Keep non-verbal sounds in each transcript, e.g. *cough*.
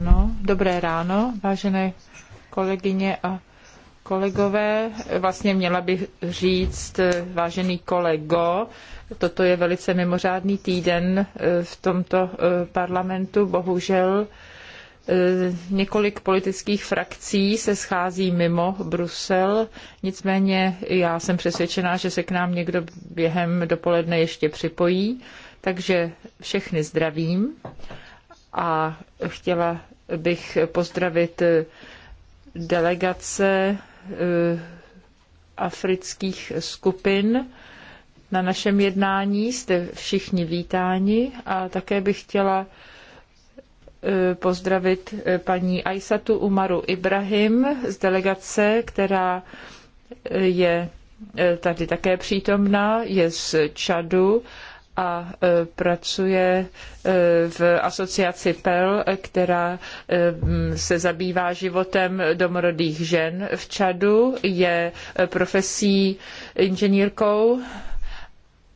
No, dobré ráno, vážené kolegyně a kolegové. Vlastně měla bych říct, eh, vážený kolego, toto je velice mimořádný týden eh, v tomto eh, parlamentu. Bohužel několik politických frakcí se schází mimo Brusel, nicméně já jsem přesvědčená, že se k nám někdo během dopoledne ještě připojí, takže všechny zdravím a chtěla bych pozdravit eh, delegace eh, afrických skupin na našem jednání. Jste všichni vítáni a také bych chtěla eh, pozdravit paní Aisatu Umaru Ibrahim z delegace, která je tady také přítomná, je z Čadu a e, pracuje e, v asociaci PEL, která e, se zabývá životem domorodých žen v Čadu, je profesí inženýrkou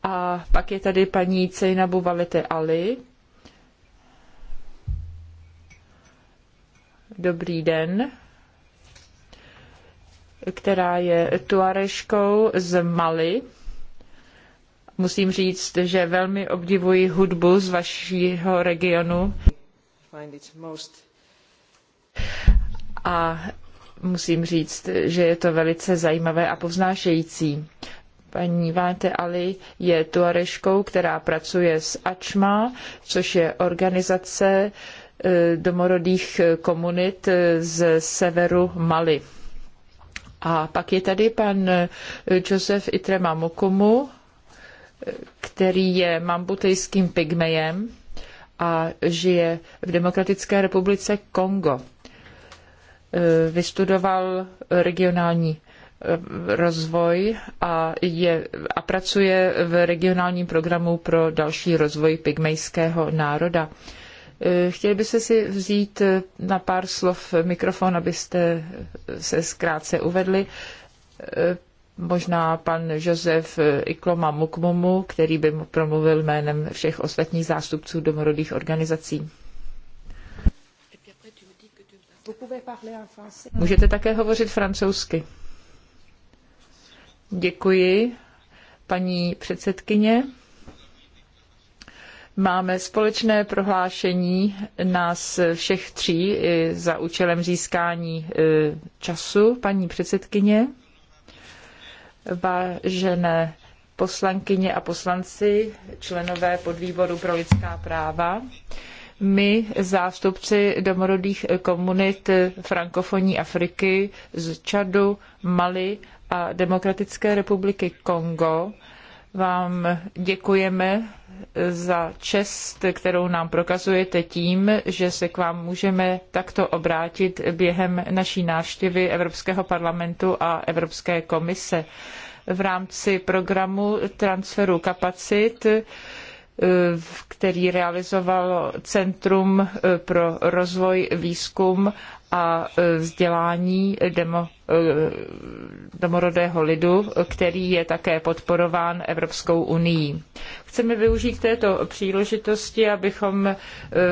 a pak je tady paní Cejnabu Valete Ali. Dobrý den která je tuareškou z Mali. Musím říct, že velmi obdivuji hudbu z vašeho regionu. A musím říct, že je to velice zajímavé a povznášející. Paní Váte Ali je tuareškou, která pracuje s AČMA, což je organizace e, domorodých komunit e, z severu Mali. A pak je tady pan Josef Itrema Mokumu, který je mambutejským pygmejem a žije v Demokratické republice Kongo. E, vystudoval regionální e, rozvoj a, je, a pracuje v regionálním programu pro další rozvoj pygmejského národa. E, chtěli byste si vzít na pár slov mikrofon, abyste se zkrátce uvedli možná pan Josef Ikloma Mukmumu, který by promluvil jménem všech ostatních zástupců domorodých organizací. Můžete také hovořit francouzsky. Děkuji, paní předsedkyně. Máme společné prohlášení nás všech tří za účelem získání e, času, paní předsedkyně vážené poslankyně a poslanci, členové podvýboru pro lidská práva. My, zástupci domorodých komunit frankofonní Afriky z Čadu, Mali a Demokratické republiky Kongo, vám děkujeme za čest, kterou nám prokazujete tím, že se k vám můžeme takto obrátit během naší návštěvy Evropského parlamentu a Evropské komise. V rámci programu transferu kapacit eh, který realizovalo Centrum eh, pro rozvoj výzkum a e, vzdělání demo, e, domorodého lidu, který je také podporován Evropskou unii. Chceme využít této příležitosti, abychom e,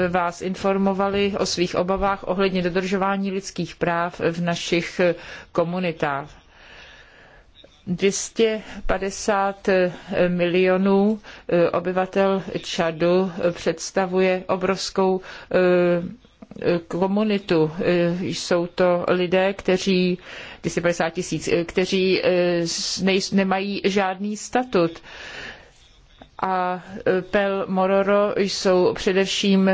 vás informovali o svých obavách ohledně dodržování lidských práv v našich komunitách. 250 milionů obyvatel Čadu představuje obrovskou komunitu. Eh, jsou to lidé, kteří, 250 tisíc, eh, kteří eh, nemají žádný statut a Pel Mororo jsou především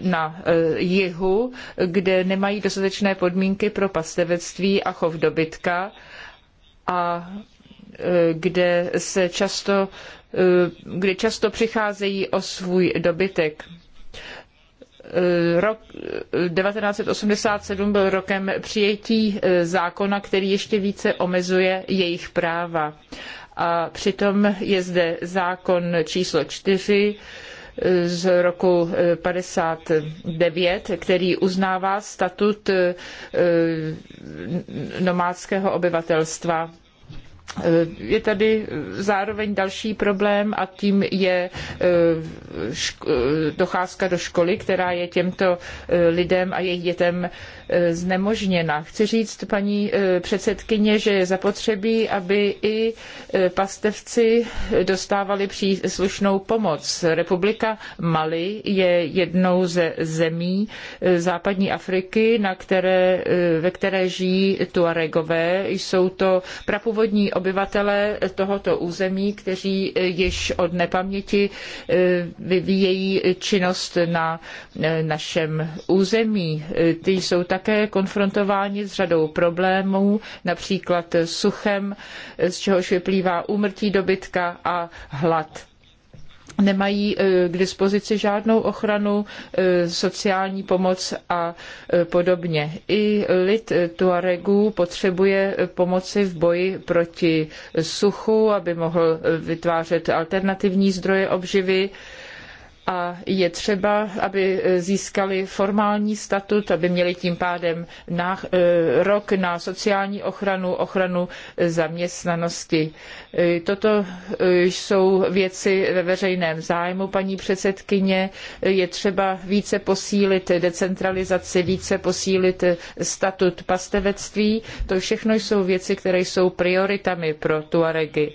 na jihu, kde nemají dostatečné podmínky pro pastevectví a chov dobytka a kde se často, kde často přicházejí o svůj dobytek. Rok 1987 byl rokem přijetí zákona, který ještě více omezuje jejich práva. A přitom je zde zákon číslo 4, z roku 59, který uznává statut nomádského obyvatelstva Eh, je tady eh, zároveň další problém a tím je eh, docházka do školy, která je těmto lidem a jejich dětem znemožněna. Chci říct, paní předsedkyně, že je zapotřebí, aby i pastevci dostávali příslušnou pomoc. Republika Mali je jednou ze zemí západní Afriky, na které, ve které žijí Tuaregové. Jsou to prapůvodní obyvatelé tohoto území, kteří již od nepaměti eh, vyvíjejí činnost na eh, našem území. Eh, Ty jsou také konfrontováni s řadou problémů, například suchem, z čehož vyplývá úmrtí dobytka a hlad nemají eh, k dispozici žádnou ochranu, eh, sociální pomoc a eh, podobně. I lid Tuaregů potřebuje pomoci v boji proti suchu, aby mohl vytvářet alternativní zdroje obživy a je třeba, aby e, získali formální statut, aby měli tím pádem na, e, rok na sociální ochranu, ochranu zaměstnanosti. E, toto jsou věci ve veřejném zájmu, paní předsedkyně. Je třeba více posílit decentralizaci, více posílit statut pastevectví. To všechno jsou věci, které jsou prioritami pro Tuaregy.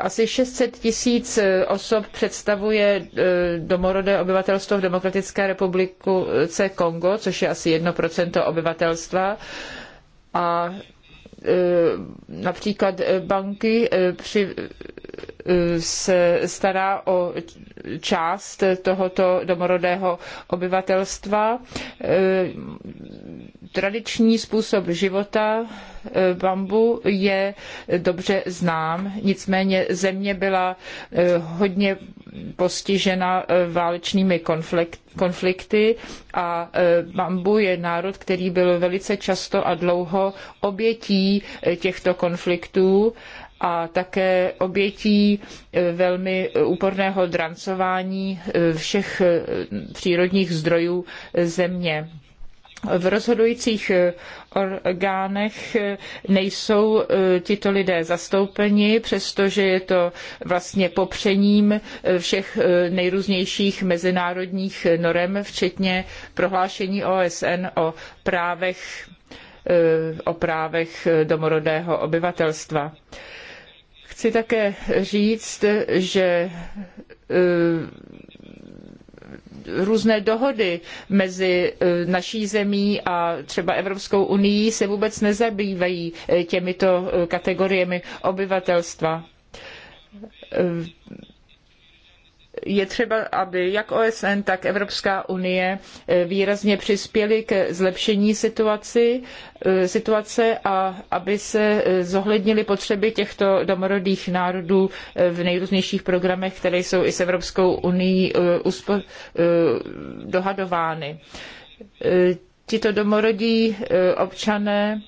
Asi 600 tisíc eh, osob představuje eh, domorodé obyvatelstvo v Demokratické republice Kongo, což je asi 1% obyvatelstva. A eh, například banky při, se stará o část tohoto domorodého obyvatelstva tradiční způsob života e, bambu je dobře znám, nicméně země byla e, hodně postižena e, válečnými konflikty a bambu je národ, který byl velice často a dlouho obětí těchto konfliktů a také obětí velmi úporného drancování všech přírodních zdrojů země v rozhodujících eh, orgánech eh, nejsou eh, tito lidé zastoupeni, přestože je to vlastně popřením všech nejrůznějších mezinárodních norem, včetně prohlášení OSN o právech, o právech domorodého obyvatelstva. Chci také říct, že různé dohody mezi e, naší zemí a třeba Evropskou unii se vůbec nezabývají e, těmito e, kategoriemi obyvatelstva je třeba, aby jak OSN, tak Evropská unie eh, výrazně přispěly ke zlepšení situaci, eh, situace a aby se eh, zohlednily potřeby těchto domorodých národů v nejrůznějších programech, které jsou i s Evropskou unii dohadovány. Tito domorodí občané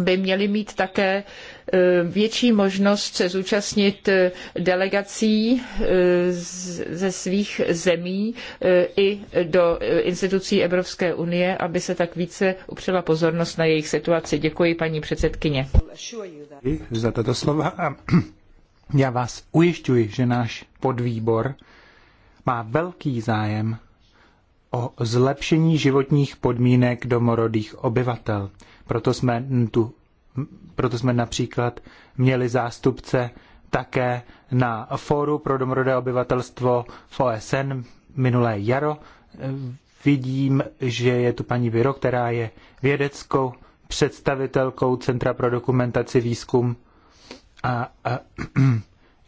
by měli mít také Eh, větší možnost se zúčastnit eh, delegací eh, ze svých zemí i do institucí Evropské unie, aby se tak více upřela pozornost na jejich situaci. Děkuji, paní předsedkyně. Za tato slova *clears throat* já vás ujišťuji, že náš podvýbor má velký zájem o zlepšení životních podmínek domorodých obyvatel. Proto jsme tu proto jsme například měli zástupce také na fóru pro domorodé obyvatelstvo v OSN minulé jaro. Vidím, že je tu paní Viro, která je vědeckou představitelkou Centra pro dokumentaci výzkum a, a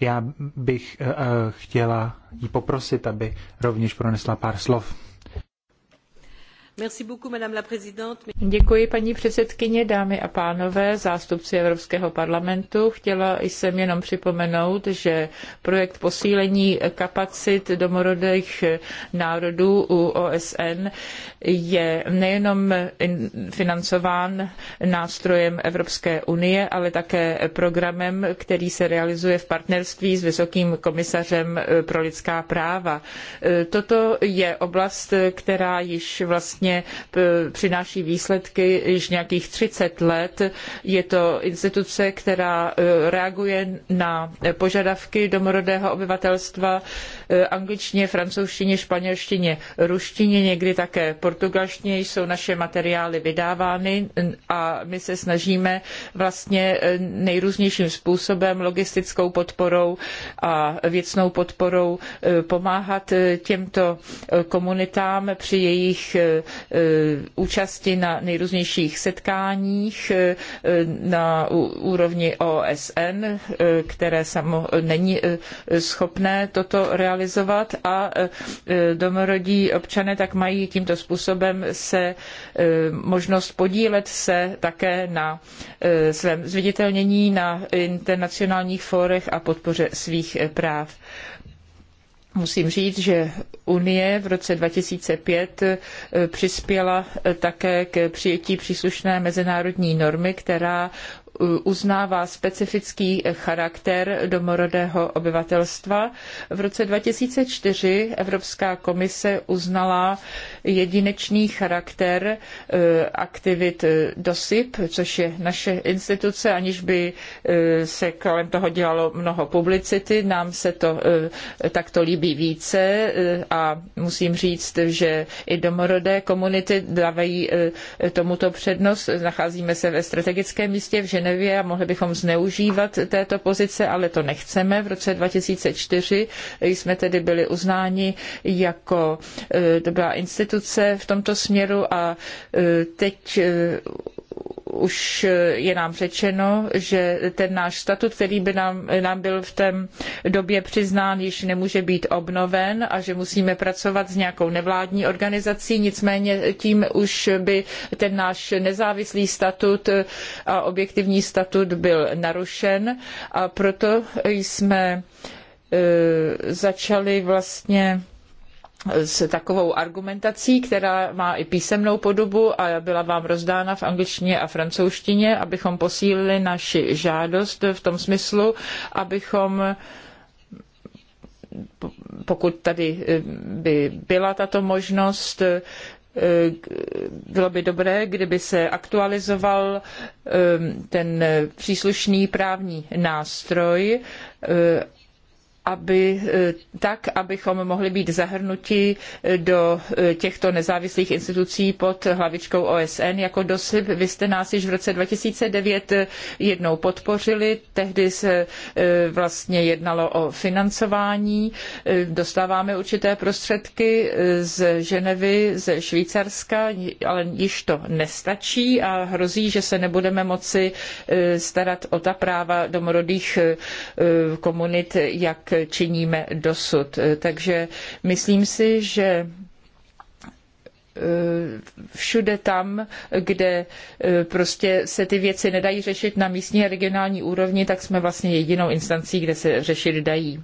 já bych a, e, e, chtěla jí poprosit, aby rovněž pronesla pár slov paní předsedkyně, dámy a pánové, zástupci Evropského parlamentu. Chtěla jsem jenom připomenout, že projekt posílení kapacit domorodých národů u OSN je nejenom financován nástrojem Evropské unie, ale také programem, který se realizuje v partnerství s Vysokým komisařem pro lidská práva. E, toto je oblast, která již vlastně vlastně přináší výsledky již nějakých 30 let. Je to instituce, která e, reaguje na požadavky domorodého obyvatelstva e, angličtině, francouzštině, španělštině, ruštině, někdy také portugalštině jsou naše materiály vydávány a my se snažíme vlastně e, nejrůznějším způsobem, logistickou podporou a věcnou podporou pomáhat těmto komunitám při jejich Eh, účasti na nejrůznějších setkáních eh, na úrovni OSN, eh, které samo není schopné toto realizovat a domorodí občané tak mají tímto způsobem se možnost podílet se také na svém zviditelnění na internacionálních fórech a podpoře svých práv. Musím říct, že Unie v roce 2005 eh, přispěla eh, také k přijetí příslušné mezinárodní normy, která eh, uznává specifický charakter domorodého obyvatelstva. V roce 2004 Evropská komise uznala jedinečný charakter eh, aktivit eh, DOSIP, což je naše instituce, aniž by eh, se kolem toho dělalo mnoho publicity. Nám se to takto líbí více a musím říct, že i domorodé komunity dávají tomuto přednost. Nacházíme se ve strategickém místě v Ženevě a mohli bychom zneužívat této pozice, ale to nechceme. V roce 2004 jsme tedy byli uznáni jako dobrá instituce instituce v tomto směru a e, teď e, už je nám řečeno, že ten náš statut, který by nám, nám byl v té době přiznán, již nemůže být obnoven a že musíme pracovat s nějakou nevládní organizací, nicméně tím už by ten náš nezávislý statut a objektivní statut byl narušen a proto jsme e, začali vlastně s takovou argumentací, která má i písemnou podobu a byla vám rozdána v angličtině a francouzštině, abychom posílili naši žádost v tom smyslu, abychom pokud tady eh, by byla tato možnost, eh, bylo by dobré, kdyby se aktualizoval eh, ten příslušný právní nástroj aby, eh, tak, abychom mohli být zahrnuti eh, do eh, těchto nezávislých institucí pod hlavičkou OSN jako doslib. Vy jste nás již v roce 2009 jednou podpořili, tehdy se vlastně jednalo o financování, dostáváme určité prostředky z Ženevy, ze Švýcarska, ale již to nestačí a hrozí, že se nebudeme moci starat o ta práva domorodých komunit, jak činíme dosud. Takže myslím si, že eh, všude tam, kde eh, prostě se ty věci nedají řešit na místní a regionální úrovni, tak jsme vlastně jedinou instancí, kde se řešit dají.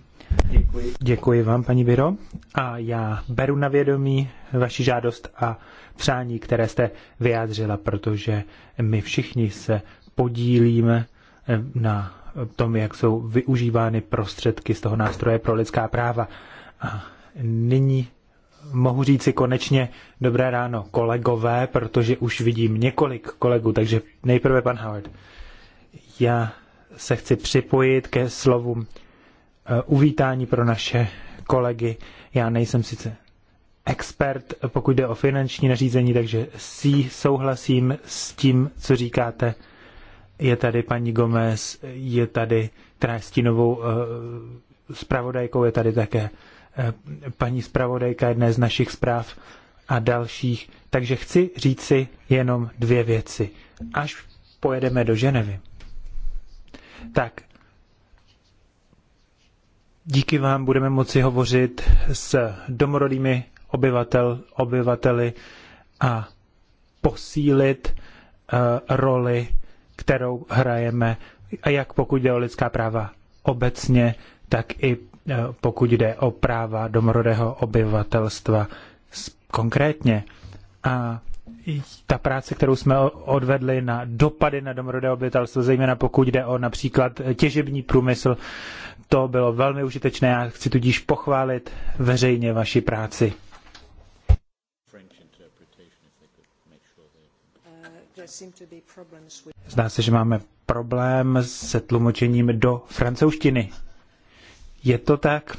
Děkuji. Děkuji vám, paní Biro. A já beru na vědomí vaši žádost a přání, které jste vyjádřila, protože my všichni se podílíme eh, na tom, jak jsou využívány prostředky z toho nástroje pro lidská práva. A nyní mohu říci konečně dobré ráno kolegové, protože už vidím několik kolegů, takže nejprve pan Howard. Já se chci připojit ke slovům eh, uvítání pro naše kolegy. Já nejsem sice expert, pokud jde o finanční nařízení, takže si souhlasím s tím, co říkáte je tady paní Gomez, je tady Trástínovou eh, zpravodajkou, je tady také eh, paní zpravodajka jedné z našich zpráv a dalších. Takže chci říci jenom dvě věci. Až pojedeme do Ženevy, tak díky vám budeme moci hovořit s domorodými obyvatel, obyvateli a posílit uh, roli kterou hrajeme, a jak pokud jde o lidská práva obecně, tak i e, pokud jde o práva domorodého obyvatelstva konkrétně. A ta práce, kterou jsme odvedli na dopady na domorodé obyvatelstvo, zejména pokud jde o například těžební průmysl, to bylo velmi užitečné. Já chci tudíž pochválit veřejně vaši práci. Zdá se, že máme problém se tlumočením do francouzštiny. Je to tak?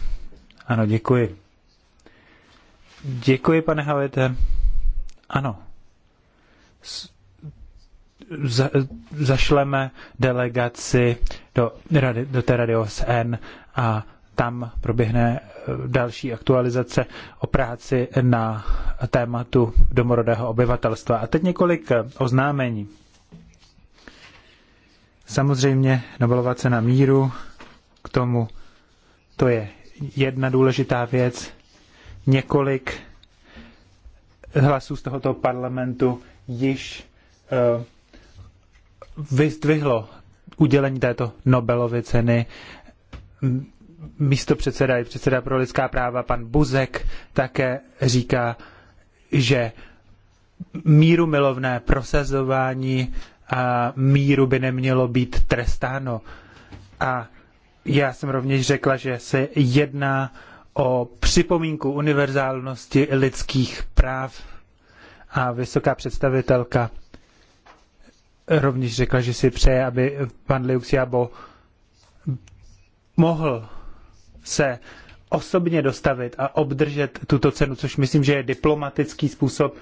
Ano, děkuji. Děkuji, pane Havete. Ano. Za, zašleme delegaci do, radi, do té rady OSN a tam proběhne eh, další aktualizace o práci na tématu domorodého obyvatelstva. A teď několik eh, oznámení. Samozřejmě Nobelová cena míru k tomu, to je jedna důležitá věc. Několik eh, hlasů z tohoto parlamentu již uh, vyzdvihlo udělení této Nobelovy ceny místo předseda i předseda pro lidská práva, pan Buzek, také říká, že míru milovné prosazování a míru by nemělo být trestáno. A já jsem rovněž řekla, že se jedná o připomínku univerzálnosti lidských práv a vysoká představitelka rovněž řekla, že si přeje, aby pan Liu Xiaobo mohl se osobně dostavit a obdržet tuto cenu, což myslím, že je diplomatický způsob,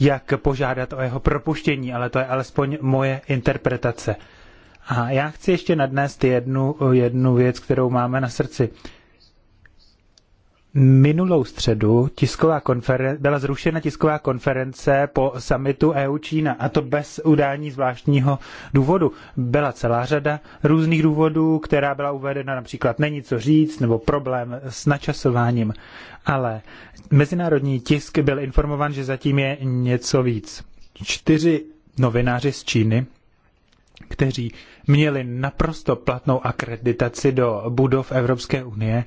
jak požádat o jeho propuštění, ale to je alespoň moje interpretace. A já chci ještě nadnést jednu, jednu věc, kterou máme na srdci minulou středu tisková konferen- byla zrušena tisková konference po summitu EU-Čína, a to bez udání zvláštního důvodu. Byla celá řada různých důvodů, která byla uvedena například není co říct, nebo problém s načasováním, ale mezinárodní tisk byl informovan, že zatím je něco víc. Čtyři novináři z Číny, kteří měli naprosto platnou akreditaci do budov Evropské unie,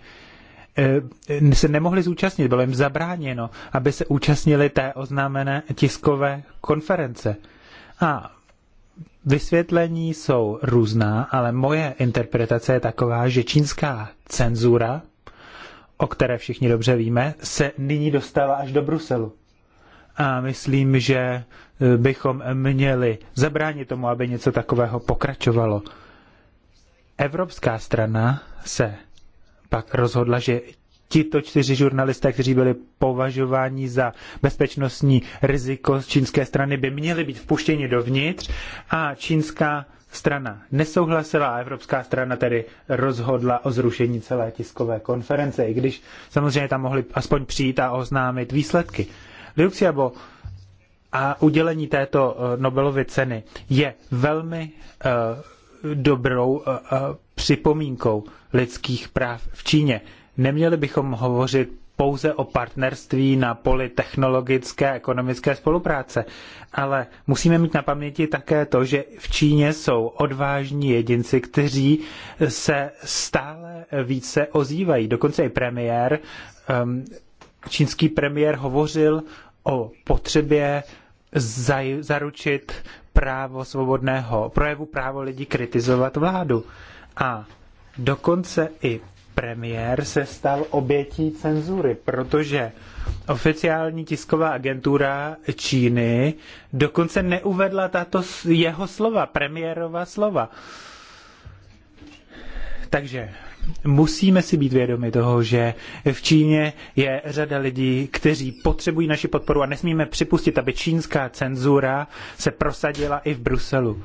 Eh, se nemohli zúčastnit, bylo jim zabráněno, aby se účastnili té oznámené tiskové konference. A vysvětlení jsou různá, ale moje interpretace je taková, že čínská cenzura, o které všichni dobře víme, se nyní dostala až do Bruselu. A myslím, že eh, bychom měli zabránit tomu, aby něco takového pokračovalo. Evropská strana se pak rozhodla, že tito čtyři žurnalisté, kteří byli považováni za bezpečnostní riziko z čínské strany, by měli být vpuštěni dovnitř a čínská strana nesouhlasila a evropská strana tedy rozhodla o zrušení celé tiskové konference, i když samozřejmě tam mohli aspoň přijít a oznámit výsledky. Liu Xiaobo a udělení této eh, Nobelovy ceny je velmi uh, dobrou uh, připomínkou lidských práv v Číně. Neměli bychom hovořit pouze o partnerství na poli technologické a ekonomické spolupráce, ale musíme mít na paměti také to, že v Číně jsou odvážní jedinci, kteří se stále více ozývají. Dokonce i premiér, um, čínský premiér hovořil o potřebě zaručit právo svobodného projevu, právo lidí kritizovat vládu. A dokonce i premiér se stal obětí cenzury, protože oficiální tisková agentura Číny dokonce neuvedla tato jeho slova, premiérova slova. Takže musíme si být vědomi toho, že v Číně je řada lidí, kteří potřebují naši podporu a nesmíme připustit, aby čínská cenzura se prosadila i v Bruselu.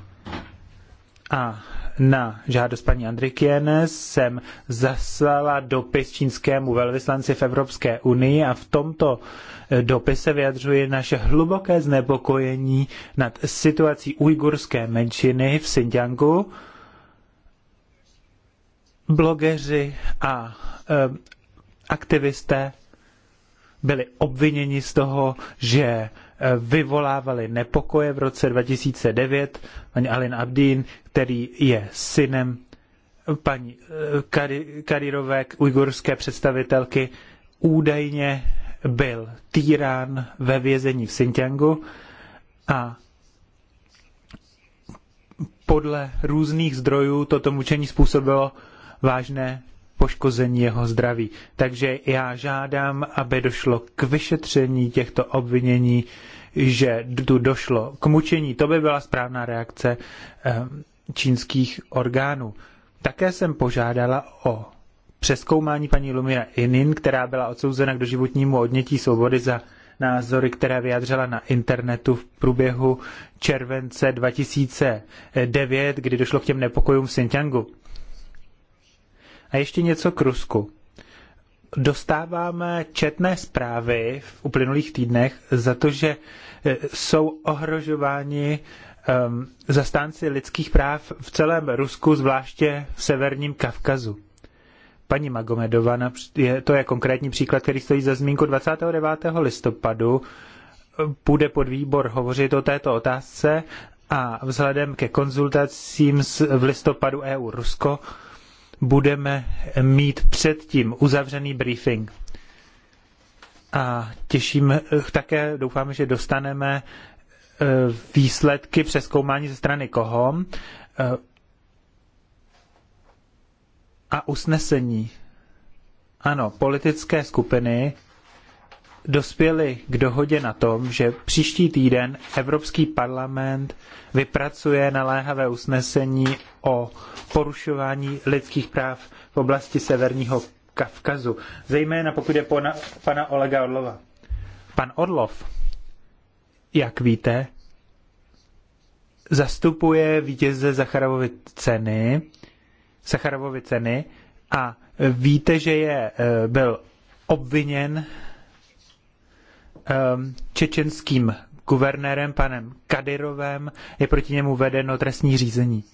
A na žádost paní Andrikien jsem zaslala dopis čínskému velvyslanci v Evropské unii a v tomto eh, dopise vyjadřuje naše hluboké znepokojení nad situací ujgurské menšiny v Xinjiangu. Blogeři a e, aktivisté byli obviněni z toho, že vyvolávaly nepokoje v roce 2009. Paní Alin Abdín, který je synem paní eh, Kadirové ujgurské představitelky, údajně byl týrán ve vězení v Xinjiangu a podle různých zdrojů toto mučení způsobilo vážné poškození jeho zdraví. Takže já žádám, aby došlo k vyšetření těchto obvinění, že tu došlo k mučení. To by byla správná reakce ehm, čínských orgánů. Také jsem požádala o přeskoumání paní Lumia Inin, která byla odsouzena k doživotnímu odnětí svobody za názory, které vyjadřila na internetu v průběhu července 2009, kdy došlo k těm nepokojům v Xinjiangu. A ještě něco k Rusku. Dostáváme četné zprávy v uplynulých týdnech za to, že eh, jsou ohrožováni um, zastánci lidských práv v celém Rusku, zvláště v severním Kavkazu. Paní Magomedova, je, to je konkrétní příklad, který stojí za zmínku 29. listopadu, bude eh, pod výbor hovořit o této otázce a vzhledem ke konzultacím v listopadu EU-Rusko budeme mít předtím uzavřený briefing. A těšíme také doufáme, že dostaneme e, výsledky přeskoumání ze strany koho e, a usnesení. Ano, politické skupiny dospěli k dohodě na tom, že příští týden Evropský parlament vypracuje naléhavé usnesení o porušování lidských práv v oblasti Severního Kavkazu, zejména pokud je pana, pana Olega Orlova. Pan Orlov, jak víte, zastupuje vítěze Zacharovovy ceny, Sacharovovy ceny a víte, že je, e, byl obviněn Ehm, čečenským guvernérem, panem Kadyrovem, je proti němu vedeno trestní řízení.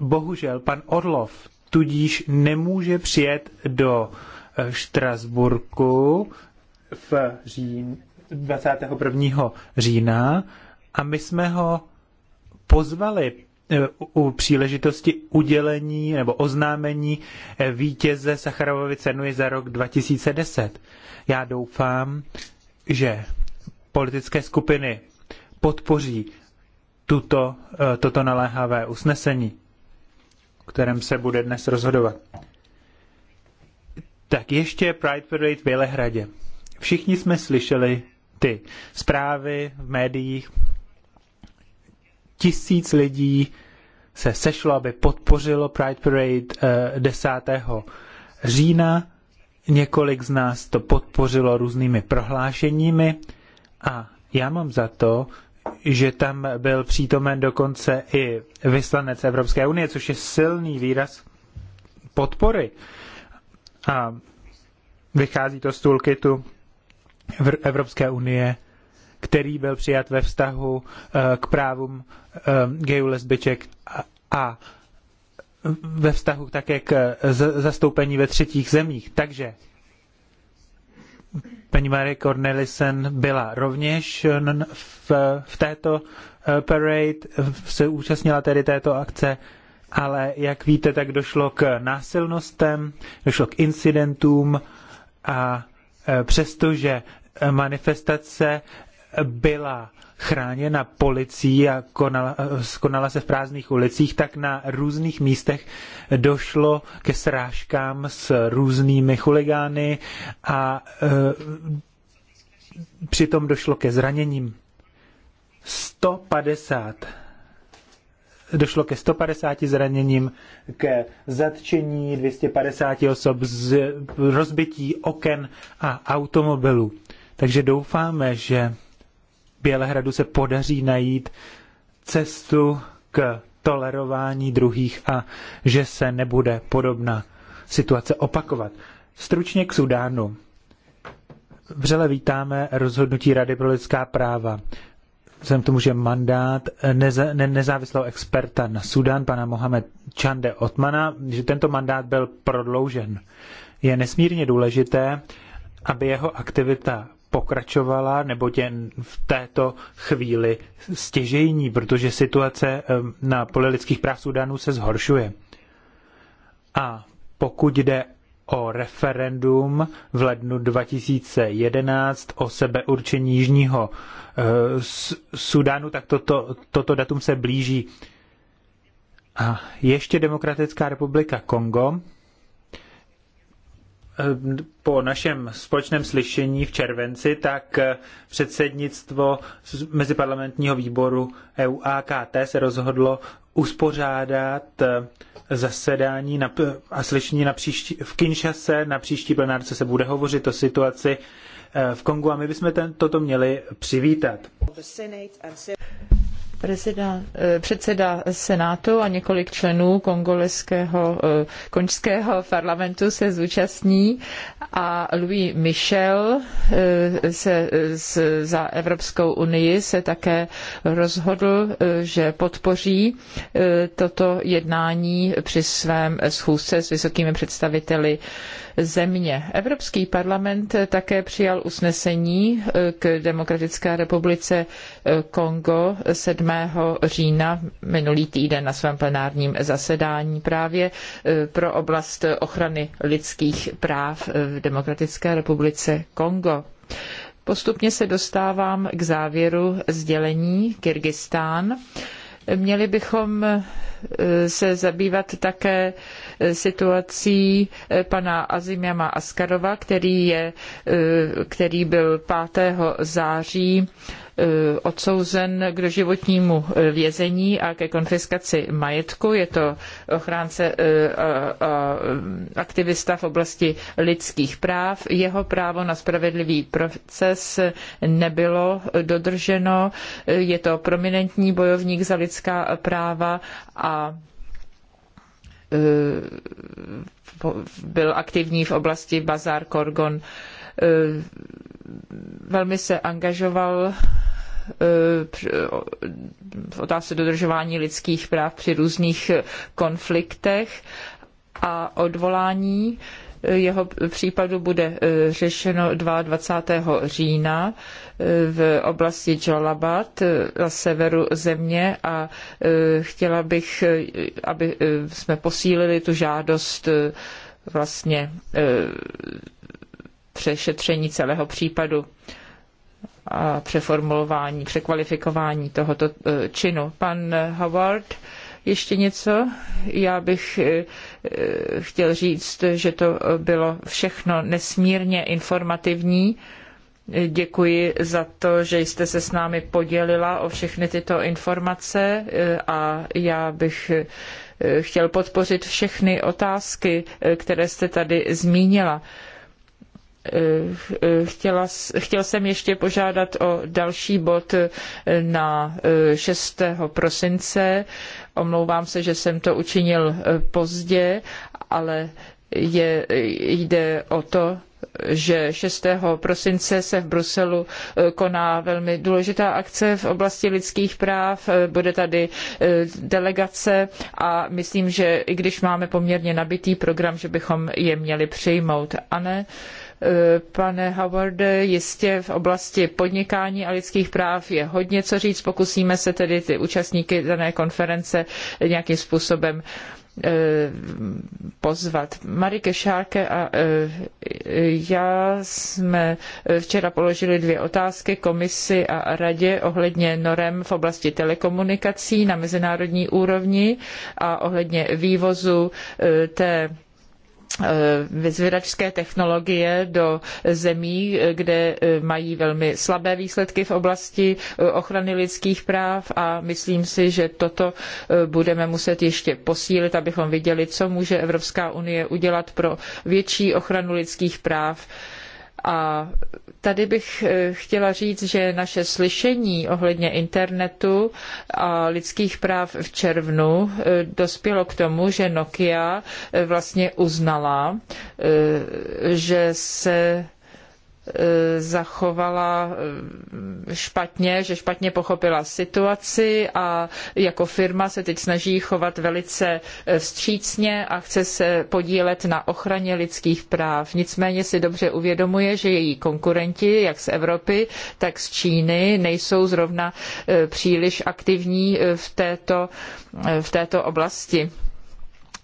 Bohužel pan Orlov tudíž nemůže přijet do eh, Štrasburku v říjn, 21. října a my jsme ho pozvali Eh, u příležitosti udělení nebo oznámení eh, vítěze Sacharovovy ceny za rok 2010. Já doufám, že politické skupiny podpoří tuto, eh, toto naléhavé usnesení, o kterém se bude dnes rozhodovat. Tak ještě Pride Parade v Bělehradě. Všichni jsme slyšeli ty zprávy v médiích tisíc lidí se sešlo, aby podpořilo Pride Parade 10. Eh, října. Několik z nás to podpořilo různými prohlášeními a já mám za to, že tam byl přítomen dokonce i vyslanec Evropské unie, což je silný výraz podpory. A vychází to z toolkitu Evropské unie který byl přijat ve vztahu eh, k právům eh, gayů, lesbiček a ve vztahu také k eh, zastoupení ve třetích zemích. Takže paní Marie Cornelissen byla rovněž v, v této parade, se účastnila tedy této akce, ale jak víte, tak došlo k násilnostem, došlo k incidentům a přestože manifestace byla chráněna policií a konala, se v prázdných ulicích, tak na různých místech došlo ke srážkám s různými chuligány a e, přitom došlo ke zraněním. 150 došlo ke 150 zraněním, ke zatčení 250 osob, z rozbití oken a automobilů. Takže doufáme, že Bělehradu se podaří najít cestu k tolerování druhých a že se nebude podobná situace opakovat. Stručně k Sudánu. Vřele vítáme rozhodnutí Rady pro lidská práva. Jsem k tomu, že mandát nezávislého experta na Sudán, pana Mohamed Čande Otmana, že tento mandát byl prodloužen. Je nesmírně důležité, aby jeho aktivita pokračovala, nebo jen v této chvíli stěžejní, protože situace na poli lidských práv Sudánu se zhoršuje. A pokud jde o referendum v lednu 2011 o sebeurčení Jižního eh, Sudánu, tak toto, toto datum se blíží. A ještě Demokratická republika Kongo Eh, po našem společném slyšení v červenci, tak eh, předsednictvo Meziparlamentního výboru EU AKT se rozhodlo uspořádat eh, zasedání na, a slyšení na příští, v Kinshase. Na příští plenárce se bude hovořit o situaci v Kongu a my bychom ten, toto měli přivítat. Prezida, eh, předseda Senátu a několik členů kongoleského, eh, končského parlamentu se zúčastní a Louis Michel eh, se, za Evropskou unii se také rozhodl, že podpoří toto jednání při svém schůzce s vysokými představiteli země. Evropský parlament také přijal usnesení eh, k Demokratické republice eh, Kongo 7. října minulý týden na svém plenárním zasedání právě eh, pro oblast ochrany lidských práv v Demokratické republice Kongo. Postupně se dostávám k závěru sdělení Kyrgyzstán. Měli bychom se zabývat také situací eh, pana Azimjama Askarova, který, je, eh, který byl 5. září eh, odsouzen k doživotnímu vězení a ke konfiskaci majetku. Je to ochránce a, a aktivista v oblasti lidských práv. Jeho právo na spravedlivý proces nebylo dodrženo. Je to prominentní bojovník za lidská práva a Eh, byl aktivní v oblasti Bazar Korgon. Eh, velmi se angažoval eh, v otázce dodržování lidských práv při různých konfliktech a odvolání jeho případu bude e, řešeno 22. října e, v oblasti Jalabat e, na severu země a chtěla bych, aby jsme posílili tu žádost vlastně přešetření celého případu a přeformulování, překvalifikování tohoto činu. Pan Howard ještě něco? Já bych eh, eh, chtěl říct, že to bylo všechno nesmírně informativní. Děkuji za to, že jste se s námi podělila o všechny tyto informace eh, a já bych chtěl podpořit všechny otázky, které jste tady zmínila. Eh, chtěla, chtěl jsem ještě požádat o další bod eh, na 6. Eh, prosince. Omlouvám se, že jsem to učinil pozdě, ale je, jde o to, že 6. prosince se v Bruselu koná velmi důležitá akce v oblasti lidských práv. Bude tady delegace a myslím, že i když máme poměrně nabitý program, že bychom je měli přijmout. A ne, uh, Pane Howarde, jistě v oblasti podnikání a lidských práv je hodně co říct. Pokusíme se tedy ty účastníky dané konference nějakým způsobem eh, pozvat. Marike Šárke a eh, já jsme včera položili dvě otázky komisi a radě ohledně norem v oblasti telekomunikací na mezinárodní úrovni a ohledně vývozu eh, té vyzvědačské eh, technologie do zemí, kde eh, mají velmi slabé výsledky v oblasti eh, ochrany lidských práv a myslím si, že toto budeme muset ještě posílit, abychom viděli, co může Evropská unie udělat pro větší ochranu lidských práv a tady bych eh, chtěla říct, že naše slyšení ohledně internetu a lidských práv v červnu eh, dospělo k tomu, že Nokia eh, vlastně uznala, že se E, zachovala e, špatně, že špatně pochopila situaci a jako firma se teď snaží chovat velice e, vstřícně a chce se podílet na ochraně lidských práv. Nicméně si dobře uvědomuje, že její konkurenti, jak z Evropy, tak z Číny, nejsou zrovna příliš aktivní v této, v této oblasti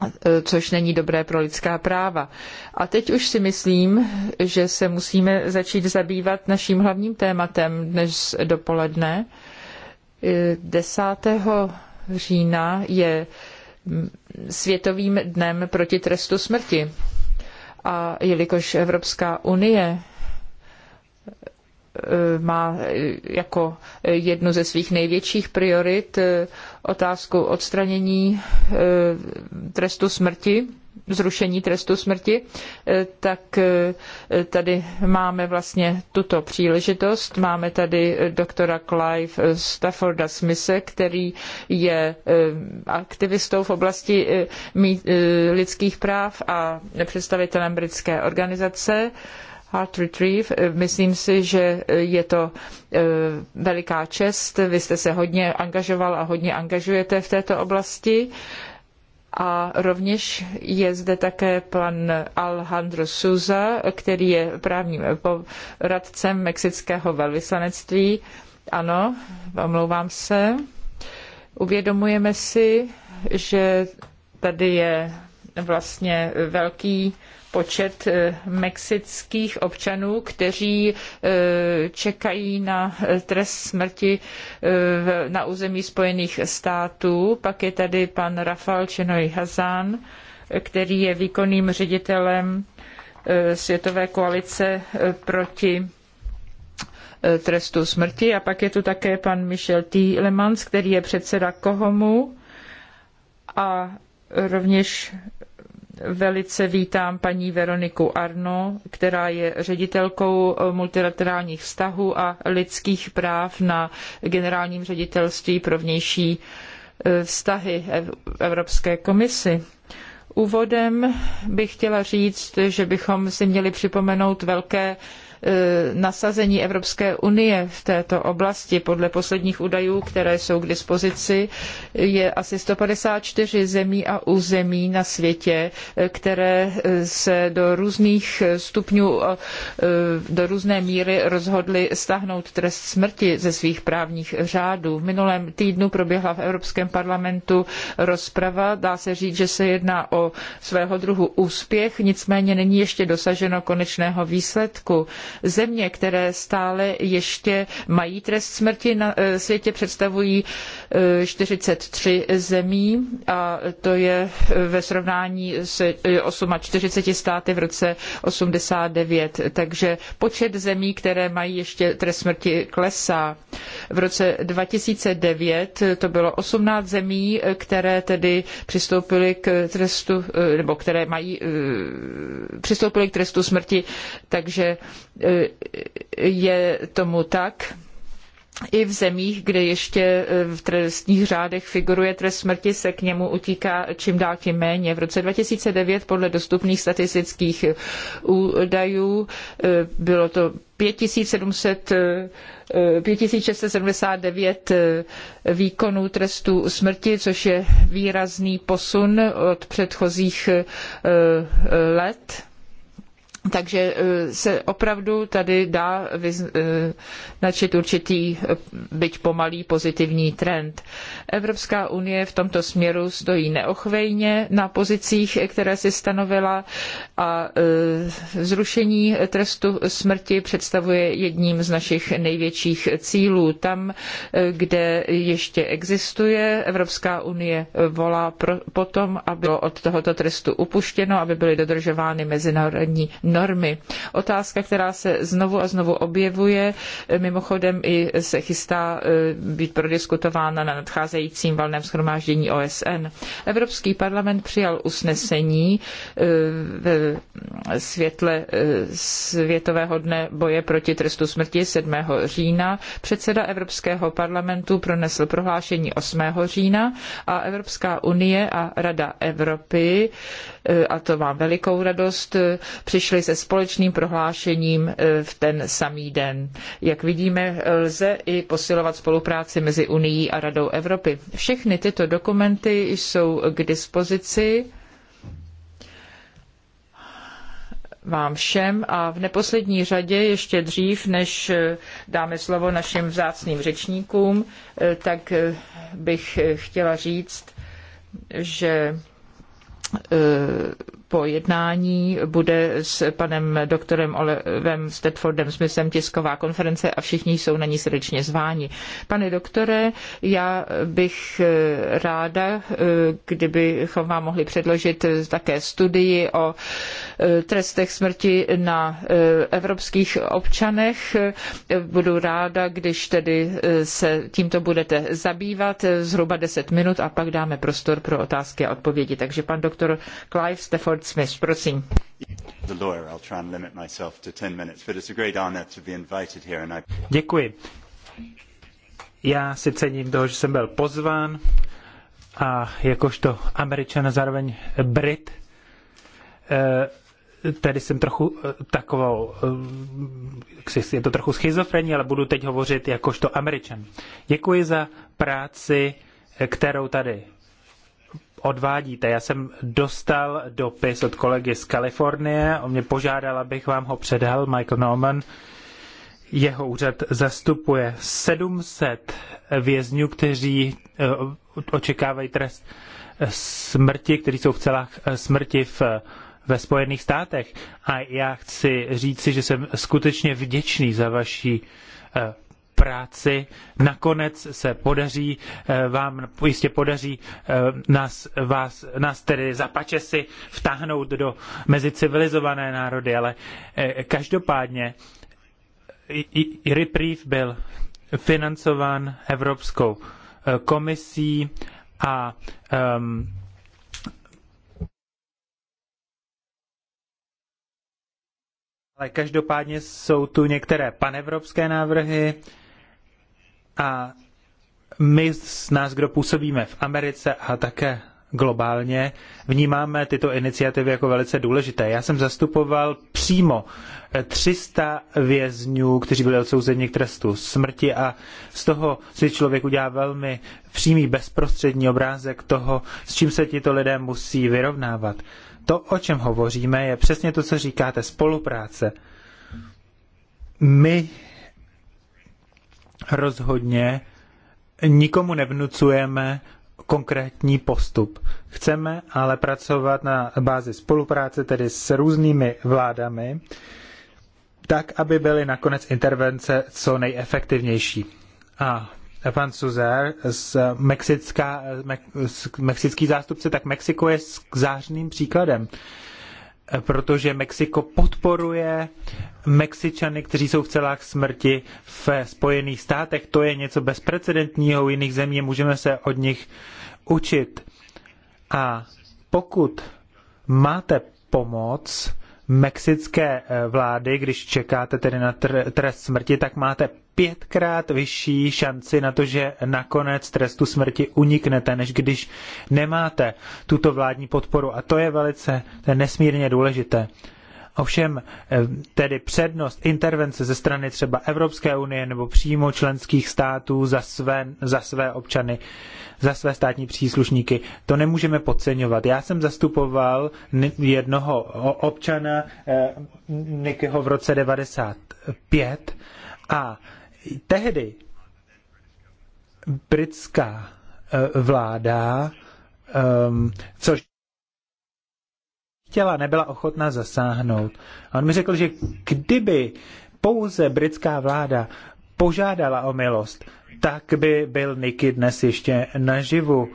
E, což není dobré pro lidská práva. A teď už si myslím, že se musíme začít zabývat naším hlavním tématem dnes dopoledne. 10. E, října je Světovým dnem proti trestu smrti. A jelikož Evropská unie Eh, má eh, jako eh, jednu ze svých největších priorit otázku odstranění trestu smrti zrušení trestu smrti, tak tady máme vlastně tuto příležitost. Máme tady doktora Clive Stafforda Smise, který je aktivistou v oblasti lidských práv a představitelem britské organizace Heart Retrieve. Myslím si, že eh, je to eh, veliká čest. Vy jste se hodně angažoval a hodně angažujete v této oblasti. A rovněž je zde také pan Alejandro Souza, který je právním poradcem mexického velvyslanectví. Ano, omlouvám se. Uvědomujeme si, že tady je vlastně velký počet eh, mexických občanů, kteří eh, čekají na eh, trest smrti na území Spojených států. Pak je tady pan Rafael Chenoy Hazan, který je výkonným ředitelem Světové koalice proti trestu smrti. A pak je tu také pan Michel Tielemans, který je předseda Kohomu a rovněž Velice vítám paní Veroniku Arno, která je ředitelkou multilaterálních vztahů a lidských práv na generálním ředitelství pro vnější e, vztahy Evropské komisi. Úvodem bych chtěla říct, že bychom si měli připomenout velké E, nasazení Evropské unie v této oblasti. Podle posledních údajů, které jsou k dispozici, je asi 154 zemí a území na světě, e, které e, se do různých stupňů, do různé míry rozhodly stáhnout trest smrti ze svých právních řádů. V minulém týdnu proběhla v Evropském parlamentu rozprava. Dá se říct, že se jedná o svého druhu úspěch, nicméně není ještě dosaženo konečného výsledku. Země, které stále ještě mají trest smrti na eh, světě, představují 43 eh, zemí a to je eh, ve srovnání s 48 státy v roce 89. Takže počet zemí, které mají ještě trest smrti, klesá. V roce 2009 to bylo 18 zemí, které tedy přistoupily k trestu, nebo které mají přistoupily k trestu smrti, takže je tomu tak, i v zemích, kde ještě eh, v trestních řádech figuruje trest smrti, se k němu utíká čím dál tím méně. V roce 2009 podle dostupných statistických eh, údajů eh, bylo to 5700, 5679 výkonů trestu smrti, což je výrazný posun od předchozích let takže eh, se opravdu tady dá vyznačit eh, určitý, eh, byť pomalý, pozitivní trend. Evropská unie v tomto směru stojí neochvejně na pozicích, které si stanovila a zrušení trestu smrti představuje jedním z našich největších cílů. Tam, kde ještě existuje, Evropská unie volá po potom, aby bylo od tohoto trestu upuštěno, aby byly dodržovány mezinárodní normy normy. Otázka, která se znovu a znovu objevuje, mimochodem i se chystá e, být prodiskutována na nadcházejícím valném schromáždění OSN. Evropský parlament přijal usnesení e, ve světle e, Světového dne boje proti trestu smrti 7. října. Předseda Evropského parlamentu pronesl prohlášení 8. října a Evropská unie a Rada Evropy, a to mám velikou radost, přišly přišli se společným prohlášením e, v ten samý den. Jak vidíme, lze i posilovat spolupráci mezi Unií a Radou Evropy. Všechny tyto dokumenty jsou k dispozici vám všem a v neposlední řadě ještě dřív, než e, dáme slovo našim vzácným řečníkům, e, tak bych chtěla říct, že po jednání bude s panem doktorem Olevem Stedfordem Smithem tisková konference a všichni jsou na ní srdečně zváni. Pane doktore, já bych eh, ráda, eh, kdybychom vám mohli předložit eh, také studii o trestech smrti na evropských občanech. Budu ráda, když tedy se tímto budete zabývat zhruba 10 minut a pak dáme prostor pro otázky a odpovědi. Takže pan doktor Clive Stafford prosím. Děkuji. Já si cením toho, že jsem byl pozván a jakožto američan a zároveň Brit, eh, tedy jsem trochu eh, takovou, eh, je to trochu schizofrení, ale budu teď hovořit jakožto američan. Děkuji za práci, kterou tady odvádíte. Já jsem dostal dopis od kolegy z Kalifornie, on mě požádal, abych vám ho předal, Michael Norman. Jeho úřad zastupuje 700 vězňů, kteří eh, očekávají trest smrti, kteří jsou v celách eh, smrti v, ve Spojených státech. A já chci říci, že jsem skutečně vděčný za vaši eh, práci. Nakonec se podaří, eh, vám jistě podaří eh, nás, vás, nás tedy zapače si vtáhnout do mezi civilizované národy, ale eh, každopádně Reprieve byl financován Evropskou komisí a um, Ale každopádně jsou tu některé panevropské návrhy, a my z nás, kdo působíme v Americe a také globálně, vnímáme tyto iniciativy jako velice důležité. Já jsem zastupoval přímo 300 vězňů, kteří byli odsouzeni k trestu smrti a z toho si člověk udělá velmi přímý bezprostřední obrázek toho, s čím se tito lidé musí vyrovnávat. To, o čem hovoříme, je přesně to, co říkáte, spolupráce. My rozhodně nikomu nevnucujeme konkrétní postup. Chceme ale pracovat na bázi spolupráce, tedy s různými vládami, tak, aby byly nakonec intervence co nejefektivnější. A pan Suzer z Mexická, me, z mexický zástupce, tak Mexiko je zářným příkladem protože Mexiko podporuje Mexičany, kteří jsou v celách smrti v Spojených státech. To je něco bezprecedentního u jiných zemí, můžeme se od nich učit. A pokud máte pomoc, mexické eh, vlády, když čekáte tedy na trest smrti, tak máte pětkrát vyšší šanci na to, že nakonec trestu smrti uniknete, než když nemáte tuto vládní podporu. A to je velice, to je nesmírně důležité. Ovšem eh, tedy přednost intervence ze strany třeba Evropské unie nebo přímo členských států za své, za své občany, za své státní příslušníky, to nemůžeme podceňovat. Já jsem zastupoval jednoho občana eh, Nikyho v roce 95 a tehdy britská eh, vláda, ehm, což chtěla, nebyla ochotná zasáhnout. A on mi řekl, že kdyby pouze britská vláda požádala o milost, tak by byl Niky dnes ještě naživu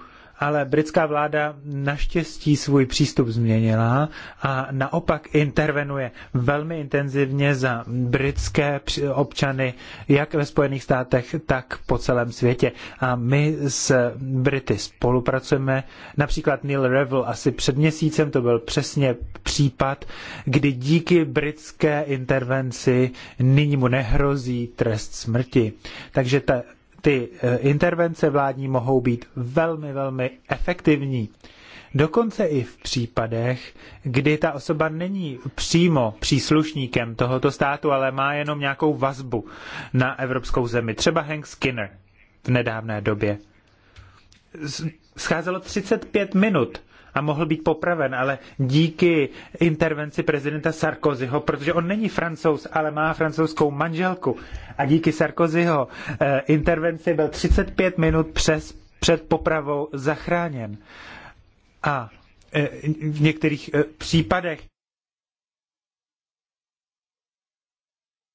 ale britská vláda naštěstí svůj přístup změnila a naopak intervenuje velmi intenzivně za britské občany, jak ve Spojených státech, tak po celém světě. A my s Brity spolupracujeme. Například Neil Revel asi před měsícem to byl přesně případ, kdy díky britské intervenci nyní mu nehrozí trest smrti. Takže ta ty e, intervence vládní mohou být velmi, velmi efektivní. Dokonce i v případech, kdy ta osoba není přímo příslušníkem tohoto státu, ale má jenom nějakou vazbu na evropskou zemi. Třeba Hank Skinner v nedávné době. Scházelo 35 minut a mohl být popraven, ale díky intervenci prezidenta Sarkozyho, protože on není francouz, ale má francouzskou manželku a díky Sarkozyho eh, intervenci byl 35 minut přes, před popravou zachráněn. A eh, v některých eh, případech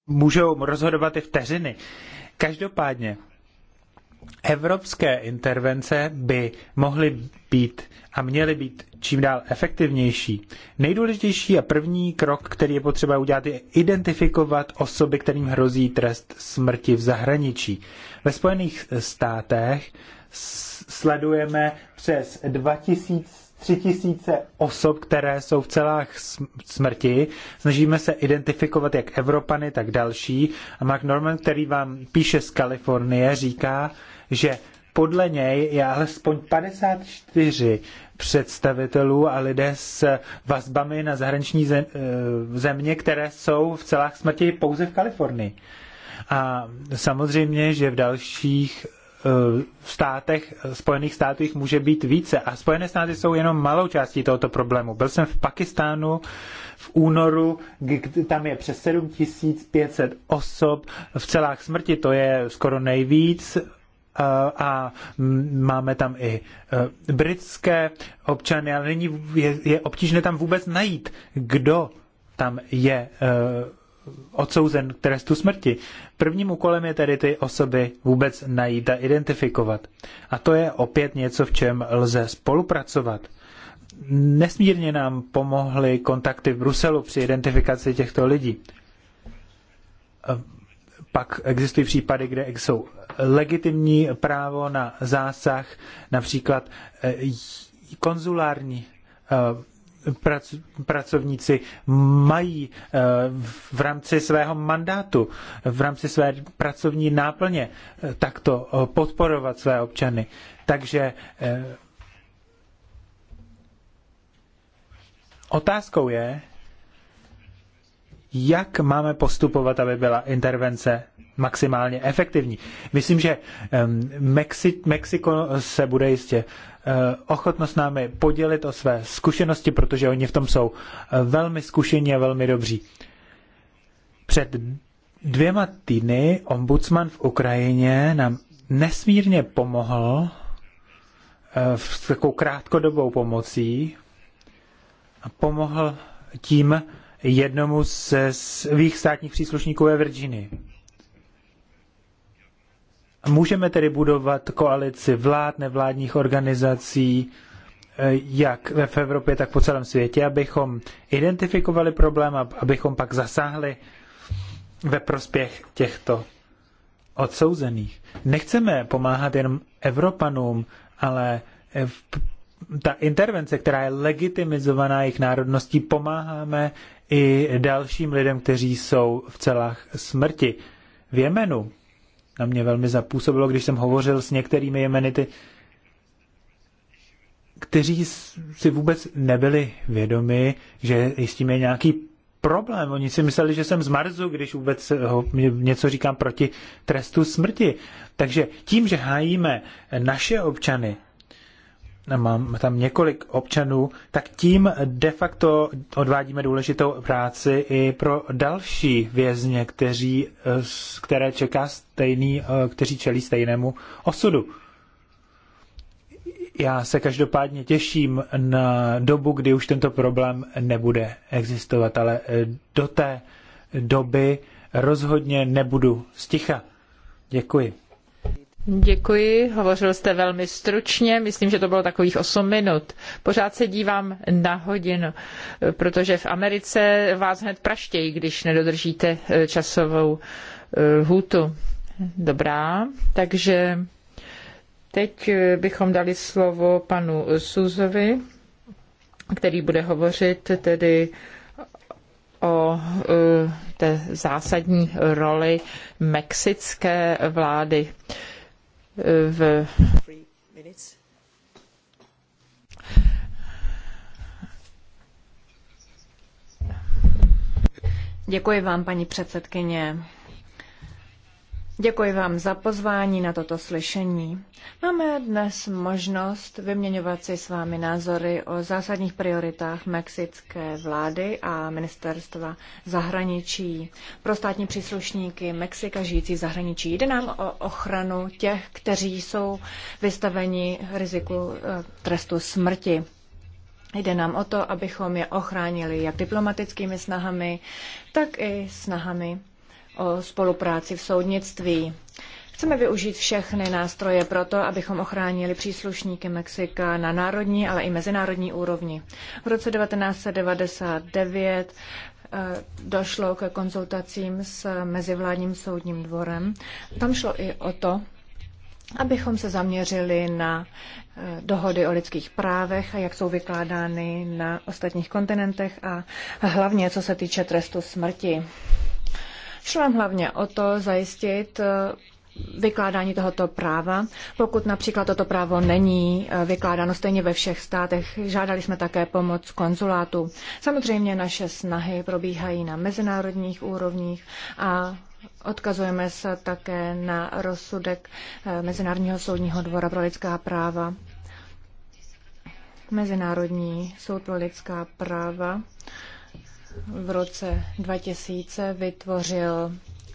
můžou rozhodovat i vteřiny. Každopádně, evropské intervence by mohly být a měly být čím dál efektivnější. Nejdůležitější a první krok, který je potřeba udělat, je identifikovat osoby, kterým hrozí trest smrti v zahraničí. Ve Spojených státech sledujeme přes 2000 tři tisíce osob, které jsou v celách smrti. Snažíme se identifikovat jak Evropany, tak další. A Mark Norman, který vám píše z Kalifornie, říká, že podle něj je alespoň 54 představitelů a lidé s vazbami na zahraniční eh, země, které jsou v celách smrti pouze v Kalifornii. A samozřejmě, že v dalších v státech, Spojených států jich může být více a Spojené státy jsou jenom malou částí tohoto problému. Byl jsem v Pakistánu v únoru, tam je přes 7500 osob v celách smrti, to je skoro nejvíc eh, a máme tam i eh, britské občany, ale není, je, je obtížné tam vůbec najít, kdo tam je eh, odsouzen k trestu smrti. Prvním úkolem je tedy ty osoby vůbec najít a identifikovat. A to je opět něco, v čem lze spolupracovat. Nesmírně nám pomohly kontakty v Bruselu při identifikaci těchto lidí. E, pak existují případy, kde jsou legitimní právo na zásah, například e, konzulární e, prac, pracovníci mají eh, v rámci svého mandátu, v rámci své pracovní náplně eh, takto eh, podporovat své občany. Takže otázkou je, jak máme postupovat, aby byla intervence maximálně efektivní. Myslím, že Mexi- Mexiko se bude jistě eh, ochotno s námi podělit o své zkušenosti, protože oni v tom jsou eh, velmi zkušení a velmi dobří. Před dvěma týdny ombudsman v Ukrajině nám nesmírně pomohl eh, v takovou krátkodobou pomocí a pomohl tím, jednomu ze svých státních příslušníků ve Virginii. Můžeme tedy budovat koalici vlád, nevládních organizací, eh, jak v Evropě, tak po celém světě, abychom identifikovali problém a abychom pak zasáhli ve prospěch těchto odsouzených. Nechceme pomáhat jenom Evropanům, ale eh, ta intervence, která je legitimizovaná jejich národností, pomáháme i dalším lidem, kteří jsou v celách smrti. V Jemenu na mě velmi zapůsobilo, když jsem hovořil s některými Jemenity, kteří si vůbec nebyli vědomi, že s tím je nějaký problém. Oni si mysleli, že jsem z Marzu, když vůbec ho, něco říkám proti trestu smrti. Takže tím, že hájíme naše občany, mám tam několik občanů, tak tím de facto odvádíme důležitou práci i pro další vězně, kteří, které čeká stejný, eh, kteří čelí stejnému osudu. Já se každopádně těším na dobu, kdy už tento problém nebude existovat, ale eh, do té doby rozhodně nebudu sticha. Děkuji. Děkuji, hovořil jste velmi stručně, myslím, že to bylo takových 8 minut. Pořád se dívám na hodinu, protože v Americe vás hned praštějí, když nedodržíte eh, časovou eh, lhůtu. Dobrá, takže teď eh, bychom dali slovo panu Suzovi, který bude hovořit tedy o té zásadní roli mexické vlády v Děkuji vám, paní předsedkyně. Děkuji vám za pozvání na toto slyšení. Máme dnes možnost vyměňovat si s vámi názory o zásadních prioritách mexické vlády a ministerstva zahraničí. Pro státní příslušníky Mexika žijící v zahraničí jde nám o ochranu těch, kteří jsou vystaveni riziku eh, trestu smrti. Jde nám o to, abychom je ochránili jak diplomatickými snahami, tak i snahami o spolupráci v soudnictví. Chceme využít všechny nástroje pro to, abychom ochránili příslušníky Mexika na národní, ale i mezinárodní úrovni. V roce 1999 eh, došlo ke konzultacím s Mezivládním soudním dvorem. Tam šlo i o to, abychom se zaměřili na eh, dohody o lidských právech a jak jsou vykládány na ostatních kontinentech a hlavně co se týče trestu smrti. Šlo nám hlavně o to zajistit eh, vykládání tohoto práva. Pokud například toto právo není eh, vykládáno stejně ve všech státech, žádali jsme také pomoc konzulátu. Samozřejmě naše snahy probíhají na mezinárodních úrovních a odkazujeme se také na rozsudek eh, Mezinárodního soudního dvora pro lidská práva. Mezinárodní soud pro lidská práva v roce 2000 vytvořil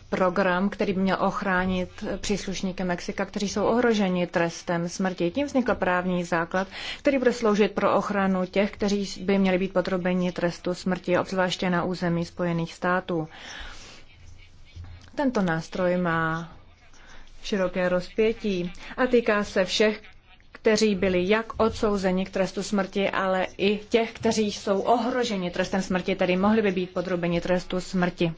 program, který by měl ochránit příslušníky Mexika, kteří jsou ohroženi trestem smrti. Tím vznikl právní základ, který bude sloužit pro ochranu těch, kteří by měli být podrobeni trestu smrti, obzvláště na území Spojených států. Tento nástroj má široké rozpětí a týká se všech, kteří byli jak odsouzeni k trestu smrti, ale i těch, kteří jsou ohroženi trestem smrti, tedy mohli by být podrobeni trestu smrti.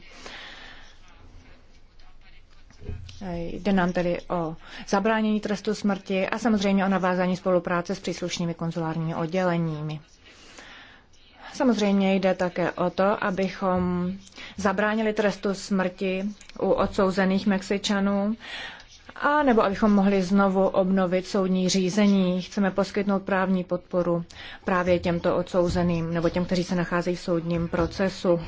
Jde nám tedy o zabránění trestu smrti a samozřejmě o navázání spolupráce s příslušnými konzulárními odděleními. Samozřejmě jde také o to, abychom zabránili trestu smrti u odsouzených Mexičanů a nebo abychom mohli znovu obnovit soudní řízení. Chceme poskytnout právní podporu právě těmto odsouzeným nebo těm, kteří se nacházejí v soudním procesu.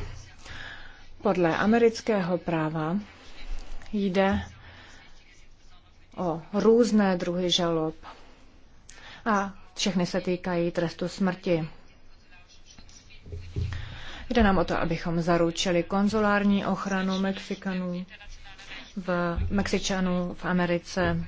Podle amerického práva jde o různé druhy žalob a všechny se týkají trestu smrti. Jde nám o to, abychom zaručili konzulární ochranu Mexikanů v Mexičanů v Americe.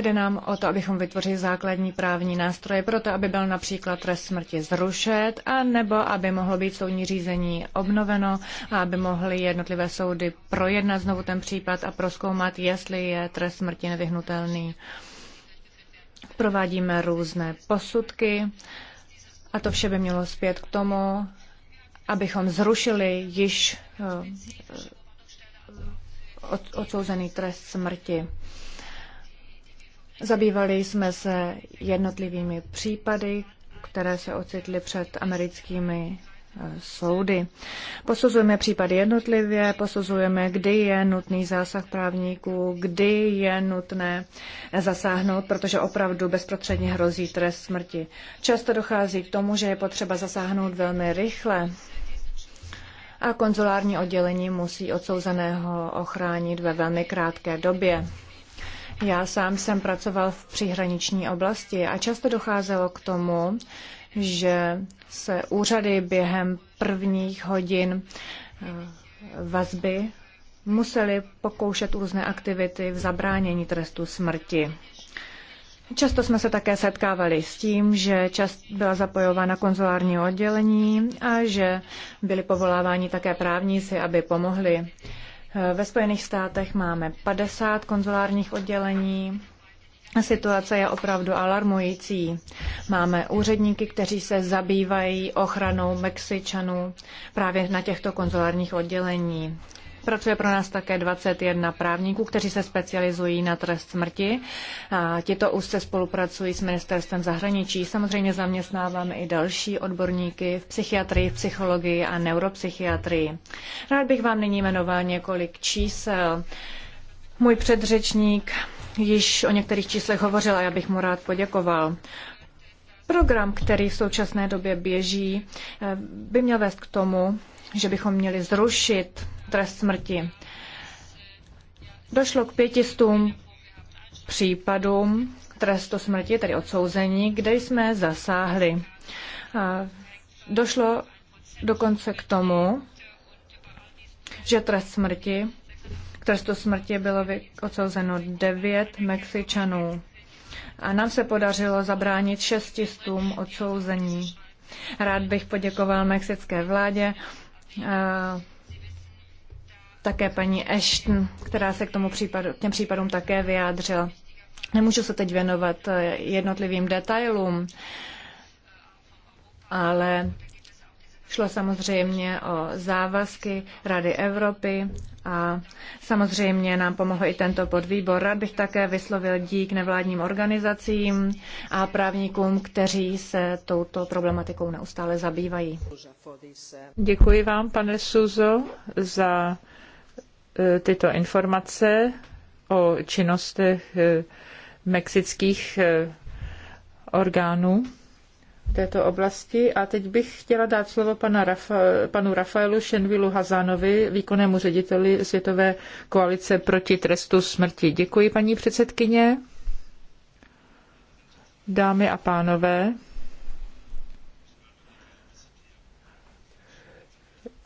Jde nám o to, abychom vytvořili základní právní nástroje pro to, aby byl například trest smrti zrušet, a nebo aby mohlo být soudní řízení obnoveno a aby mohly jednotlivé soudy projednat znovu ten případ a proskoumat, jestli je trest smrti nevyhnutelný. Provádíme různé posudky a to vše by mělo zpět k tomu, abychom zrušili již eh, odsouzený trest smrti. Zabývali jsme se jednotlivými případy, které se ocitly před americkými eh, soudy. Posuzujeme případy jednotlivě, posuzujeme, kdy je nutný zásah právníků, kdy je nutné zasáhnout, protože opravdu bezprostředně hrozí trest smrti. Často dochází k tomu, že je potřeba zasáhnout velmi rychle a konzulární oddělení musí odsouzeného ochránit ve velmi krátké době. Já sám jsem pracoval v příhraniční oblasti a často docházelo k tomu, že se úřady během prvních hodin eh, vazby museli pokoušet různé aktivity v zabránění trestu smrti. Často jsme se také setkávali s tím, že čas byla zapojována konzulární oddělení a že byli povoláváni také právníci, aby pomohli. Ve Spojených státech máme 50 konzulárních oddělení. Situace je opravdu alarmující. Máme úředníky, kteří se zabývají ochranou Mexičanů právě na těchto konzulárních oddělení. Pracuje pro nás také 21 právníků, kteří se specializují na trest smrti. A tito úzce spolupracují s ministerstvem zahraničí. Samozřejmě zaměstnáváme i další odborníky v psychiatrii, v psychologii a neuropsychiatrii. Rád bych vám nyní jmenoval několik čísel. Můj předřečník již o některých číslech hovořil a já bych mu rád poděkoval. Program, který v současné době běží, eh, by měl vést k tomu, že bychom měli zrušit trest smrti. Došlo k pětistům případům trestu smrti, tedy odsouzení, kde jsme zasáhli. Došlo dokonce k tomu, že trest smrti, k trestu smrti bylo odsouzeno devět Mexičanů. A nám se podařilo zabránit šestistům odsouzení. Rád bych poděkoval mexické vládě, také paní Ashton, která se k, tomu případu, těm případům také vyjádřila. Nemůžu se teď věnovat eh, jednotlivým detailům, ale šlo samozřejmě o závazky Rady Evropy a samozřejmě nám pomohl i tento podvýbor. Rád bych také vyslovil dík nevládním organizacím a právníkům, kteří se touto problematikou neustále zabývají. Děkuji vám, pane Suzo, za Eh, tyto informace o činnostech eh, mexických eh, orgánů v této oblasti. A teď bych chtěla dát slovo pana Rafa, panu Rafaelu Šenvilu Hazánovi, výkonnému řediteli Světové koalice proti trestu smrti. Děkuji, paní předsedkyně. Dámy a pánové,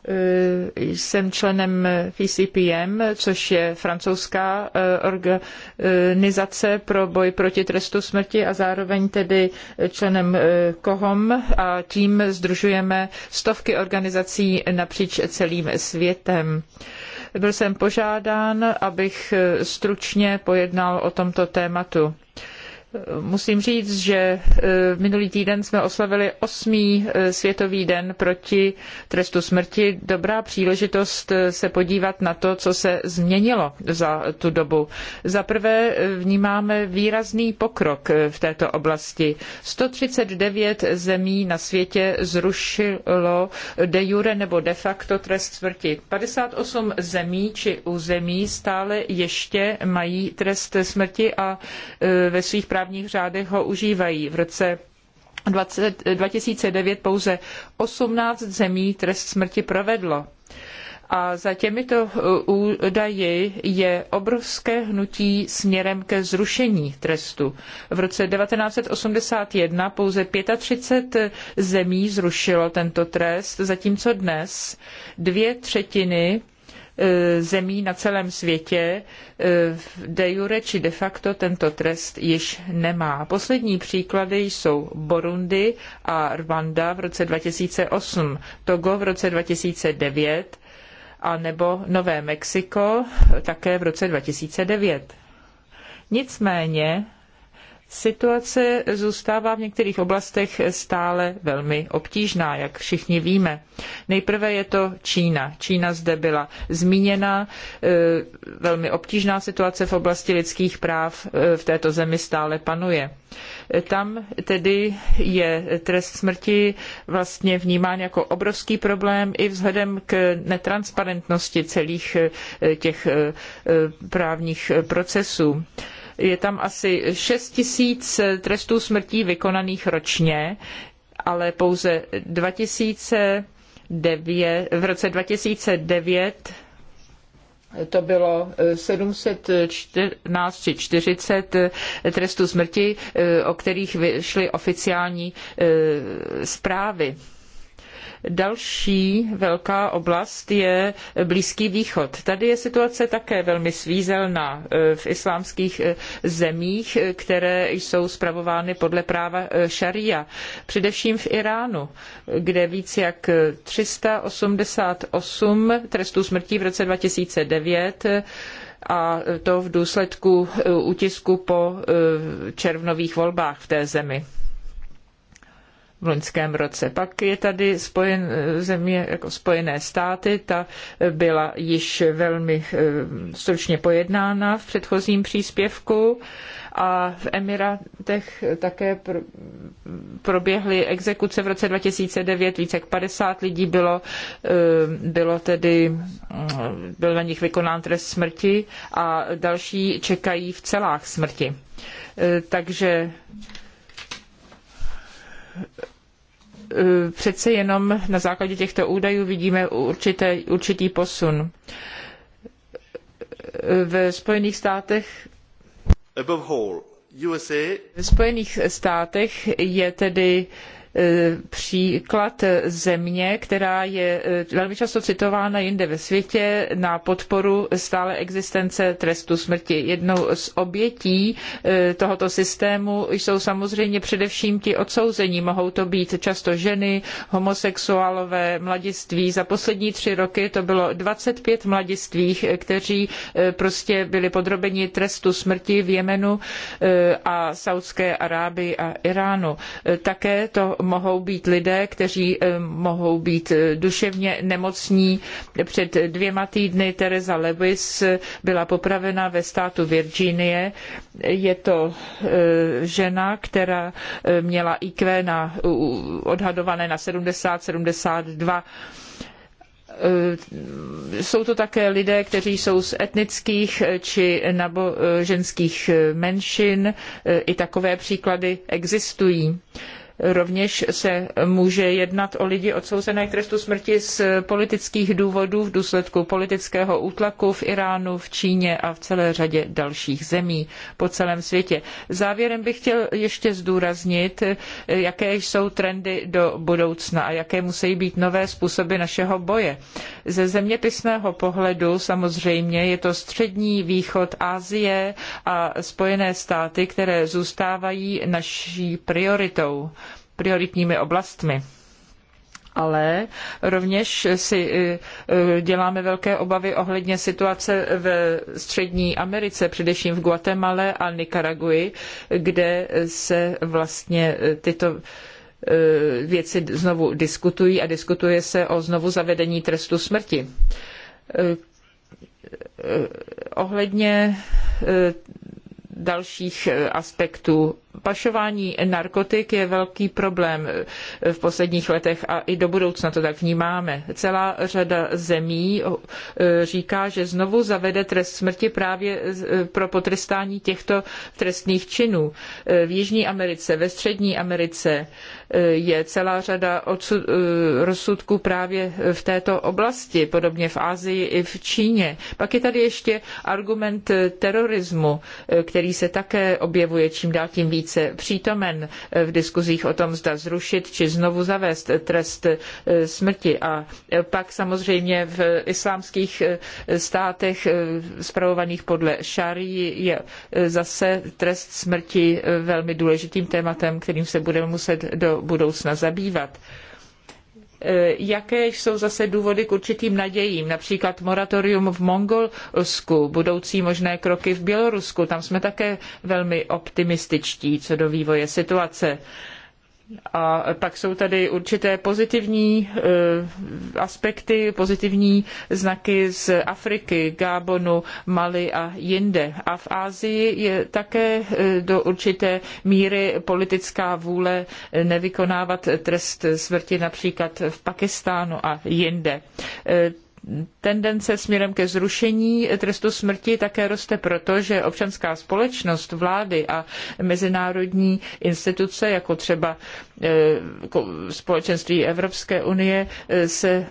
Eh, jsem členem FICPM, což je francouzská eh, organizace pro boj proti trestu smrti a zároveň tedy členem eh, KOHOM a tím združujeme stovky organizací napříč celým světem. Byl jsem požádán, abych stručně pojednal o tomto tématu. Musím říct, že e, minulý týden jsme oslavili osmý e, světový den proti trestu smrti. Dobrá příležitost e, se podívat na to, co se změnilo za tu dobu. Za prvé vnímáme výrazný pokrok v této oblasti. 139 zemí na světě zrušilo de jure nebo de facto trest smrti. 58 zemí či území stále ještě mají trest smrti a ve svých právě právních řádech ho užívají. V roce 20, 2009 pouze 18 zemí trest smrti provedlo. A za těmito uh, údaji je obrovské hnutí směrem ke zrušení trestu. V roce 1981 pouze 35 zemí zrušilo tento trest, zatímco dnes dvě třetiny E, zemí na celém světě e, de jure či de facto tento trest již nemá. Poslední příklady jsou Burundi a Rwanda v roce 2008, Togo v roce 2009 a nebo Nové Mexiko také v roce 2009. Nicméně Situace zůstává v některých oblastech stále velmi obtížná, jak všichni víme. Nejprve je to Čína. Čína zde byla zmíněna. E, velmi obtížná situace v oblasti lidských práv e, v této zemi stále panuje. E, tam tedy je trest smrti vlastně vnímán jako obrovský problém i vzhledem k netransparentnosti celých těch právních procesů. Je tam asi 6 tisíc trestů smrtí vykonaných ročně, ale pouze 2009, v roce 2009 to bylo 714 eh, či 40 eh, trestů smrti, eh, o kterých vyšly oficiální zprávy. Další velká oblast je Blízký východ. Tady je situace také velmi svízelná eh, v islámských eh, zemích, eh, které jsou spravovány podle práva šaria. Především v Iránu, kde víc jak 388 trestů smrti v roce 2009 a to v důsledku útisku po červnových volbách v té zemi v loňském roce. Pak je tady spojen, země jako Spojené státy, ta byla již velmi eh, stručně pojednána v předchozím příspěvku a v Emiratech také proběhly exekuce v roce 2009, více jak 50 lidí bylo, eh, bylo tedy, eh, byl na nich vykonán trest smrti a další čekají v celách smrti. Takže Eh, přece jenom na základě těchto údajů vidíme určité, určitý posun. Eh, ve Spojených státech ve Spojených státech je tedy E, příklad země, která je e, velmi často citována jinde ve světě na podporu stále existence trestu smrti. Jednou z obětí e, tohoto systému jsou samozřejmě především ti odsouzení. Mohou to být často ženy, homosexuálové, mladiství. Za poslední tři roky to bylo 25 mladistvých, kteří prostě byli podrobeni trestu smrti v Jemenu a Saudské Arábii a Iránu. Také to mohou být lidé, kteří eh, mohou být eh, duševně nemocní. Před dvěma týdny Teresa Lewis eh, byla popravena ve státu Virginie. Je to žena, která měla IQ na, odhadované na 70-72 jsou to také lidé, kteří jsou z etnických či náboženských menšin. I takové příklady existují. Rovněž se může jednat o lidi odsouzené k trestu smrti z politických důvodů v důsledku politického útlaku v Iránu, v Číně a v celé řadě dalších zemí po celém světě. Závěrem bych chtěl ještě zdůraznit, jaké jsou trendy do budoucna a jaké musí být nové způsoby našeho boje. Ze zeměpisného pohledu samozřejmě je to střední východ Asie a Spojené státy, které zůstávají naší prioritou prioritními oblastmi ale rovněž si eh, eh, děláme velké obavy ohledně situace v Střední Americe, především v Guatemale a Nikaraguji, kde se vlastně eh, tyto věci znovu diskutují a diskutuje se o znovu zavedení trestu smrti. Ohledně dalších aspektů pašování narkotik je velký problém v posledních letech a i do budoucna to tak vnímáme. Celá řada zemí eh, říká, že znovu zavede trest smrti právě eh, pro potrestání těchto trestných činů. Eh, v Jižní Americe, ve Střední Americe je celá řada odsud, rozsudků právě v této oblasti, podobně v Asii i v Číně. Pak je tady ještě argument terorismu, který se také objevuje čím dál tím více více přítomen v diskuzích o tom, zda zrušit či znovu zavést trest eh, smrti. A eh, pak samozřejmě v islámských eh, státech spravovaných podle šarí je zase trest smrti velmi důležitým tématem, kterým se budeme muset do budoucna zabývat. Eh, jaké jsou zase důvody k určitým nadějím, například moratorium v Mongolsku, budoucí možné kroky v Bělorusku, tam jsme také velmi optimističtí co do vývoje situace. A pak jsou tady určité pozitivní eh, aspekty, pozitivní znaky z Afriky, Gábonu, Mali a jinde. A v Asii je také eh, do určité míry politická vůle eh, nevykonávat trest smrti například v Pakistánu a jinde tendence směrem ke zrušení trestu smrti také roste proto, že občanská společnost, vlády a mezinárodní instituce, jako třeba eh, jako společenství Evropské unie, eh, se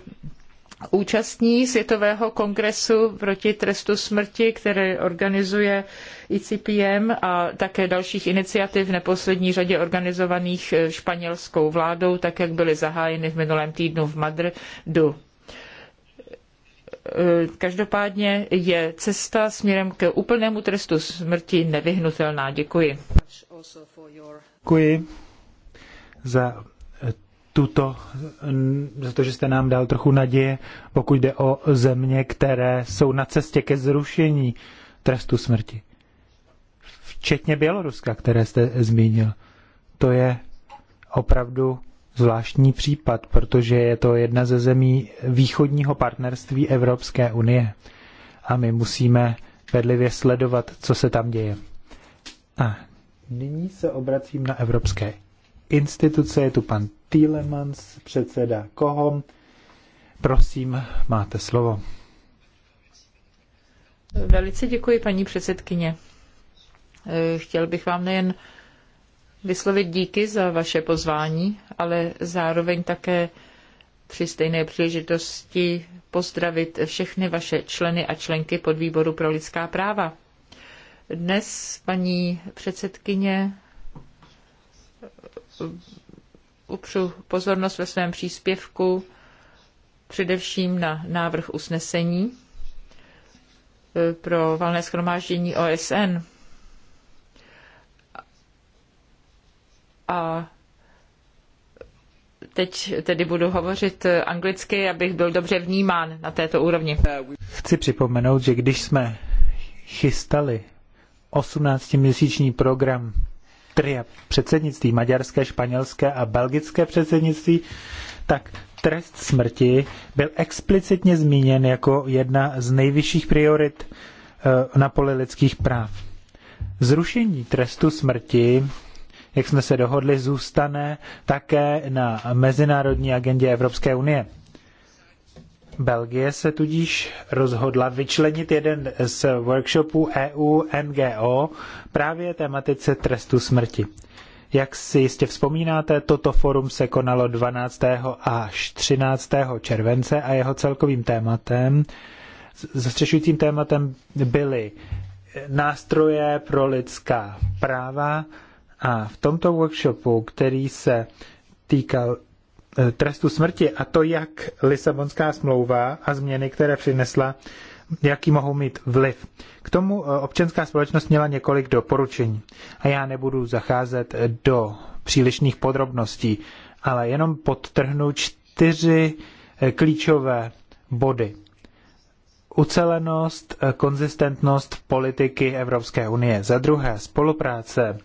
účastní Světového kongresu proti trestu smrti, který organizuje ICPM a také dalších iniciativ v neposlední řadě organizovaných eh, španělskou vládou, tak jak byly zahájeny v minulém týdnu v Madridu. Eh, každopádně je cesta směrem k úplnému trestu smrti nevyhnutelná. Děkuji. Děkuji za eh, tuto, mm, za to, že jste nám dal trochu naděje, pokud jde o země, které jsou na cestě ke zrušení trestu smrti. Včetně Běloruska, které jste zmínil. To je opravdu zvláštní případ, protože je to jedna ze zemí východního partnerství Evropské unie a my musíme vedlivě sledovat, co se tam děje. A nyní se obracím na evropské instituce. Je tu pan Tielemans, předseda KOHOM. Prosím, máte slovo. Velice děkuji, paní předsedkyně. Eh, chtěl bych vám nejen vyslovit díky za vaše pozvání, ale zároveň také při stejné příležitosti pozdravit všechny vaše členy a členky podvýboru pro lidská práva. Dnes paní předsedkyně upřu pozornost ve svém příspěvku především na návrh usnesení eh, pro valné schromáždění OSN. A Teď tedy budu hovořit anglicky, abych byl dobře vnímán na této úrovni. Chci připomenout, že když jsme chystali 18-měsíční program tria předsednictví, maďarské, španělské a belgické předsednictví, tak trest smrti byl explicitně zmíněn jako jedna z nejvyšších priorit eh, na poli lidských práv. Zrušení trestu smrti jak jsme se dohodli, zůstane také na mezinárodní agendě Evropské unie. Belgie se tudíž rozhodla vyčlenit jeden z workshopů EU NGO právě tematice trestu smrti. Jak si jistě vzpomínáte, toto forum se konalo 12. až 13. července a jeho celkovým tématem, zastřešujícím tématem byly nástroje pro lidská práva, a v tomto workshopu, který se týkal eh, trestu smrti a to, jak Lisabonská smlouva a změny, které přinesla, jaký mohou mít vliv. K tomu eh, občanská společnost měla několik doporučení a já nebudu zacházet eh, do přílišných podrobností, ale jenom podtrhnu čtyři klíčové body. Ucelenost, konzistentnost politiky Evropské unie. Za druhé, spolupráce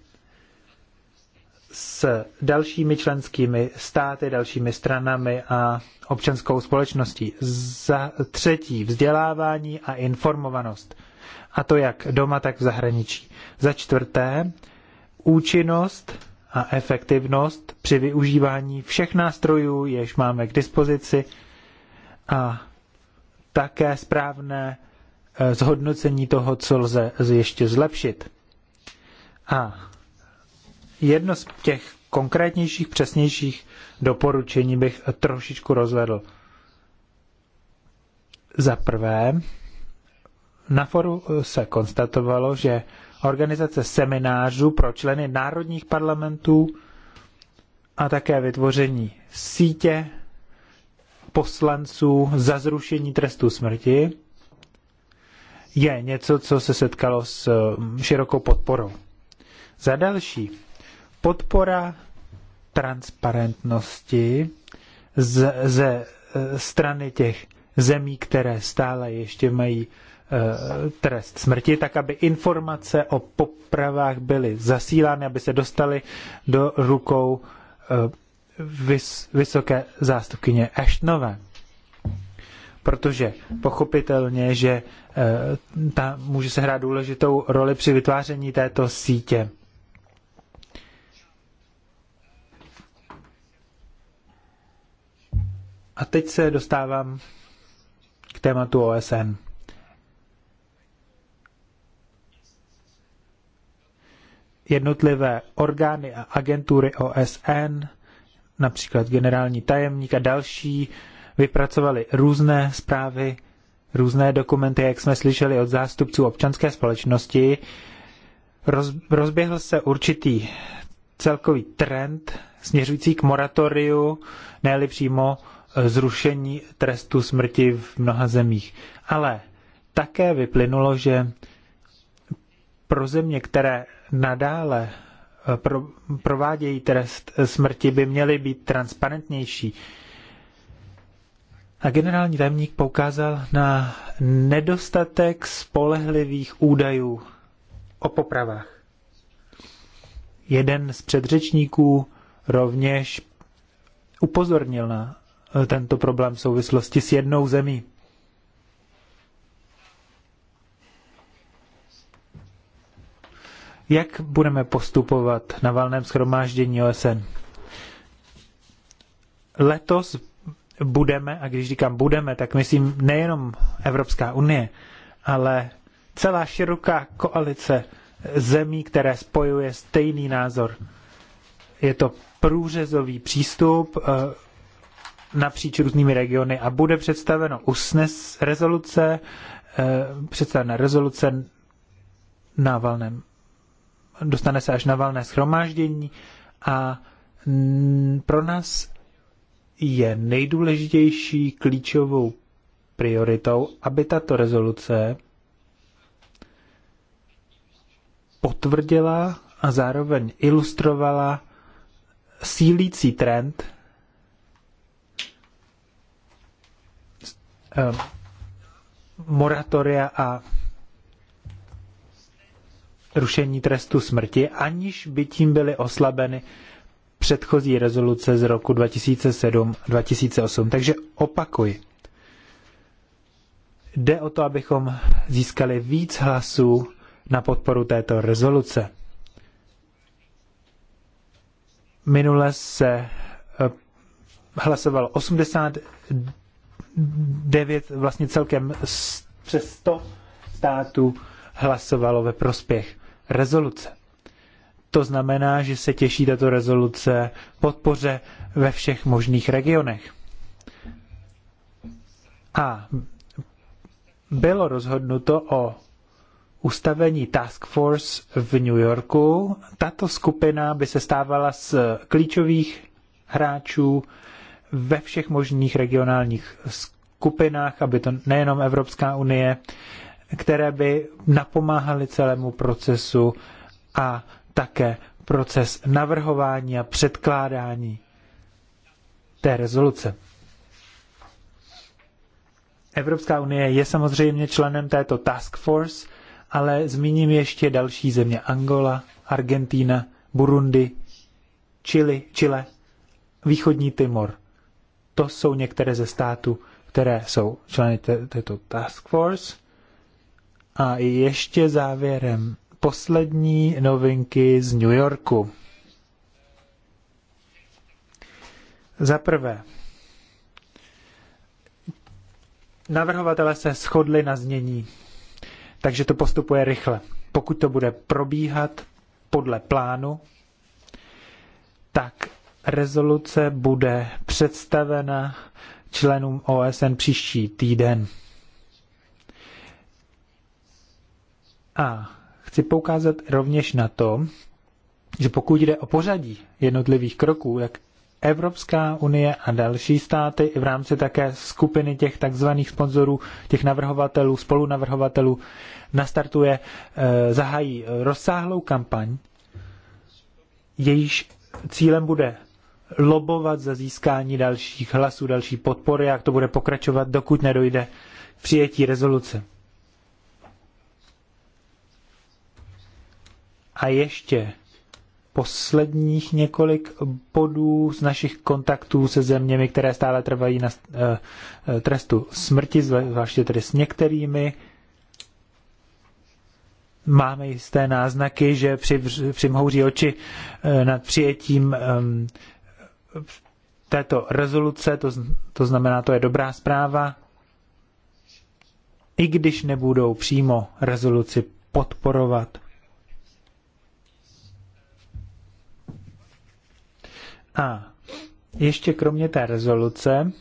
s dalšími členskými státy, dalšími stranami a občanskou společností. Za třetí, vzdělávání a informovanost. A to jak doma, tak v zahraničí. Za čtvrté, účinnost a efektivnost při využívání všech nástrojů, jež máme k dispozici a také správné eh, zhodnocení toho, co lze ještě zlepšit. A jedno z těch konkrétnějších, přesnějších doporučení bych trošičku rozvedl. Za prvé, na foru se konstatovalo, že organizace seminářů pro členy národních parlamentů a také vytvoření sítě poslanců za zrušení trestu smrti je něco, co se setkalo s mm, širokou podporou. Za další, podpora transparentnosti z, ze eh, strany těch zemí, které stále ještě mají eh, trest smrti, tak aby informace o popravách byly zasílány, aby se dostaly do rukou eh, vys, vysoké zástupkyně Ashtonové. Protože pochopitelně, že ta může se hrát důležitou roli při vytváření této sítě A teď se dostávám k tématu OSN. Jednotlivé orgány a agentury OSN, například generální tajemník a další, vypracovali různé zprávy, různé dokumenty, jak jsme slyšeli od zástupců občanské společnosti. Roz, rozběhl se určitý celkový trend směřující k moratoriu, ne přímo zrušení trestu smrti v mnoha zemích. Ale také vyplynulo, že pro země, které nadále eh, pro, provádějí trest smrti, by měly být transparentnější. A generální tajemník poukázal na nedostatek spolehlivých údajů o popravách. Jeden z předřečníků rovněž upozornil na Eh, tento problém v souvislosti s jednou zemí. Jak budeme postupovat na valném schromáždění OSN? Letos budeme, a když říkám budeme, tak myslím nejenom Evropská unie, ale celá široká koalice zemí, které spojuje stejný názor. Je to průřezový přístup, eh, napříč různými regiony a bude představeno usnes rezoluce, eh, představena rezoluce na valném, dostane se až na valné schromáždění a pro nás je nejdůležitější klíčovou prioritou, aby tato rezoluce potvrdila a zároveň ilustrovala sílící trend Eh, moratoria a rušení trestu smrti, aniž by tím byly oslabeny předchozí rezoluce z roku 2007-2008. Takže opakuji. Jde o to, abychom získali víc hlasů na podporu této rezoluce. Minule se eh, hlasovalo 80 devět, vlastně celkem přes 100 států hlasovalo ve prospěch rezoluce. To znamená, že se těší tato rezoluce podpoře ve všech možných regionech. A bylo rozhodnuto o ustavení Task Force v New Yorku. Tato skupina by se stávala z klíčových hráčů ve všech možných regionálních skupinách, aby to nejenom Evropská unie, které by napomáhaly celému procesu a také proces navrhování a předkládání té rezoluce. Evropská unie je samozřejmě členem této task force, ale zmíním ještě další země. Angola, Argentína, Burundi, Chile, Chile východní Timor. To jsou některé ze států, které jsou členy této task force. A ještě závěrem poslední novinky z New Yorku. Za prvé, navrhovatele se shodli na znění, takže to postupuje rychle. Pokud to bude probíhat podle plánu, tak rezoluce bude představena členům OSN příští týden. A chci poukázat rovněž na to, že pokud jde o pořadí jednotlivých kroků, jak Evropská unie a další státy i v rámci také skupiny těch takzvaných sponzorů, těch navrhovatelů, spolunavrhovatelů, nastartuje, eh, zahájí rozsáhlou kampaň, jejíž cílem bude lobovat za získání dalších hlasů, další podpory, jak to bude pokračovat, dokud nedojde k přijetí rezoluce. A ještě posledních několik bodů z našich kontaktů se zeměmi, které stále trvají na eh, eh, trestu smrti, zvláště tedy s některými. Máme jisté náznaky, že přimhouří oči eh, nad přijetím ehm, této rezoluce, to, to znamená, to je dobrá zpráva, i když nebudou přímo rezoluci podporovat. A ještě kromě té rezoluce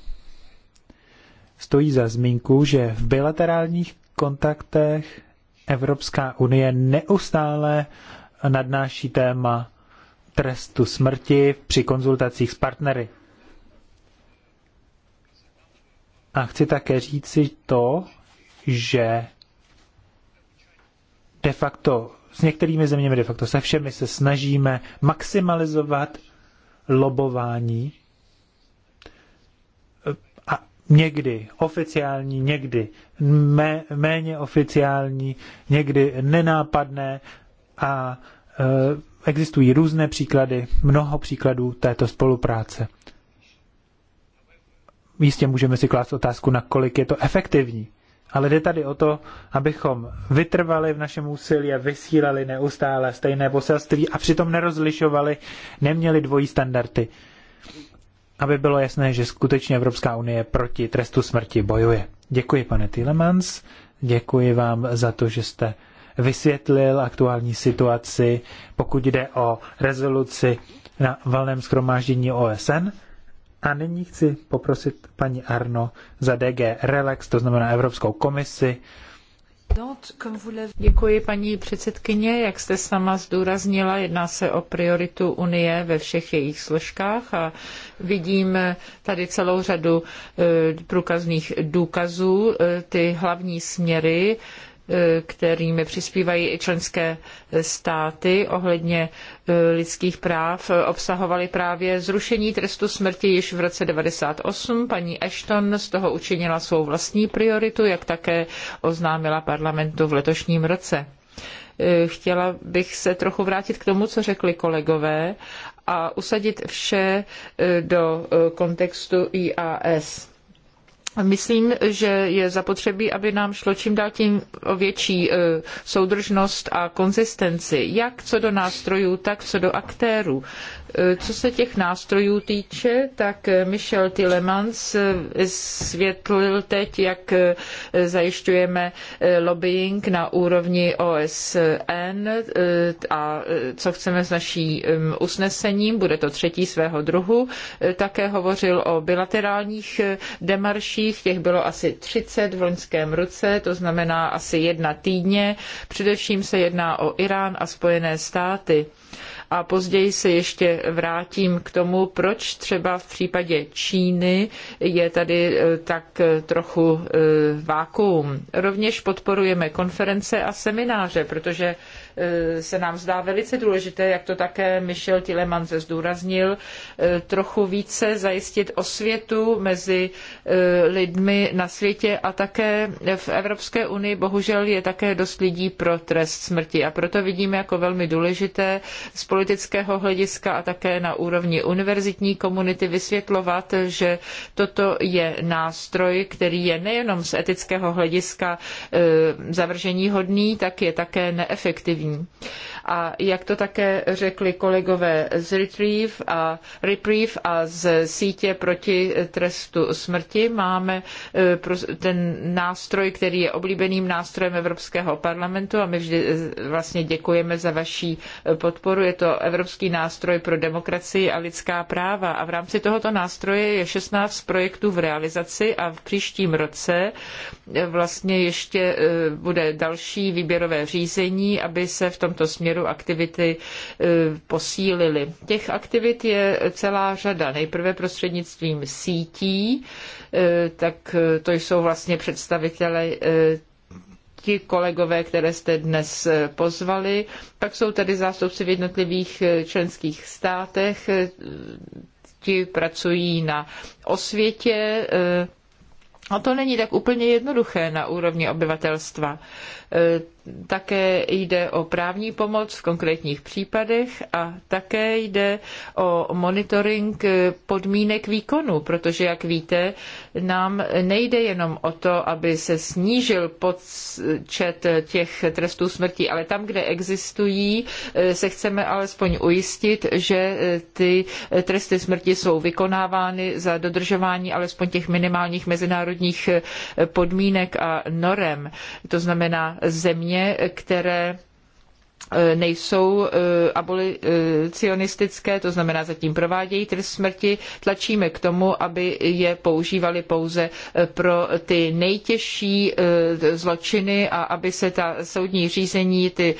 stojí za zmínku, že v bilaterálních kontaktech Evropská unie neustále nadnáší téma trestu smrti při konzultacích s partnery. A chci také říci to, že de facto s některými zeměmi, de facto se všemi se snažíme maximalizovat lobování a někdy oficiální, někdy mé, méně oficiální, někdy nenápadné a e, existují různé příklady, mnoho příkladů této spolupráce. Jistě můžeme si klást otázku, na kolik je to efektivní. Ale jde tady o to, abychom vytrvali v našem úsilí a vysílali neustále stejné poselství a přitom nerozlišovali, neměli dvojí standardy. Aby bylo jasné, že skutečně Evropská unie proti trestu smrti bojuje. Děkuji, pane Tilemans, děkuji vám za to, že jste vysvětlil aktuální situaci, pokud jde o rezoluci na valném schromáždění OSN. A nyní chci poprosit paní Arno za DG Relax, to znamená Evropskou komisi, Děkuji, paní předsedkyně. Jak jste sama zdůraznila, jedná se o prioritu Unie ve všech jejich složkách a vidím tady celou řadu eh, průkazných důkazů. Eh, ty hlavní směry kterými přispívají i členské státy ohledně e, lidských práv, obsahovaly právě zrušení trestu smrti již v roce 98. Paní Ashton z toho učinila svou vlastní prioritu, jak také oznámila parlamentu v letošním roce. E, chtěla bych se trochu vrátit k tomu, co řekli kolegové a usadit vše e, do kontextu IAS. Myslím, že je zapotřebí, aby nám šlo čím dál tím o větší e, soudržnost a konzistenci, jak co do nástrojů, tak co do aktérů. Co se těch nástrojů týče, tak Michel Tillemans světlil teď, jak zajišťujeme lobbying na úrovni OSN a co chceme s naším um, usnesením, bude to třetí svého druhu. Také hovořil o bilaterálních demarších, těch bylo asi 30 v loňském roce, to znamená asi jedna týdně. Především se jedná o Irán a Spojené státy a později se ještě vrátím k tomu, proč třeba v případě Číny je tady e, tak e, trochu e, vákuum. Rovněž podporujeme konference a semináře, protože Eh, se nám zdá velice důležité, jak to také Michel Tilemans zdůraznil, eh, trochu více zajistit osvětu mezi eh, lidmi na světě a také v Evropské unii bohužel je také dost lidí pro trest smrti a proto vidíme jako velmi důležité z politického hlediska a také na úrovni univerzitní komunity vysvětlovat, že toto je nástroj, který je nejenom z etického hlediska zavržení hodný, tak je také neefektivní především. A jak to také řekli kolegové z Retrieve a, Reprieve a z sítě proti trestu smrti, máme e, ten nástroj, který je oblíbeným nástrojem Evropského parlamentu a my vždy e, vlastně děkujeme za vaší e, podporu. Je to Evropský nástroj pro demokracii a lidská práva a v rámci tohoto nástroje je 16 projektů v realizaci a v příštím roce vlastně ještě bude další výběrové řízení, aby se v tomto směru směru aktivity eh, posílili. Těch aktivit je celá řada. Nejprve prostřednictvím sítí, eh, tak eh, to jsou vlastně představitele ti kolegové, které jste dnes pozvali. Pak jsou tady zástupci v jednotlivých členských státech, ti pracují na osvětě, a to není tak úplně jednoduché na úrovni obyvatelstva. E, také jde o právní pomoc v konkrétních případech a také jde o monitoring podmínek výkonu, protože, jak víte, nám nejde jenom o to, aby se snížil počet těch trestů smrti, ale tam, kde existují, e, se chceme alespoň ujistit, že e, ty tresty smrti jsou vykonávány za dodržování alespoň těch minimálních mezinárodních podmínek a norem. To znamená, země, které e, nejsou e, abolicionistické, to znamená zatím provádějí trest smrti, tlačíme k tomu, aby je používali pouze e, pro ty nejtěžší zločiny a aby se ta soudní řízení, ty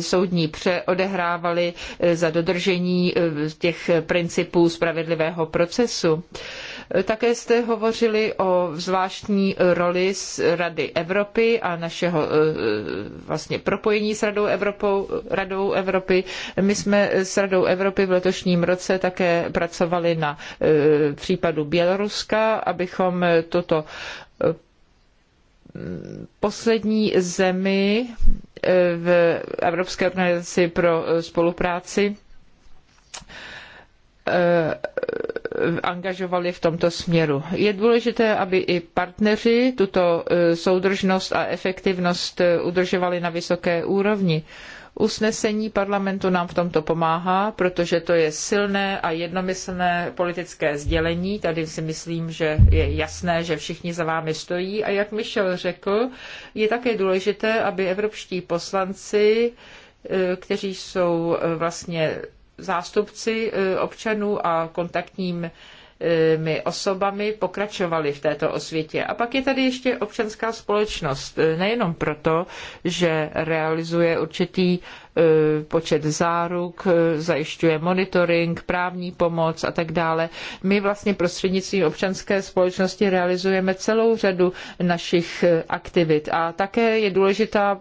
soudní pře odehrávaly za dodržení těch principů spravedlivého procesu. Eh, také jste hovořili o zvláštní roli z Rady Evropy a našeho eh, vlastně propojení s Radou, Evropou, Radou Evropy. My jsme s Radou Evropy v letošním roce také pracovali na eh, případu Běloruska, abychom toto poslední zemi v Evropské organizaci pro spolupráci Eh, angažovali v tomto směru. Je důležité, aby i partneři tuto eh, soudržnost a efektivnost eh, udržovali na vysoké úrovni. Usnesení parlamentu nám v tomto pomáhá, protože to je silné a jednomyslné politické sdělení. Tady si myslím, že je jasné, že všichni za vámi stojí. A jak Michel řekl, je také důležité, aby evropští poslanci kteří jsou vlastně zástupci e, občanů a kontaktními e, osobami pokračovali v této osvětě. A pak je tady ještě občanská společnost, e, nejenom proto, že realizuje určitý Eh, počet záruk, eh, zajišťuje monitoring, právní pomoc a tak dále. My vlastně prostřednictvím občanské společnosti realizujeme celou řadu našich eh, aktivit a také je důležitá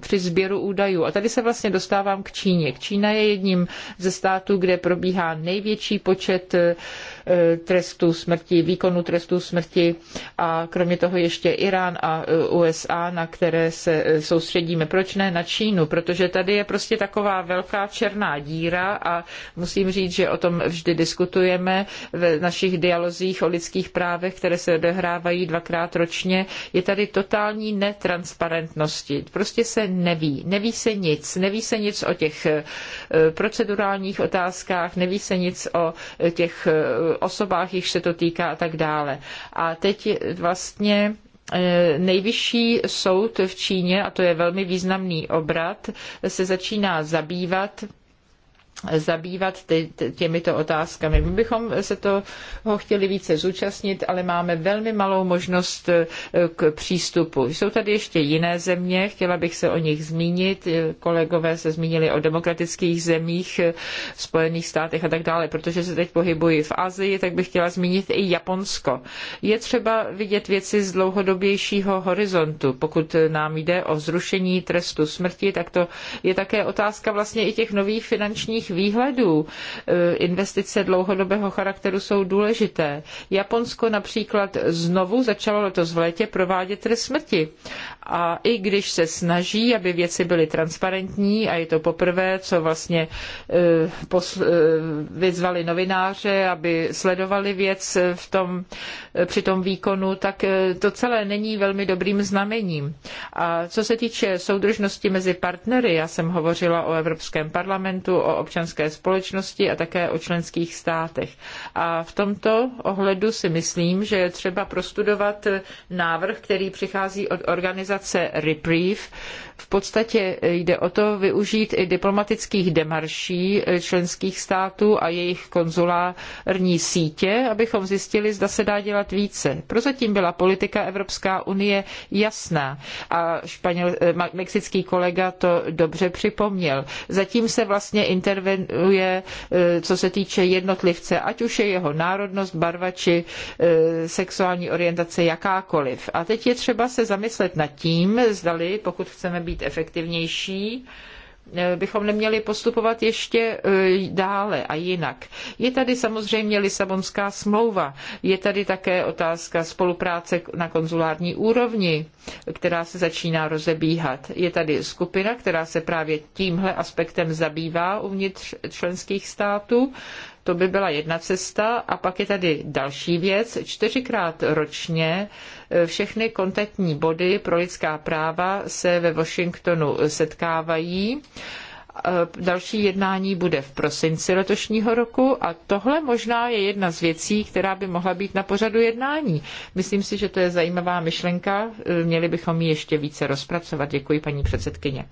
při sběru údajů. A tady se vlastně dostávám k Číně. Čína je jedním ze států, kde probíhá největší počet Eh, trestu smrti, výkonu trestu smrti a kromě toho ještě Irán a eh, USA, na které se eh, soustředíme. Proč ne na Čínu? Protože tady je prostě taková velká černá díra a musím říct, že o tom vždy diskutujeme v našich dialozích o lidských právech, které se odehrávají dvakrát ročně. Je tady totální netransparentnosti. Prostě se neví. Neví se nic. Neví se nic o těch procedurálních otázkách, neví se nic o těch osobách, jich se to týká a tak dále. A teď vlastně eh, nejvyšší soud v Číně, a to je velmi významný obrat, se začíná zabývat zabývat těmito otázkami. My bychom se toho chtěli více zúčastnit, ale máme velmi malou možnost eh, k přístupu. Jsou tady ještě jiné země, chtěla bych se o nich zmínit. Eh, kolegové se zmínili o demokratických zemích, eh, Spojených státech a tak dále. Protože se teď pohybuji v Asii, tak bych chtěla zmínit i Japonsko. Je třeba vidět věci z dlouhodobějšího horizontu. Pokud nám jde o zrušení trestu smrti, tak to je také otázka vlastně i těch nových finančních výhledů. E, investice dlouhodobého charakteru jsou důležité. Japonsko například znovu začalo letos v létě provádět trest smrti. A i když se snaží, aby věci byly transparentní, a je to poprvé, co vlastně e, e, vyzvali novináře, aby sledovali věc v tom, při tom výkonu, tak to celé není velmi dobrým znamením. A co se týče soudržnosti mezi partnery, já jsem hovořila o Evropském parlamentu, o občanském občanské společnosti a také o členských státech. A v tomto ohledu si myslím, že je třeba prostudovat návrh, který přichází od organizace Reprieve, v podstatě jde o to využít i diplomatických demarší členských států a jejich konzulární sítě, abychom zjistili, zda se dá dělat více. Prozatím byla politika Evropská unie jasná a španěl, eh, mexický kolega to dobře připomněl. Zatím se vlastně intervenuje, eh, co se týče jednotlivce, ať už je jeho národnost, barva či eh, sexuální orientace jakákoliv. A teď je třeba se zamyslet nad tím, zdali, pokud chceme být být efektivnější, eh, bychom neměli postupovat ještě eh, dále a jinak. Je tady samozřejmě Lisabonská smlouva, je tady také otázka spolupráce na konzulární úrovni, která se začíná rozebíhat. Je tady skupina, která se právě tímhle aspektem zabývá uvnitř členských států. To by byla jedna cesta. A pak je tady další věc. Čtyřikrát ročně e, všechny kontaktní body pro lidská práva se ve Washingtonu setkávají. E, další jednání bude v prosinci letošního roku a tohle možná je jedna z věcí, která by mohla být na pořadu jednání. Myslím si, že to je zajímavá myšlenka, e, měli bychom ji ještě více rozpracovat. Děkuji, paní předsedkyně.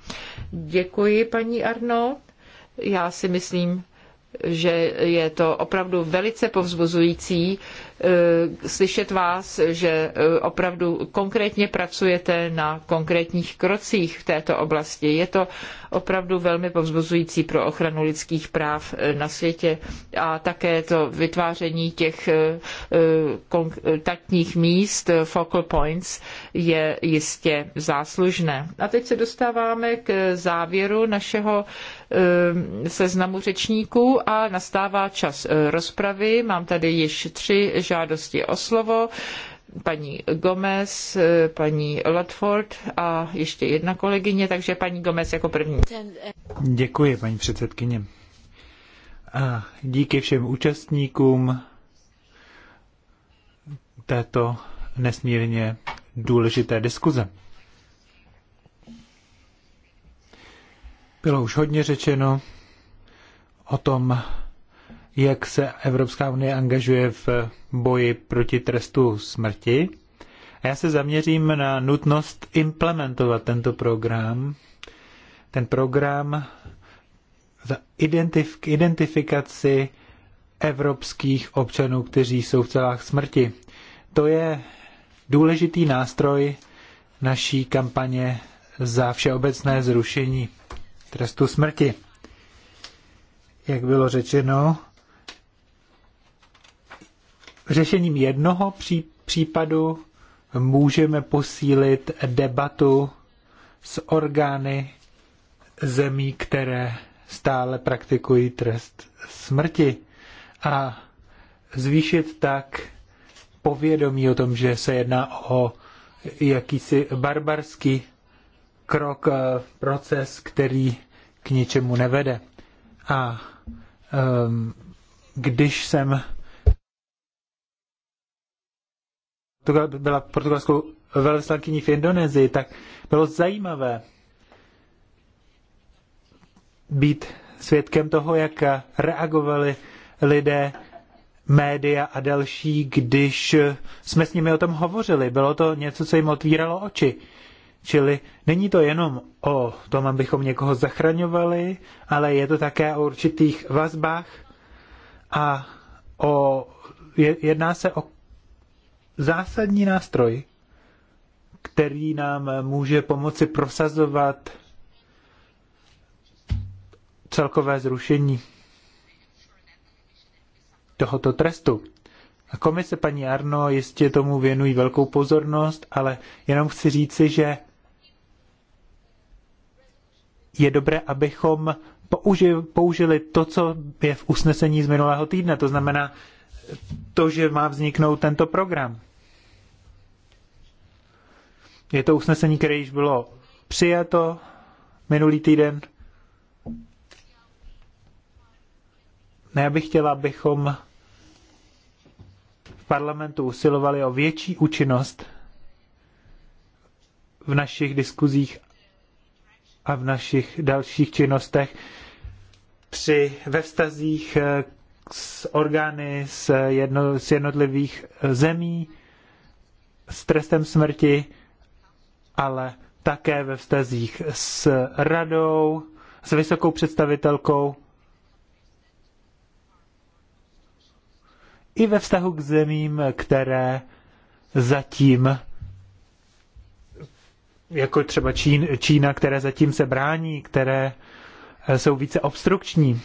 Děkuji, paní Arno. Já si myslím, že je to opravdu velice povzbuzující e, slyšet vás, že e, opravdu konkrétně pracujete na konkrétních krocích v této oblasti. Je to opravdu velmi povzbuzující pro ochranu lidských práv e, na světě a také to vytváření těch kontaktních míst, focal points, je jistě záslužné. A teď se dostáváme k závěru našeho Eh, seznamu řečníků a nastává čas eh, rozpravy. Mám tady již tři žádosti o slovo. Paní Gomez, eh, paní Lotford a ještě jedna kolegyně, takže paní Gomez jako první. Děkuji, paní předsedkyně. A díky všem účastníkům této nesmírně důležité diskuze. Bylo už hodně řečeno o tom, jak se Evropská unie angažuje v boji proti trestu smrti. A já se zaměřím na nutnost implementovat tento program. Ten program za identif- k identifikaci evropských občanů, kteří jsou v celách smrti. To je důležitý nástroj naší kampaně za všeobecné zrušení trestu smrti. Jak bylo řečeno, řešením jednoho případu můžeme posílit debatu s orgány zemí, které stále praktikují trest smrti a zvýšit tak povědomí o tom, že se jedná o jakýsi barbarský krok, eh, proces, který k ničemu nevede. A um, když jsem byla portugalskou velvyslankyní v Indonésii, tak bylo zajímavé být svědkem toho, jak reagovali lidé, média a další, když jsme s nimi o tom hovořili. Bylo to něco, co jim otvíralo oči. Čili není to jenom o tom, abychom někoho zachraňovali, ale je to také o určitých vazbách a o, jedná se o zásadní nástroj, který nám může pomoci prosazovat celkové zrušení tohoto trestu. A komise paní Arno jistě tomu věnují velkou pozornost, ale jenom chci říci, že je dobré, abychom použili to, co je v usnesení z minulého týdne, to znamená to, že má vzniknout tento program. Je to usnesení, které již bylo přijato minulý týden. Ne, já bych chtěla, abychom v parlamentu usilovali o větší účinnost v našich diskuzích a v našich dalších činnostech při ve vztazích eh, s orgány z, jedno, z jednotlivých eh, zemí, s trestem smrti, ale také ve vztazích s radou, s vysokou představitelkou, i ve vztahu k zemím, které zatím jako třeba Čín, Čína, které zatím se brání, které eh, jsou více obstrukční.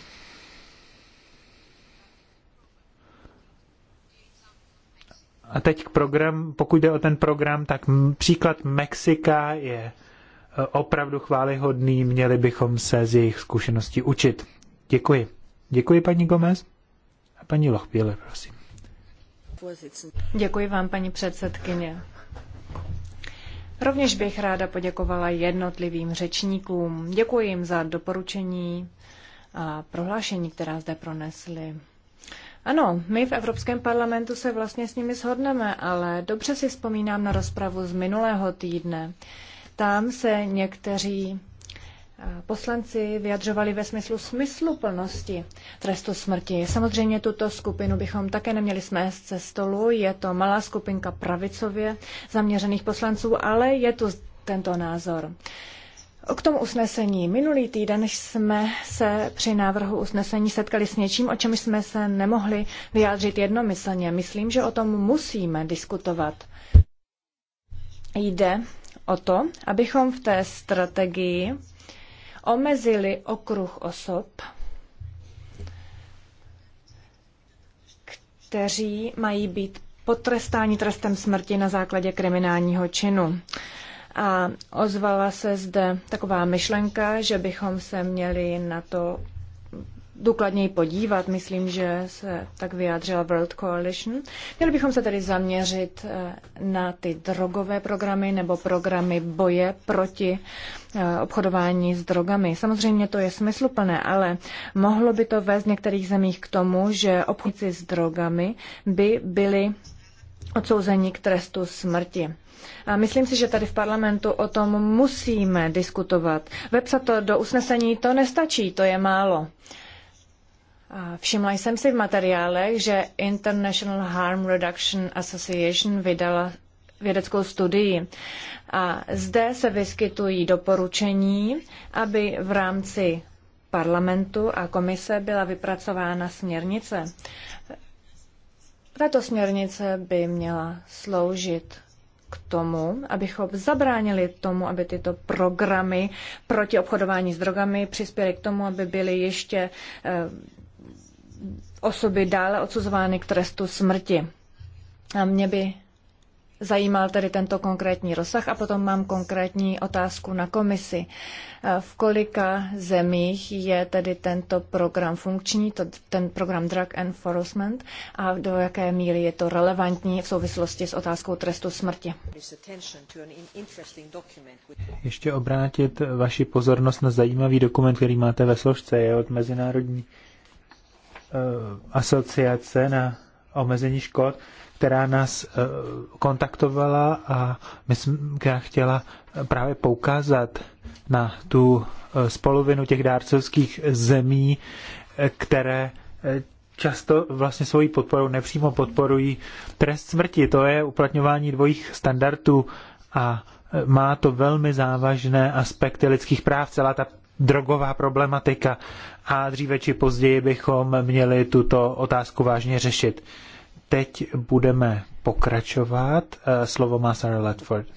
A teď k program, pokud jde o ten program, tak příklad Mexika je eh, opravdu chválihodný, měli bychom se z jejich zkušeností učit. Děkuji. Děkuji paní Gomez a paní Lochbíle, prosím. Děkuji vám, paní předsedkyně. Rovněž bych ráda poděkovala jednotlivým řečníkům. Děkuji jim za doporučení a prohlášení, která zde pronesli. Ano, my v Evropském parlamentu se vlastně s nimi shodneme, ale dobře si vzpomínám na rozpravu z minulého týdne. Tam se někteří poslanci vyjadřovali ve smyslu smysluplnosti trestu smrti. Samozřejmě tuto skupinu bychom také neměli smést ze stolu. Je to malá skupinka pravicově zaměřených poslanců, ale je tu tento názor. K tomu usnesení. Minulý týden jsme se při návrhu usnesení setkali s něčím, o čem jsme se nemohli vyjádřit jednomyslně. Myslím, že o tom musíme diskutovat. Jde o to, abychom v té strategii omezili okruh osob, kteří mají být potrestáni trestem smrti na základě kriminálního činu. A ozvala se zde taková myšlenka, že bychom se měli na to důkladněji podívat. Myslím, že se tak vyjádřila World Coalition. Měli bychom se tedy zaměřit eh, na ty drogové programy nebo programy boje proti eh, obchodování s drogami. Samozřejmě to je smysluplné, ale mohlo by to vést v některých zemích k tomu, že obchodci s drogami by byli odsouzení k trestu smrti. A myslím si, že tady v parlamentu o tom musíme diskutovat. Vepsat to do usnesení to nestačí, to je málo. Všimla jsem si v materiálech, že International Harm Reduction Association vydala vědeckou studii. A zde se vyskytují doporučení, aby v rámci parlamentu a komise byla vypracována směrnice. Tato směrnice by měla sloužit k tomu, abychom zabránili tomu, aby tyto programy proti obchodování s drogami přispěly k tomu, aby byly ještě eh, osoby dále odsuzovány k trestu smrti. A mě by zajímal tedy tento konkrétní rozsah a potom mám konkrétní otázku na komisi. V kolika zemích je tedy tento program funkční, to, ten program Drug Enforcement a do jaké míry je to relevantní v souvislosti s otázkou trestu smrti? Ještě obrátit vaši pozornost na zajímavý dokument, který máte ve složce, je od Mezinárodní Eh, asociace na omezení škod, která nás eh, kontaktovala a myslím, která chtěla právě poukázat na tu eh, spoluvinu těch dárcovských zemí, které často vlastně svojí podporou nepřímo podporují trest smrti. To je uplatňování dvojích standardů a má to velmi závažné aspekty lidských práv. Celá ta drogová problematika a dříve či později bychom měli tuto otázku vážně řešit. Teď budeme pokračovat. Eh, slovo má Sarah Ledford.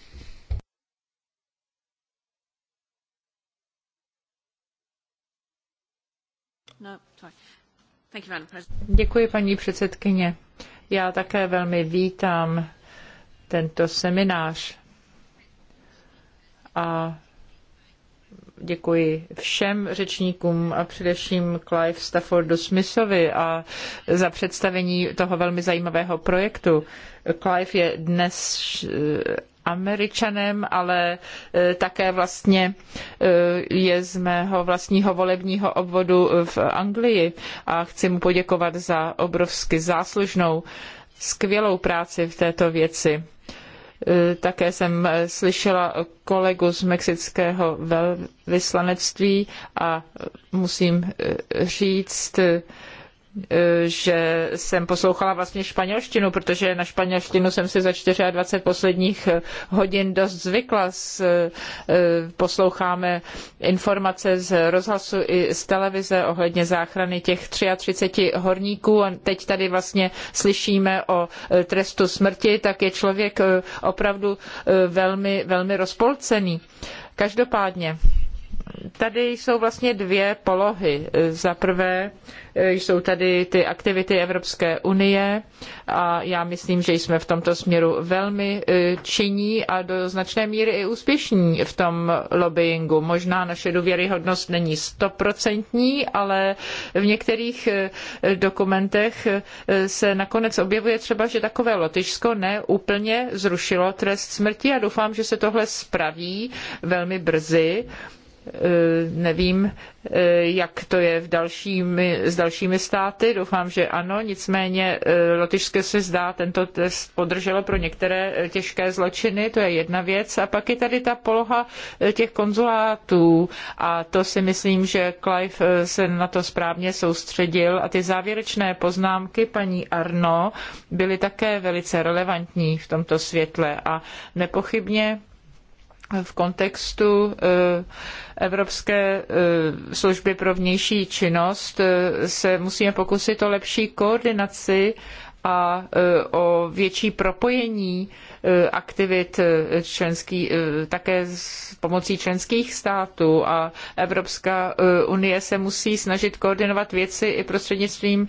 No, Děkuji, paní předsedkyně. Já také velmi vítám tento seminář a Děkuji všem řečníkům a především Clive Staffordu Smithovi a za představení toho velmi zajímavého projektu. Clive je dnes eh, Američanem, ale eh, také vlastně eh, je z mého vlastního volebního obvodu v Anglii a chci mu poděkovat za obrovsky záslužnou, skvělou práci v této věci E, také jsem e, slyšela kolegu z mexického velvyslanectví a musím e, říct, že jsem poslouchala vlastně španělštinu, protože na španělštinu jsem si za 24 posledních eh, hodin dost zvykla. Eh, posloucháme informace z rozhlasu i z televize ohledně záchrany těch 33 horníků a teď tady vlastně slyšíme o eh, trestu smrti, tak je člověk opravdu velmi, velmi rozpolcený. Každopádně tady jsou vlastně dvě polohy. Za prvé eh, jsou tady ty aktivity Evropské unie a já myslím, že jsme v tomto směru velmi eh, činní a do značné míry i úspěšní v tom lobbyingu. Možná naše důvěryhodnost není stoprocentní, ale v některých eh, dokumentech se nakonec objevuje třeba, že takové Lotyšsko neúplně zrušilo trest smrti a doufám, že se tohle spraví velmi brzy Eh, nevím, eh, jak to je v dalšími, s dalšími státy, doufám, že ano, nicméně eh, Lotyšské se zdá, tento test podrželo pro některé těžké zločiny, to je jedna věc. A pak je tady ta poloha těch konzulátů a to si myslím, že Clive se na to správně soustředil a ty závěrečné poznámky paní Arno byly také velice relevantní v tomto světle a nepochybně v kontextu eh, Evropské eh, služby pro vnější činnost eh, se musíme pokusit o lepší koordinaci a e, o větší propojení e, aktivit e, členský, také s pomocí členských států a Evropská unie se musí snažit koordinovat věci i prostřednictvím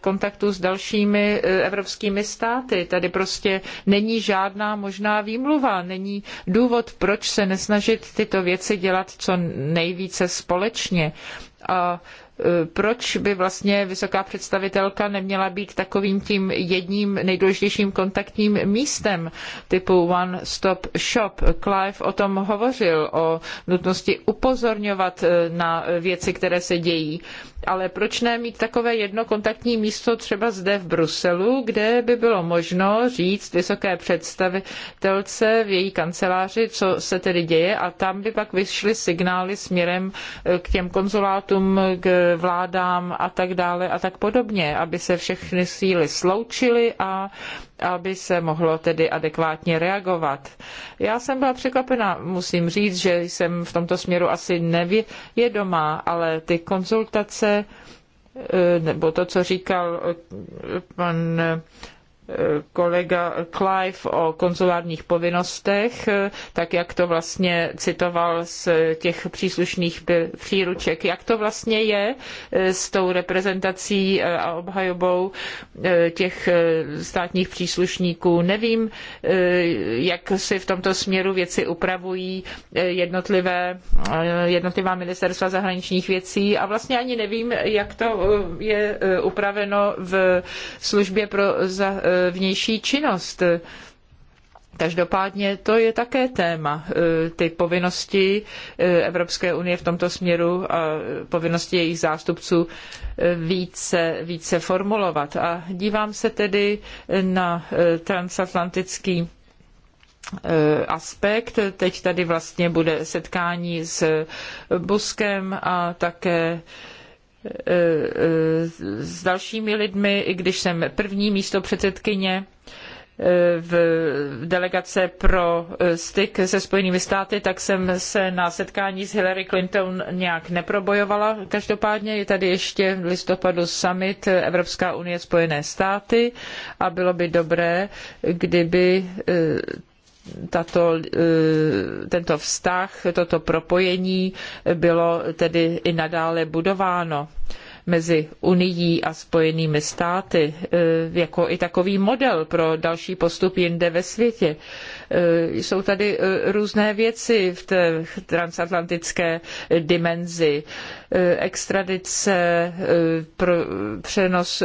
kontaktů s dalšími evropskými státy. Tady prostě není žádná možná výmluva, není důvod, proč se nesnažit tyto věci dělat co nejvíce společně. A proč by vlastně vysoká představitelka neměla být takovým tím jedním nejdůležitějším kontaktním místem typu One Stop Shop. Clive o tom hovořil, o nutnosti upozorňovat eh, na věci, které se dějí. Ale proč ne mít takové jedno kontaktní místo třeba zde v Bruselu, kde by bylo možno říct vysoké představitelce v její kanceláři, co se tedy děje a tam by pak vyšly signály směrem eh, k těm konzulátům, k vládám a tak dále a tak podobně, aby se všechny síly sloučily a aby se mohlo tedy adekvátně reagovat. Já jsem byla překvapena, musím říct, že jsem v tomto směru asi nevědomá, ale ty konzultace eh, nebo to, co říkal eh, pan eh, kolega Clive o konzulárních povinnostech, tak jak to vlastně citoval z těch příslušných příruček. Jak to vlastně je eh, s tou reprezentací eh, a obhajobou eh, těch státních příslušníků? Nevím, jak si v tomto směru věci upravují jednotlivé, jednotlivá ministerstva zahraničních věcí a vlastně ani nevím, jak to je upraveno v službě pro za, vnější činnost. Každopádně to je také téma. E, ty povinnosti e, Evropské unie v tomto směru a povinnosti jejich zástupců e, více, více formulovat. A dívám se tedy na transatlantický aspekt. Teď tady vlastně bude setkání s Buskem a také s dalšími lidmi, i když jsem první místo předsedkyně eh, v delegace pro eh, styk se Spojenými státy, tak jsem se na setkání s Hillary Clinton nějak neprobojovala. Každopádně je tady ještě v listopadu summit Evropská unie Spojené státy a bylo by dobré, kdyby eh, tato, eh, tento vztah, toto propojení bylo tedy i nadále budováno mezi Unií a Spojenými státy eh, jako i takový model pro další postup jinde ve světě. Eh, jsou tady eh, různé věci v té transatlantické dimenzi. Eh, extradice, přenos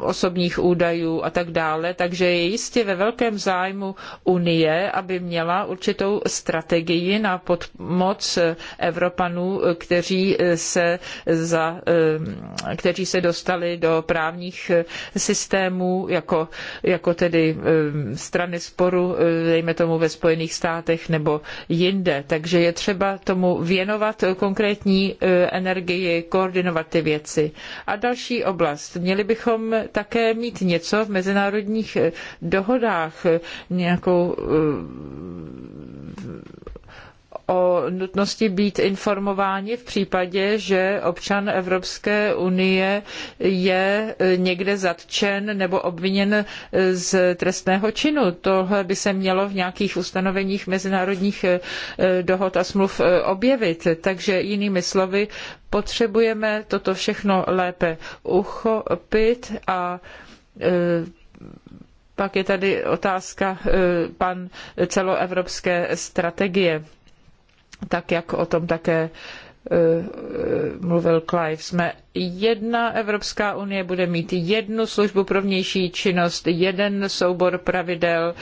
osobních údajů a tak dále. Takže je jistě ve velkém zájmu Unie, aby měla určitou strategii na podmoc Evropanů, kteří se, za, kteří se dostali do právních systémů jako, jako tedy strany sporu, dejme dejme tomu ve Spojených státech nebo jinde. Takže je třeba tomu věnovat konkrétní e, energii, koordinovat ty věci. A další oblast. Měli bychom také mít něco v mezinárodních e, dohodách, e, nějakou o nutnosti být informováni v případě, že občan Evropské unie je e, někde zatčen nebo obviněn e, z trestného činu. Tohle by se mělo v nějakých ustanoveních mezinárodních e, dohod a smluv objevit. Takže jinými slovy, potřebujeme toto všechno lépe uchopit a pak je tady otázka pan celoevropské strategie tak jak o tom také e, e, mluvil Clive, jsme jedna Evropská unie, bude mít jednu službu pro vnější činnost, jeden soubor pravidel,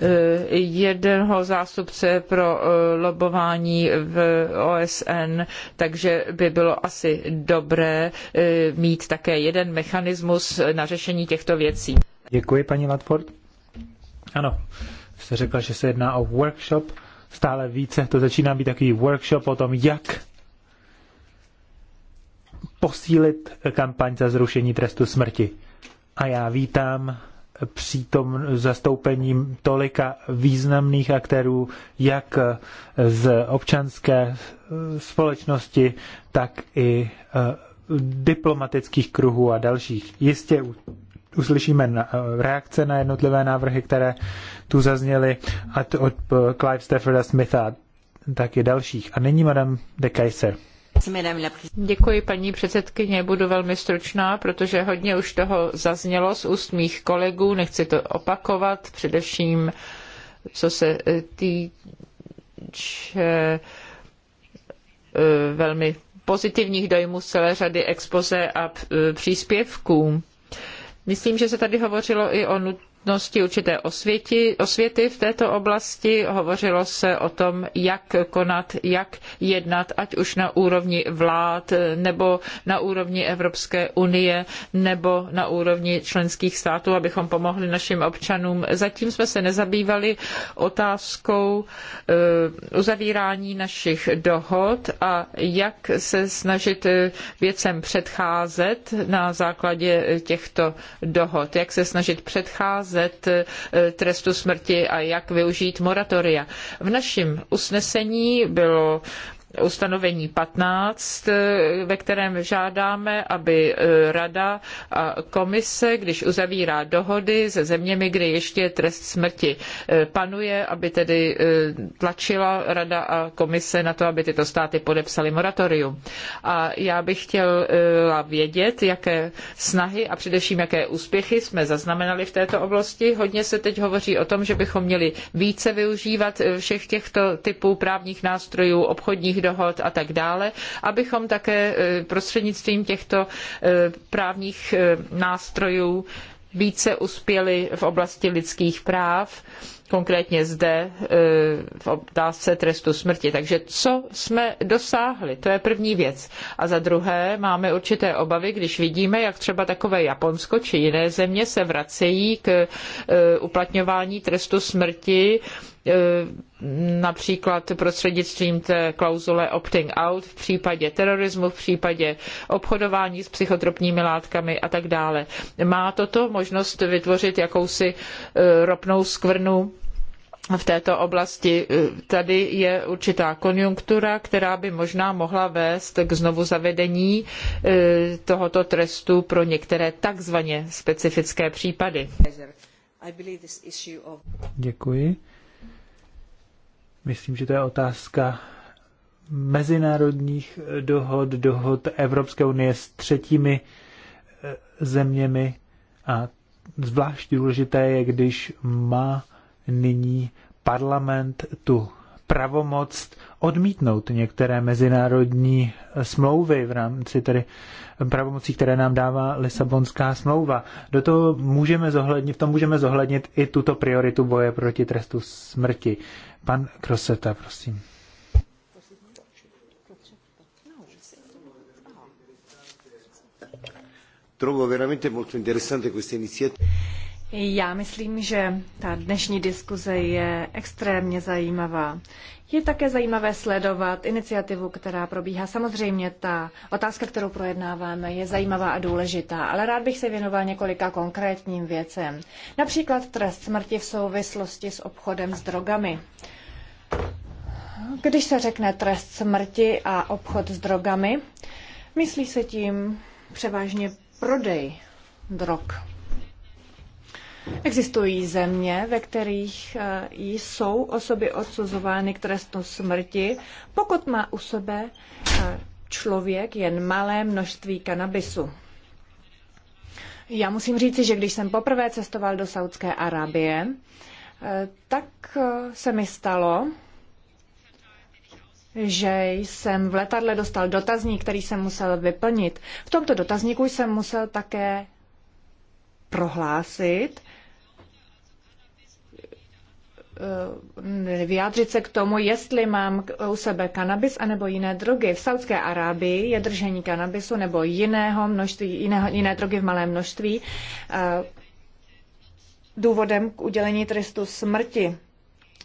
e, jednoho zástupce pro lobování v OSN, takže by bylo asi dobré mít také jeden mechanismus na řešení těchto věcí. Děkuji, paní Latford. Ano, jste řekla, že se jedná o workshop stále více. To začíná být takový workshop o tom, jak posílit kampaň za zrušení trestu smrti. A já vítám přítom zastoupením tolika významných aktérů, jak z občanské společnosti, tak i eh, diplomatických kruhů a dalších. Jistě uslyšíme na, eh, reakce na jednotlivé návrhy, které tu zazněly a od eh, Clive Stafforda Smitha tak i dalších. A nyní madame de Kaiser. Děkuji, paní předsedkyně. Budu velmi stručná, protože hodně už toho zaznělo z úst mých kolegů. Nechci to opakovat, především co se eh, týče velmi pozitivních dojmů z celé řady expoze a příspěvků. Myslím, že se tady hovořilo i o nut nutnosti určité osvěti, osvěty v této oblasti. Hovořilo se o tom, jak konat, jak jednat, ať už na úrovni vlád, nebo na úrovni Evropské unie, nebo na úrovni členských států, abychom pomohli našim občanům. Zatím jsme se nezabývali otázkou eh, uzavírání našich dohod a jak se snažit eh, věcem předcházet na základě těchto dohod, jak se snažit předcházet zamezet eh, trestu smrti a jak využít moratoria. V našem usnesení bylo ustanovení 15, eh, ve kterém žádáme, aby eh, Rada a komise, když uzavírá dohody se zeměmi, kde ještě trest smrti eh, panuje, aby tedy tlačila Rada a komise na to, aby tyto státy podepsaly moratorium. A já bych chtěla vědět, jaké snahy a především jaké úspěchy jsme zaznamenali v této oblasti. Hodně se teď hovoří o tom, že bychom měli více využívat všech těchto typů právních nástrojů, obchodních dohod a tak dále, abychom také e, prostřednictvím těchto e, právních e, nástrojů více uspěli v oblasti lidských práv, konkrétně zde v otázce trestu smrti. Takže co jsme dosáhli, to je první věc. A za druhé máme určité obavy, když vidíme, jak třeba takové Japonsko či jiné země se vracejí k uplatňování trestu smrti například prostřednictvím té klauzule opting out v případě terorismu, v případě obchodování s psychotropními látkami a tak dále. Má toto možnost vytvořit jakousi eh, ropnou skvrnu v této oblasti. Eh, tady je určitá konjunktura, která by možná mohla vést k znovu zavedení eh, tohoto trestu pro některé takzvaně specifické případy. Děkuji. Myslím, že to je otázka mezinárodních dohod, dohod Evropské unie s třetími eh, zeměmi a zvlášť důležité je, když má nyní parlament tu pravomoc odmítnout některé mezinárodní smlouvy v rámci tedy pravomocí, které nám dává Lisabonská smlouva. Do toho můžeme zohlednit, v tom můžeme zohlednit i tuto prioritu boje proti trestu smrti. Pan Kroseta, prosím. Já myslím, že ta dnešní diskuze je extrémně zajímavá. Je také zajímavé sledovat iniciativu, která probíhá. Samozřejmě ta otázka, kterou projednáváme, je zajímavá a důležitá, ale rád bych se věnoval několika konkrétním věcem. Například trest smrti v souvislosti s obchodem s drogami. Když se řekne trest smrti a obchod s drogami, myslí se tím převážně prodej drog. Existují země, ve kterých eh, jsou osoby odsuzovány k trestu smrti, pokud má u sebe eh, člověk jen malé množství kanabisu. Já musím říci, že když jsem poprvé cestoval do Saudské Arábie, eh, tak se mi stalo, že jsem v letadle dostal dotazník, který jsem musel vyplnit. V tomto dotazníku jsem musel také prohlásit, eh, vyjádřit se k tomu, jestli mám u sebe kanabis anebo jiné drogy. V Saudské Arábii je držení kanabisu nebo jiného množství, jiného, jiné drogy v malém množství eh, důvodem k udělení trestu smrti.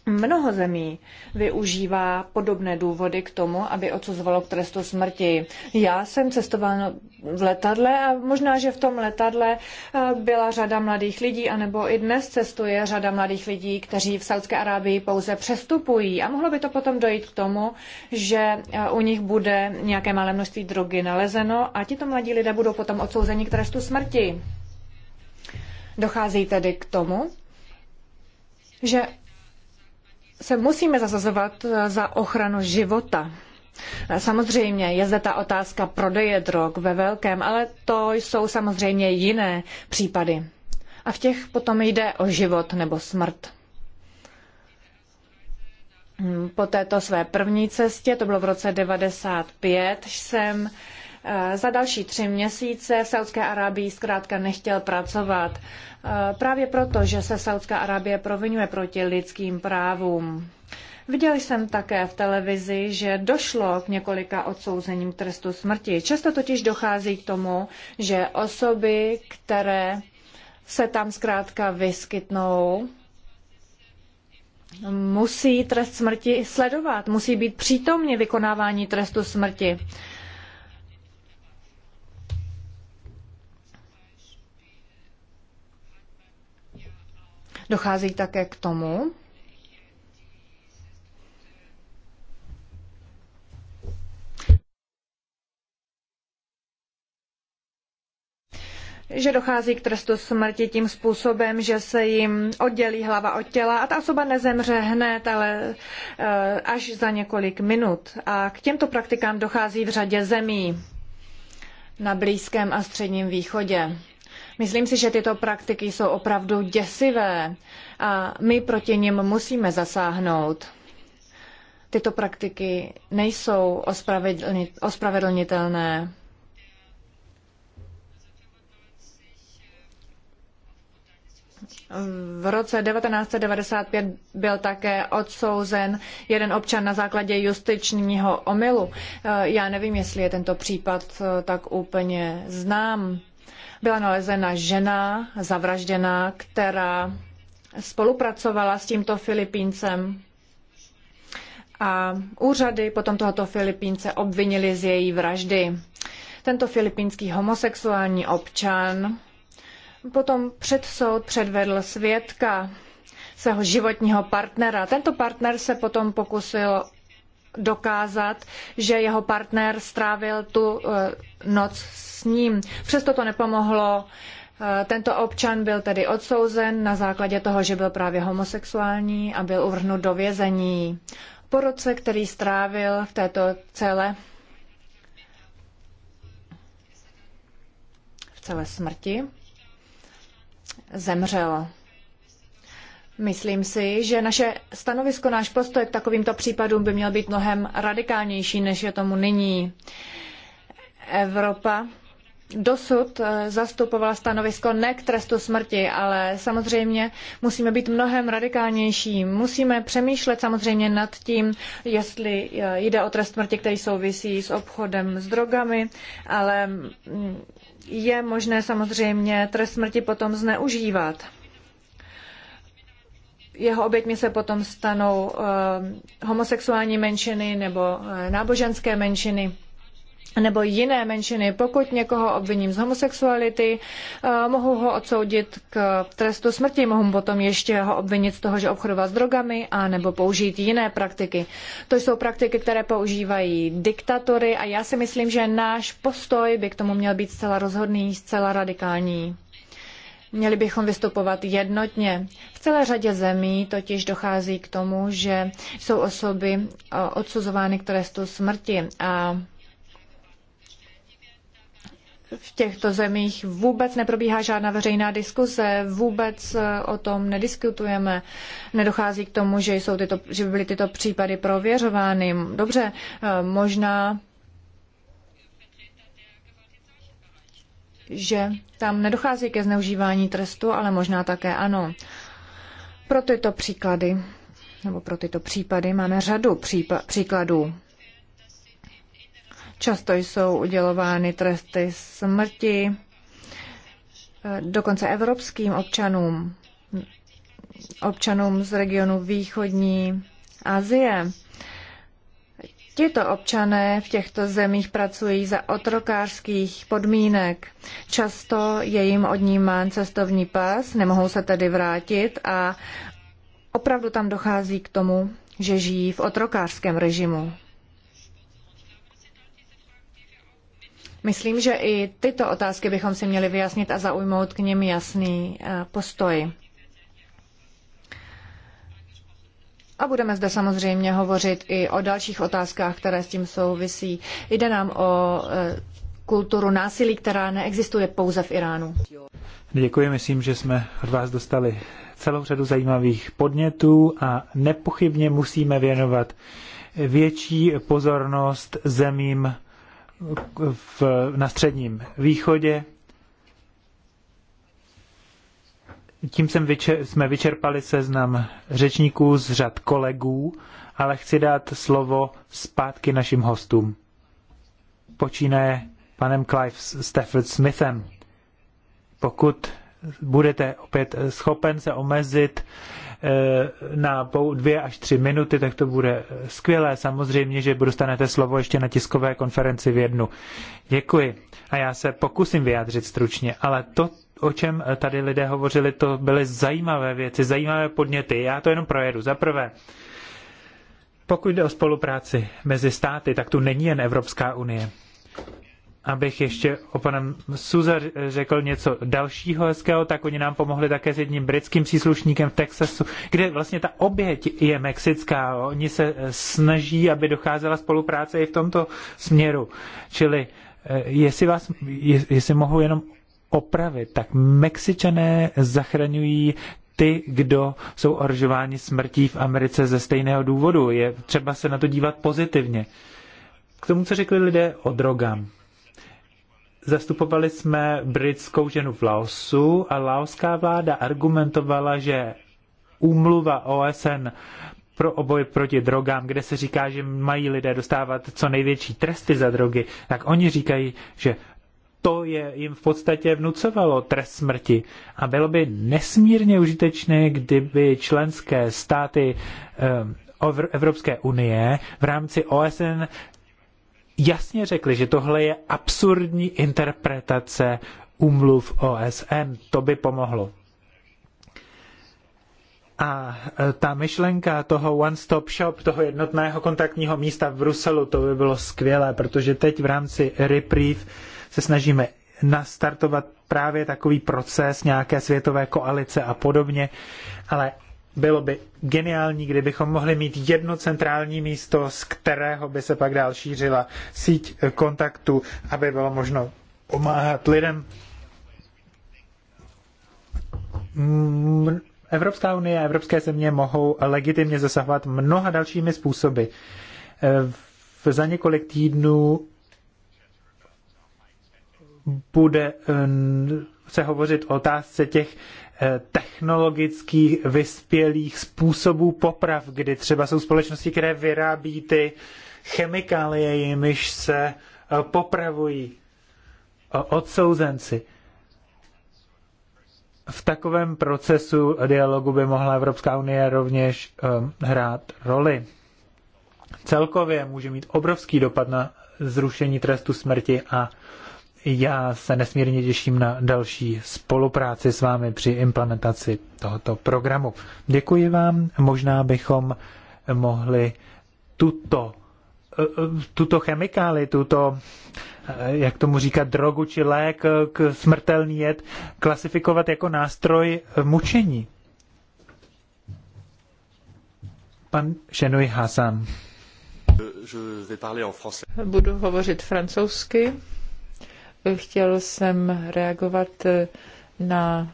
Mnoho zemí využívá podobné důvody k tomu, aby odsuzovalo k trestu smrti. Já jsem cestoval v letadle a možná, že v tom letadle eh, byla řada mladých lidí, anebo i dnes cestuje řada mladých lidí, kteří v Saudské Arábii pouze přestupují. A mohlo by to potom dojít k tomu, že eh, u nich bude nějaké malé množství drogy nalezeno a tito mladí lidé budou potom odsouzeni k trestu smrti. Dochází tedy k tomu, že se musíme zasazovat eh, za ochranu života. Eh, samozřejmě je zde ta otázka prodeje drog ve velkém, ale to jsou samozřejmě jiné případy. A v těch potom jde o život nebo smrt. Hm, po této své první cestě, to bylo v roce 95, jsem Eh, za další tři měsíce v Saudské Arábii zkrátka nechtěl pracovat. Eh, právě proto, že se Saudská Arábie provinuje proti lidským právům. Viděl jsem také v televizi, že došlo k několika odsouzením trestu smrti. Často totiž dochází k tomu, že osoby, které se tam zkrátka vyskytnou, musí trest smrti sledovat, musí být přítomně vykonávání trestu smrti. Dochází také k tomu, že dochází k trestu smrti tím způsobem, že se jim oddělí hlava od těla a ta osoba nezemře hned, ale eh, až za několik minut. A k těmto praktikám dochází v řadě zemí na Blízkém a Středním východě. Myslím si, že tyto praktiky jsou opravdu děsivé a my proti nim musíme zasáhnout. Tyto praktiky nejsou ospravedlnitelné. V roce 1995 byl také odsouzen jeden občan na základě justičního omylu. Já nevím, jestli je tento případ tak úplně znám byla nalezena žena zavražděná, která spolupracovala s tímto Filipíncem a úřady potom tohoto Filipínce obvinili z její vraždy. Tento filipínský homosexuální občan potom před soud předvedl svědka svého životního partnera. Tento partner se potom pokusil dokázat, že jeho partner strávil tu eh, noc s ním. Přesto to nepomohlo. Eh, tento občan byl tedy odsouzen na základě toho, že byl právě homosexuální a byl uvrhnut do vězení. Po roce, který strávil v této cele, v celé smrti, zemřel. Myslím si, že naše stanovisko, náš postoj k takovýmto případům by měl být mnohem radikálnější, než je tomu nyní. Evropa dosud eh, zastupovala stanovisko ne k trestu smrti, ale samozřejmě musíme být mnohem radikálnější. Musíme přemýšlet samozřejmě nad tím, jestli eh, jde o trest smrti, který souvisí s obchodem s drogami, ale mm, je možné samozřejmě trest smrti potom zneužívat jeho oběťmi se potom stanou eh, homosexuální menšiny nebo eh, náboženské menšiny nebo jiné menšiny. Pokud někoho obviním z homosexuality, eh, mohu ho odsoudit k trestu smrti, mohu potom ještě ho obvinit z toho, že obchodoval s drogami, a nebo použít jiné praktiky. To jsou praktiky, které používají diktatory a já si myslím, že náš postoj by k tomu měl být zcela rozhodný, zcela radikální. Měli bychom vystupovat jednotně celé řadě zemí totiž dochází k tomu, že jsou osoby eh, odsuzovány k trestu smrti a v těchto zemích vůbec neprobíhá žádná veřejná diskuse, vůbec eh, o tom nediskutujeme, nedochází k tomu, že, jsou tyto, že by byly tyto případy prověřovány. Dobře, eh, možná že tam nedochází ke zneužívání trestu, ale možná také ano. Pro tyto příklady, nebo pro tyto případy máme řadu přípa- příkladů. Často jsou udělovány tresty smrti, eh, dokonce evropským občanům, občanům z regionu východní Asie. Tito občané v těchto zemích pracují za otrokářských podmínek. Často je jim odnímán cestovní pas, nemohou se tedy vrátit a opravdu tam dochází k tomu, že žijí v otrokářském režimu. Myslím, že i tyto otázky bychom si měli vyjasnit a zaujmout k nim jasný eh, postoj. A budeme zde samozřejmě hovořit i o dalších otázkách, které s tím souvisí. Jde nám o e, kulturu násilí, která neexistuje pouze v Iránu. Děkuji, myslím, že jsme od vás dostali celou řadu zajímavých podnětů a nepochybně musíme věnovat větší pozornost zemím v, na středním východě, tím jsem vyčer, jsme vyčerpali seznam řečníků z řad kolegů, ale chci dát slovo zpátky našim hostům. Počínaje panem Clive Stafford Smithem. Pokud budete opět schopen se omezit eh, na dvě až tři minuty, tak to bude skvělé. Samozřejmě, že dostanete slovo ještě na tiskové konferenci v jednu. Děkuji. A já se pokusím vyjádřit stručně, ale to, o čem tady lidé hovořili, to byly zajímavé věci, zajímavé podněty. Já to jenom projedu. Za prvé, pokud jde o spolupráci mezi státy, tak tu není jen Evropská unie. Abych ještě o panem Suza řekl něco dalšího hezkého, tak oni nám pomohli také s jedním britským příslušníkem v Texasu, kde vlastně ta oběť je mexická. Oni se snaží, aby docházela spolupráce i v tomto směru. Čili eh, jestli, vás, jestli mohu jenom opravit, tak Mexičané zachraňují ty, kdo jsou oržováni smrtí v Americe ze stejného důvodu. Je třeba se na to dívat pozitivně. K tomu, co řekli lidé o drogám. Zastupovali jsme britskou ženu v Laosu a laoská vláda argumentovala, že úmluva OSN pro oboj proti drogám, kde se říká, že mají lidé dostávat co největší tresty za drogy, tak oni říkají, že to je, jim v podstatě vnucovalo trest smrti. A bylo by nesmírně užitečné, kdyby členské státy ehm, Evropské unie v rámci OSN jasně řekli, že tohle je absurdní interpretace umluv OSN. To by pomohlo. A e, ta myšlenka toho one-stop shop, toho jednotného kontaktního místa v Bruselu, to by bylo skvělé, protože teď v rámci Reprieve se snažíme nastartovat právě takový proces nějaké světové koalice a podobně, ale bylo by geniální, kdybychom mohli mít jedno centrální místo, z kterého by se pak dál šířila síť kontaktů, aby bylo možno pomáhat lidem. Evropská unie a evropské země mohou legitimně zasahovat mnoha dalšími způsoby. E, za několik týdnů bude eh, se hovořit o otázce těch eh, technologických vyspělých způsobů poprav, kdy třeba jsou společnosti, které vyrábí ty chemikálie, jimiž se eh, popravují odsouzenci. V takovém procesu dialogu by mohla Evropská unie rovněž hrát roli. Celkově může mít obrovský dopad na zrušení trestu smrti a já se nesmírně těším na další spolupráci s vámi při implementaci tohoto programu. Děkuji vám. Možná bychom mohli tuto, tuto chemikáli, tuto, jak tomu říkat, drogu či lék, k smrtelný jed, klasifikovat jako nástroj mučení. Pan Šenuj Hasan. Budu hovořit francouzsky. Chtěl jsem reagovat eh, na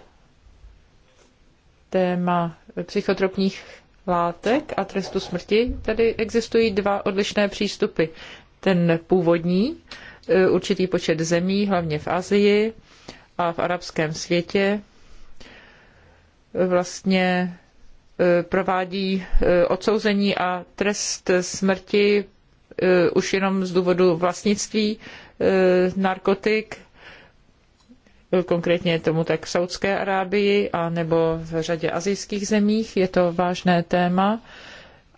téma psychotropních látek a trestu smrti. Tady existují dva odlišné přístupy. Ten původní, eh, určitý počet zemí, hlavně v Azii a v arabském světě, vlastně eh, provádí odsouzení a trest smrti už jenom z důvodu vlastnictví Eh, narkotik, konkrétně je tomu tak v Saudské Arábii a nebo v řadě azijských zemích. Je to vážné téma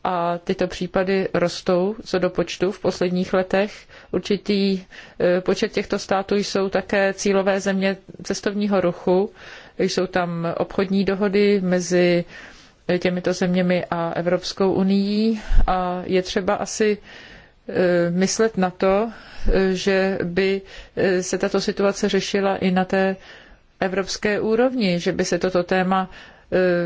a tyto případy rostou co do počtu v posledních letech. Určitý eh, počet těchto států jsou také cílové země cestovního ruchu. Jsou tam obchodní dohody mezi eh, těmito zeměmi a Evropskou unii a je třeba asi Eh, myslet na to, eh, že by eh, se tato situace řešila i na té evropské úrovni, že by se toto téma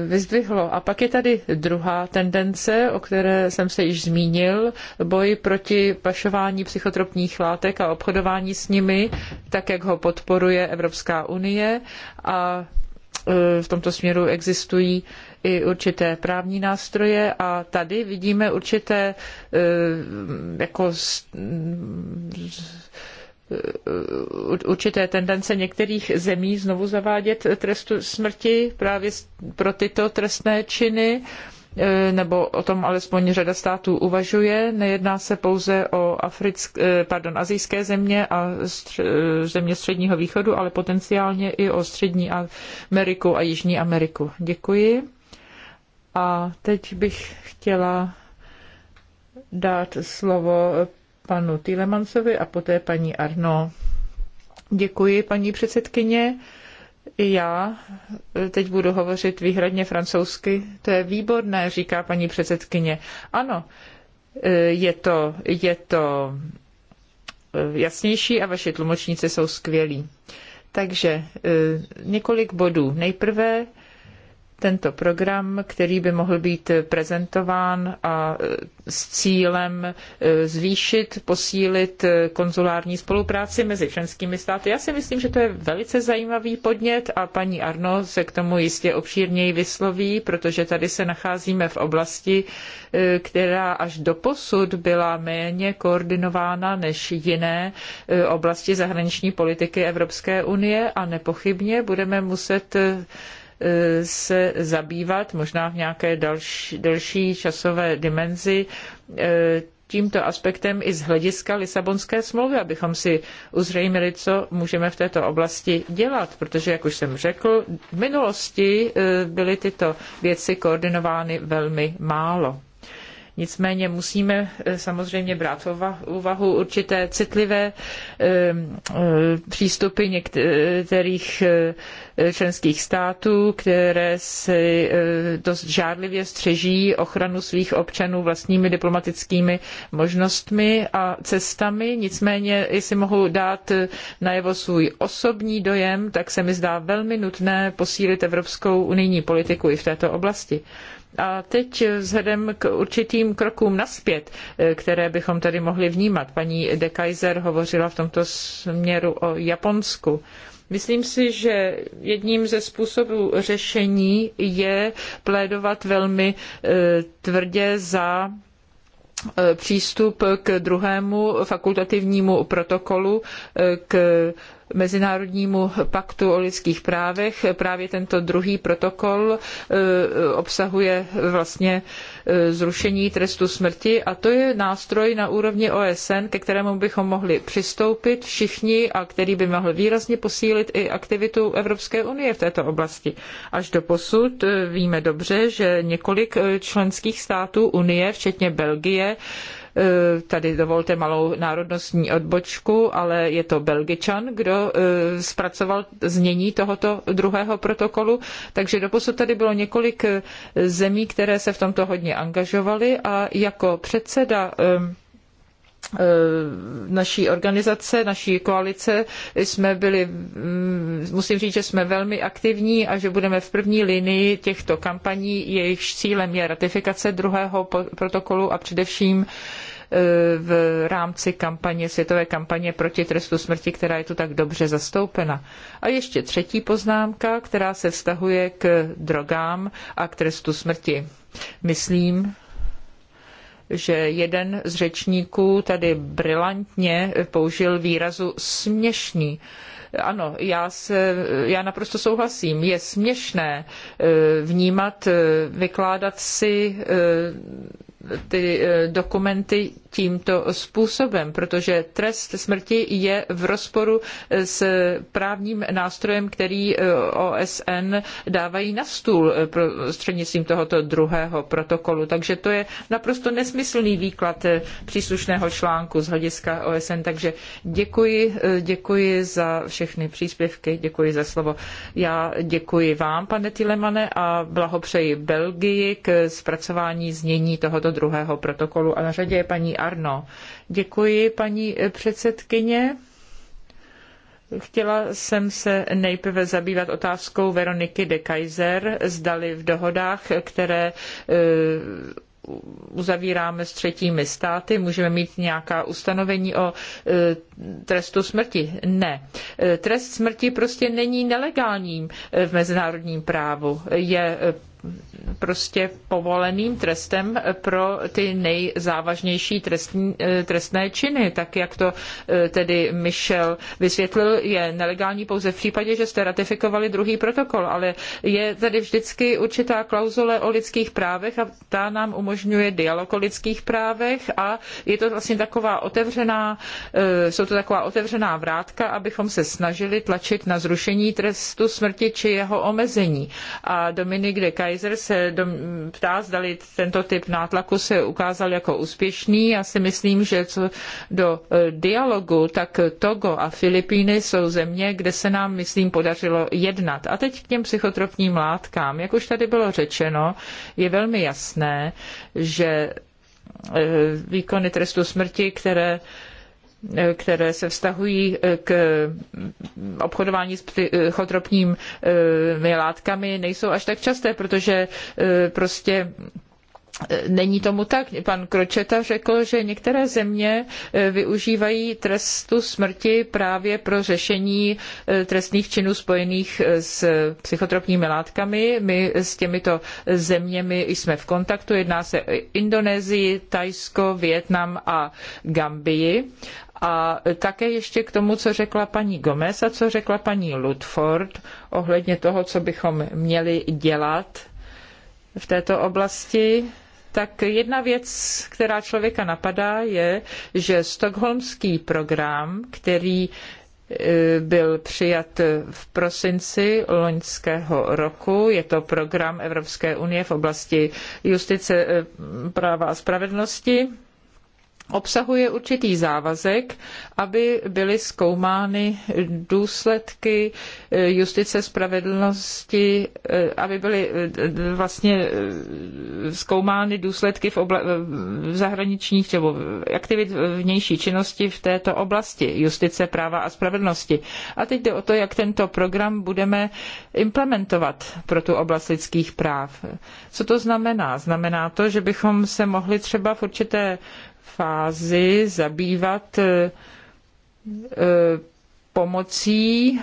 vyzdvihlo. A pak je tady druhá tendence, o které jsem se již zmínil, boj proti pašování psychotropních látek a obchodování s nimi, tak jak ho podporuje Evropská unie a v tomto směru existují i určité právní nástroje a tady vidíme určité eh, jako eh, určité tendence některých zemí znovu zavádět trestu smrti právě pro tyto trestné činy eh, nebo o tom alespoň řada států uvažuje. Nejedná se pouze o africk, pardon, azijské země a stř- země středního východu, ale potenciálně i o střední Ameriku a Jižní Ameriku. Děkuji. A teď bych chtěla dát slovo panu Týlemancovi a poté paní Arno. Děkuji, paní předsedkyně. Já teď budu hovořit výhradně francouzsky. To je výborné, říká paní předsedkyně. Ano, je to, je to jasnější a vaše tlumočníci jsou skvělí. Takže eh, několik bodů. Nejprve tento program, který by mohl být prezentován a e, s cílem e, zvýšit, posílit e, konzulární spolupráci mezi členskými státy. Já si myslím, že to je velice zajímavý podnět a paní Arno se k tomu jistě obšírněji vysloví, protože tady se nacházíme v oblasti, která až doposud byla méně koordinována než jiné oblasti zahraniční politiky Evropské unie a nepochybně budeme muset E, se zabývat, možná v nějaké další, delší časové dimenzi, e, tímto aspektem i z hlediska Lisabonské smlouvy, abychom si uzřejmili, co můžeme v této oblasti dělat, protože, jak už jsem řekl, v minulosti e, byly tyto věci koordinovány velmi málo. Nicméně musíme eh, samozřejmě brát v úvahu určité citlivé eh, eh, přístupy některých členských států, které si dost žádlivě střeží ochranu svých občanů vlastními diplomatickými možnostmi a cestami. Nicméně, jestli mohu dát najevo svůj osobní dojem, tak se mi zdá velmi nutné posílit evropskou unijní politiku i v této oblasti. A teď vzhledem k určitým krokům naspět, eh, které bychom tady mohli vnímat. Paní de Kaiser hovořila v tomto směru o Japonsku. Myslím si, že jedním ze způsobů řešení je plédovat velmi eh, tvrdě za eh, přístup k druhému fakultativnímu protokolu k Mezinárodnímu paktu o lidských právech. Právě tento druhý protokol e, obsahuje vlastně e, zrušení trestu smrti a to je nástroj na úrovni OSN, ke kterému bychom mohli přistoupit všichni a který by mohl výrazně posílit i aktivitu Evropské unie v této oblasti. Až do posud e, víme dobře, že několik členských států Unie, včetně Belgie, Eh, tady dovolte malou národnostní odbočku, ale je to Belgičan, kdo eh, zpracoval znění tohoto druhého protokolu. Takže doposud tady bylo několik eh, zemí, které se v tomto hodně angažovaly a jako předseda Eh, naší organizace, naší koalice jsme byli, mm, musím říct, že jsme velmi aktivní a že budeme v první linii těchto kampaní, jejichž cílem je ratifikace druhého protokolu a především eh, v rámci kampaně, světové kampaně proti trestu smrti, která je tu tak dobře zastoupena. A ještě třetí poznámka, která se vztahuje k drogám a k trestu smrti. Myslím, že jeden z řečníků tady brilantně použil výrazu směšný. Ano, já, se, já naprosto souhlasím. Je směšné eh, vnímat, eh, vykládat si eh, ty dokumenty tímto způsobem, protože trest smrti je v rozporu s právním nástrojem, který eh, OSN dávají na stůl eh, prostřednictvím tohoto druhého protokolu. Takže to je naprosto nesmyslný výklad eh, příslušného článku z hlediska OSN. Takže děkuji, děkuji za všechny příspěvky, děkuji za slovo. Já děkuji vám, pane Tilemane, a blahopřeji Belgii k zpracování znění tohoto druhého protokolu. A na řadě je paní Arno. Děkuji, paní eh, předsedkyně. Chtěla jsem se nejprve zabývat otázkou Veroniky de Kaiser, zdali v dohodách, které eh, uzavíráme s třetími státy, můžeme mít nějaká ustanovení o eh, trestu smrti. Ne. Trest smrti prostě není nelegálním v mezinárodním právu. Je prostě povoleným trestem pro ty nejzávažnější trestní, eh, trestné činy. Tak jak to eh, tedy Michel vysvětlil, je nelegální pouze v případě, že jste ratifikovali druhý protokol, ale je tady vždycky určitá klauzule o lidských právech a ta nám umožňuje dialog o lidských právech a je to vlastně taková otevřená, eh, jsou to taková otevřená vrátka, abychom se snažili tlačit na zrušení trestu smrti či jeho omezení. A Dominik de Kaj Kaiser se dom, ptá, zdali tento typ nátlaku se ukázal jako úspěšný. Já si myslím, že co do e, dialogu, tak Togo a Filipíny jsou země, kde se nám, myslím, podařilo jednat. A teď k těm psychotropním látkám. Jak už tady bylo řečeno, je velmi jasné, že e, výkony trestu smrti, které které se vztahují eh, k mm, obchodování s psychotropními eh, eh, látkami, nejsou až tak časté, protože prostě Není tomu tak. Pan Kročeta řekl, že některé země využívají trestu smrti právě pro řešení trestných činů spojených s psychotropními látkami. My s těmito zeměmi jsme v kontaktu. Jedná se o Indonésii, Tajsko, Vietnam a Gambii. A také ještě k tomu, co řekla paní Gomez a co řekla paní Ludford ohledně toho, co bychom měli dělat v této oblasti. Tak jedna věc, která člověka napadá, je, že stokholmský program, který e, byl přijat v prosinci loňského roku. Je to program Evropské unie v oblasti justice, e, práva a spravedlnosti obsahuje určitý závazek, aby byly zkoumány důsledky eh, justice spravedlnosti, eh, aby byly eh, vlastně zkoumány důsledky v, obla- v zahraničních nebo aktivit vnější činnosti v této oblasti justice, práva a spravedlnosti. A teď jde o to, jak tento program budeme implementovat pro tu oblast lidských práv. Co to znamená? Znamená to, že bychom se mohli třeba v určité fázi zabývat e, e, pomocí e,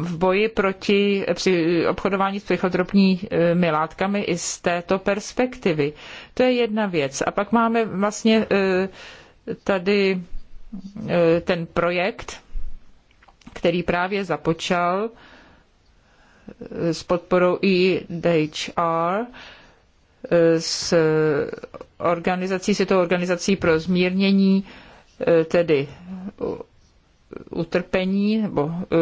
v boji proti při obchodování s psychotropními látkami i z této perspektivy. To je jedna věc. A pak máme vlastně tady ten projekt, který právě započal s podporou IDHR, s organizací, světovou organizací pro zmírnění e, tedy utrpení, nebo e,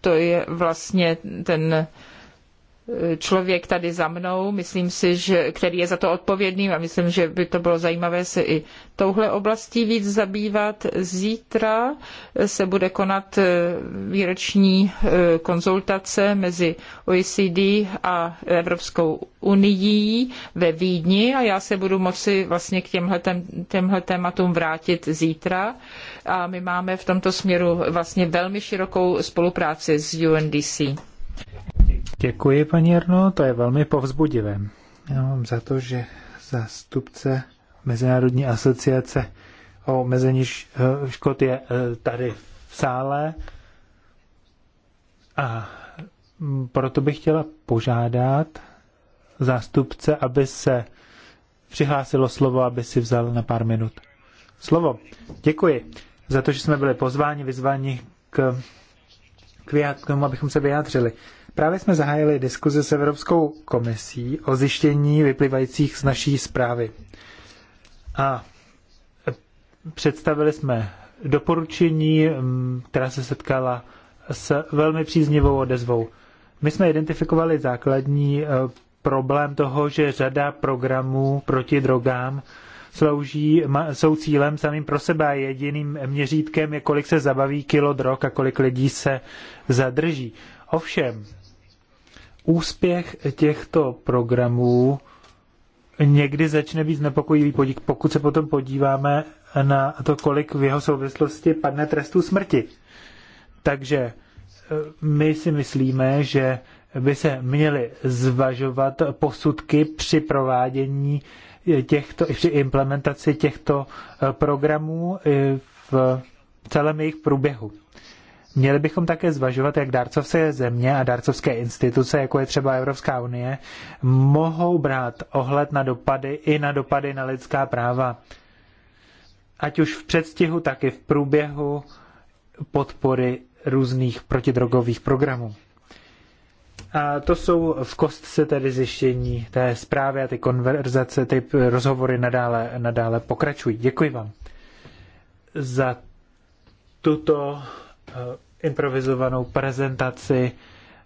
to je vlastně ten člověk tady za mnou, myslím si, že, který je za to odpovědný a myslím, že by to bylo zajímavé se i touhle oblastí víc zabývat. Zítra se bude konat eh, výroční eh, konzultace mezi OECD a Evropskou unii ve Vídni a já se budu moci vlastně k těmhle, tématům vrátit zítra a my máme v tomto směru vlastně velmi širokou spolupráci s UNDC. Děkuji, paní Erno, to je velmi povzbudivé. Já mám za to, že zástupce Mezinárodní asociace o omezení eh, škod je eh, tady v sále. A proto bych chtěla požádat zástupce, aby se přihlásilo slovo, aby si vzal na pár minut slovo. Děkuji za to, že jsme byli pozváni, vyzváni k, k, k tomu, abychom se vyjádřili. Právě jsme zahájili diskuzi s Evropskou komisí o zjištění vyplývajících z naší zprávy. A představili jsme doporučení, mm, která se setkala s velmi příznivou odezvou. My jsme identifikovali základní e, problém toho, že řada programů proti drogám slouží, jsou cílem samým pro sebe a jediným měřítkem je, kolik se zabaví kilo drog a kolik lidí se zadrží. Ovšem, úspěch těchto programů někdy začne být znepokojivý, pokud se potom podíváme na to, kolik v jeho souvislosti padne trestu smrti. Takže eh, my si myslíme, že by se měly zvažovat posudky při provádění eh, těchto, při implementaci těchto eh, programů v celém jejich průběhu. Měli bychom také zvažovat, jak dárcovské země a dárcovské instituce, jako je třeba Evropská unie, mohou brát ohled na dopady i na dopady na lidská práva. Ať už v předstihu, tak i v průběhu podpory různých protidrogových programů. A to jsou v kostce tedy zjištění té zprávy a ty konverzace, ty rozhovory nadále, nadále pokračují. Děkuji vám za tuto eh, improvizovanou prezentaci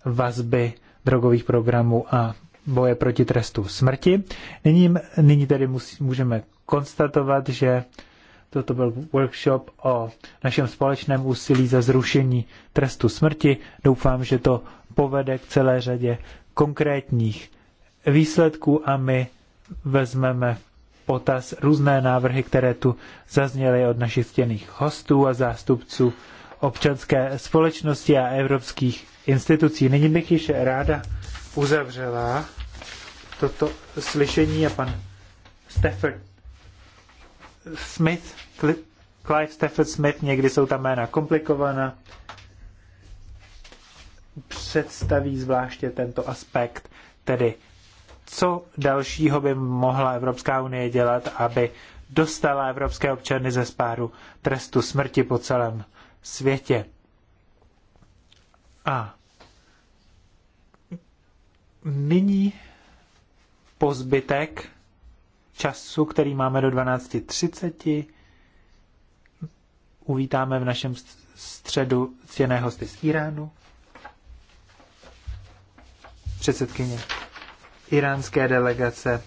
vazby drogových programů a boje proti trestu smrti. Nyní, nyní tedy musí, můžeme konstatovat, že toto byl workshop o našem společném úsilí za zrušení trestu smrti. Doufám, že to povede k celé řadě konkrétních výsledků a my vezmeme potaz různé návrhy, které tu zazněly od našich stěných hostů a zástupců občanské společnosti a evropských institucí. Nyní bych již ráda uzavřela toto slyšení a pan Stafford Smith, Clive Stafford Smith, někdy jsou tam jména komplikovaná, představí zvláště tento aspekt, tedy co dalšího by mohla Evropská unie dělat, aby dostala evropské občany ze spáru trestu smrti po celém světě. A nyní pozbytek času, který máme do 12.30, uvítáme v našem středu ctěné hosty z Iránu, předsedkyně iránské delegace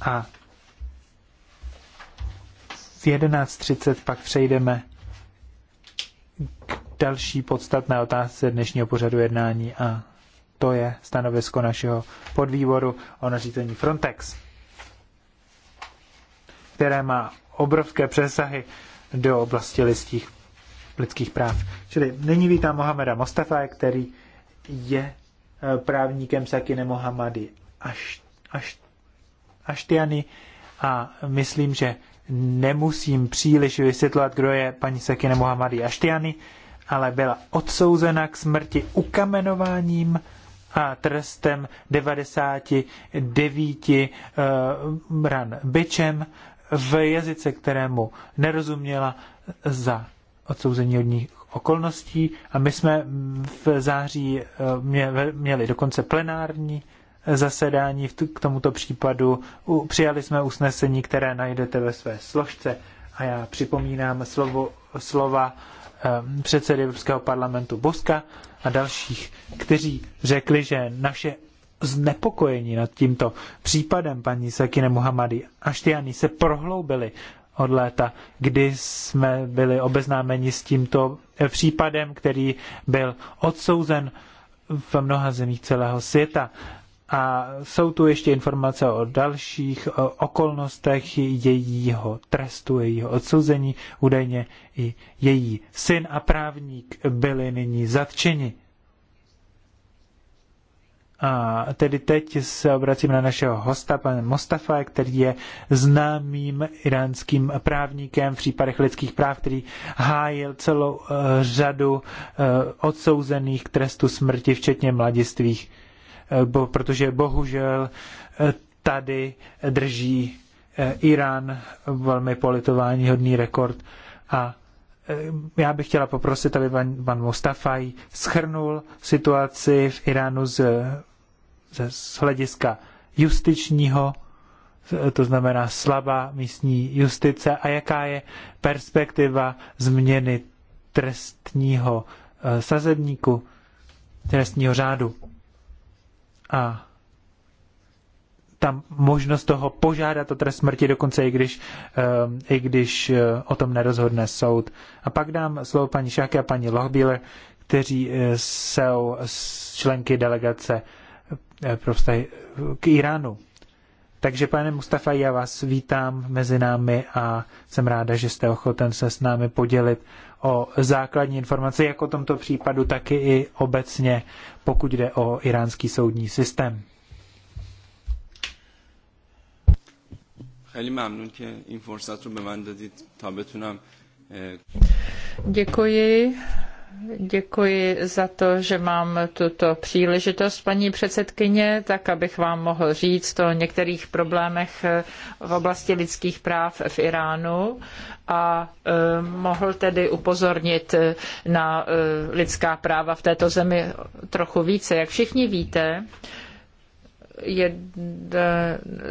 a 11.30 pak přejdeme k další podstatné otázce dnešního pořadu jednání a to je stanovisko našeho podvýboru o nařízení Frontex, které má obrovské přesahy do oblasti listích, lidských práv. Čili nyní vítám Mohameda Mostafa, který je e, právníkem Sakine Mohamady Aštiany a myslím, že nemusím příliš vysvětlovat, kdo je paní Sakine Mohamadi Aštiany, ale byla odsouzena k smrti ukamenováním a trestem 99 uh, eh, ran byčem v jazyce, kterému nerozuměla za odsouzení od ní okolností. A my jsme v září eh, měli dokonce plenární zasedání k tomuto případu přijali jsme usnesení, které najdete ve své složce. A já připomínám slovo, slova ehm, předsedy Evropského parlamentu Boska a dalších, kteří řekli, že naše znepokojení nad tímto případem paní Sakine Muhammadi Aštiany se prohloubily od léta, kdy jsme byli obeznámeni s tímto eh, případem, který byl odsouzen v mnoha zemích celého světa. A jsou tu ještě informace o dalších okolnostech jejího trestu, jejího odsouzení. Údajně i její syn a právník byli nyní zatčeni. A tedy teď se obracím na našeho hosta, pan Mostafa, který je známým iránským právníkem v případech lidských práv, který hájil celou eh, řadu eh, odsouzených k trestu smrti, včetně mladistvých. Eh, bo, protože bohužel eh, tady drží eh, Irán velmi politování hodný rekord a já bych chtěla poprosit, aby pan, pan Mustafaj schrnul situaci v Iránu z, z hlediska justičního, to znamená slabá místní justice a jaká je perspektiva změny trestního sazebníku, trestního řádu a tam možnost toho požádat o trest smrti, dokonce i když, ehm, i když eh, o tom nerozhodne soud. A pak dám slovo paní Šáky a paní Lochbíler, kteří eh, jsou členky delegace prostě k Iránu. Takže pane Mustafa, já vás vítám mezi námi a jsem ráda, že jste ochoten se s námi podělit o základní informace, jak o tomto případu, taky i obecně, pokud jde o iránský soudní systém. E, e- Děkuji Děkuji za to, že mám tuto příležitost, paní předsedkyně, tak abych vám mohl říct o některých problémech eh, v oblasti lidských práv v Iránu a eh, mohl tedy upozornit eh, na lidská práva v této zemi trochu více. Jak všichni víte, je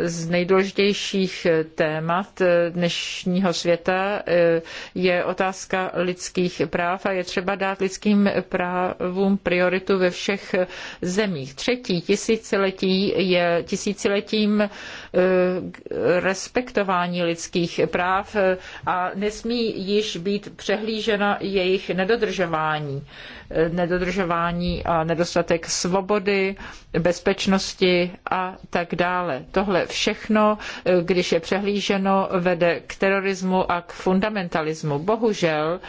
z nejdůležitějších témat dnešního světa eh, je otázka lidských práv a je třeba dát lidským právům prioritu ve všech zemích. Třetí tisíciletí je tisíciletím Eh, respektování lidských práv eh, a nesmí již být přehlížena jejich nedodržování. Eh, nedodržování a nedostatek svobody, bezpečnosti a tak dále. Tohle všechno, když je přehlíženo, vede k terorismu a k fundamentalismu. Bohužel,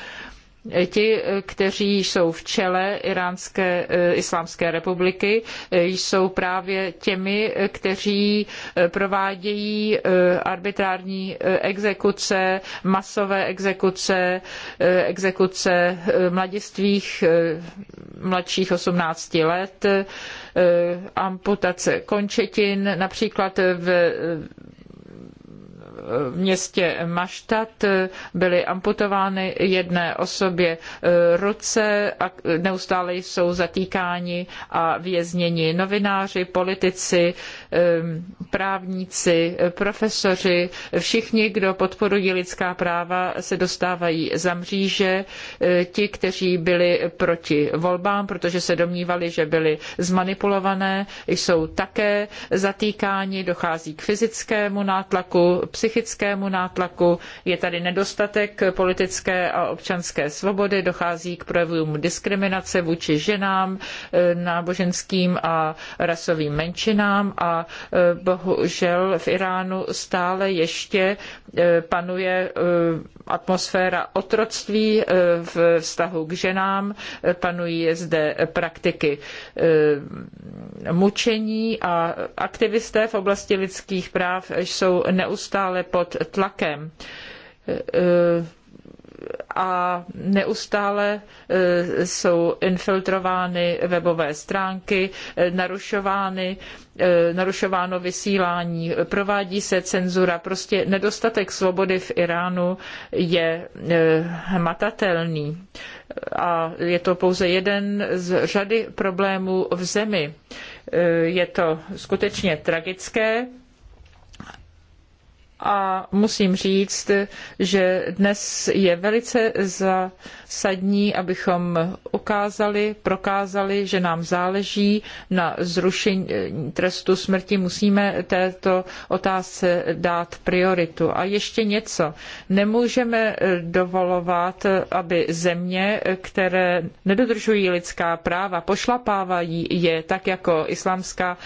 Ti, kteří jsou v čele Iránské eh, islámské republiky, eh, jsou právě těmi, kteří eh, provádějí arbitrární exekuce, masové exekuce, exekuce mladistvých mladších 18 let, amputace končetin, například v v městě Maštat eh, byly amputovány jedné osobě eh, ruce a neustále jsou zatýkáni a vězněni novináři, politici, eh, právníci, profesoři, všichni, kdo podporují lidská práva, se dostávají za mříže. Ti, kteří byli proti volbám, protože se domnívali, že byly zmanipulované, jsou také zatýkáni, dochází k fyzickému nátlaku, psychickému psychickému nátlaku, je tady nedostatek politické a občanské svobody, dochází k projevům diskriminace vůči ženám, eh, náboženským a rasovým menšinám a eh, bohužel v Iránu stále ještě eh, panuje atmosféra otroctví v vztahu k ženám, panují zde praktiky mučení a aktivisté v oblasti lidských práv jsou neustále pod tlakem a neustále e, jsou infiltrovány webové stránky, e, narušovány, e, narušováno vysílání, provádí se cenzura. Prostě nedostatek svobody v Iránu je hmatatelný a je to pouze jeden z řady problémů v zemi. Je to skutečně tragické, a musím říct, že dnes je velice zásadní, abychom ukázali, prokázali, že nám záleží na zrušení trestu smrti. Musíme této otázce dát prioritu. A ještě něco. Nemůžeme dovolovat, aby země, které nedodržují lidská práva, pošlapávají je, tak jako Islámská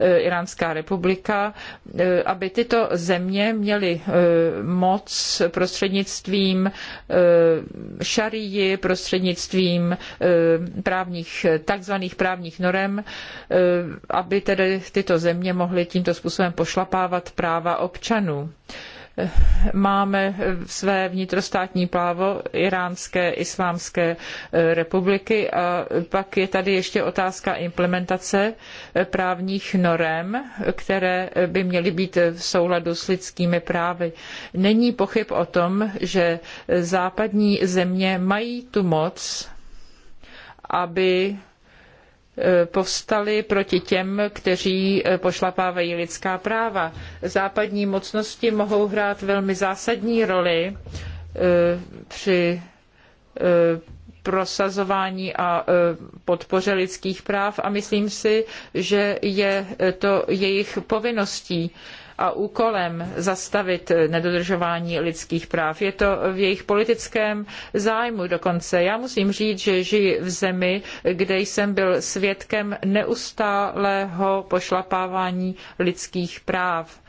eh, Iránská republika, eh, aby tyto země měli eh, moc prostřednictvím eh, šarii, prostřednictvím eh, právních, takzvaných právních norem, aby tedy tyto země mohly tímto způsobem pošlapávat práva občanů máme své vnitrostátní právo Iránské islámské e, republiky a pak je tady ještě otázka implementace právních norem, které by měly být v souladu s lidskými právy. Není pochyb o tom, že západní země mají tu moc, aby Eh, povstali proti těm, kteří eh, pošlapávají lidská práva. Západní mocnosti mohou hrát velmi zásadní roli eh, při prosazování a podpoře lidských práv a myslím si, že je to jejich povinností a úkolem zastavit nedodržování lidských práv. Je to v jejich politickém zájmu dokonce. Já musím říct, že žiji v zemi, kde jsem byl svědkem neustálého pošlapávání lidských práv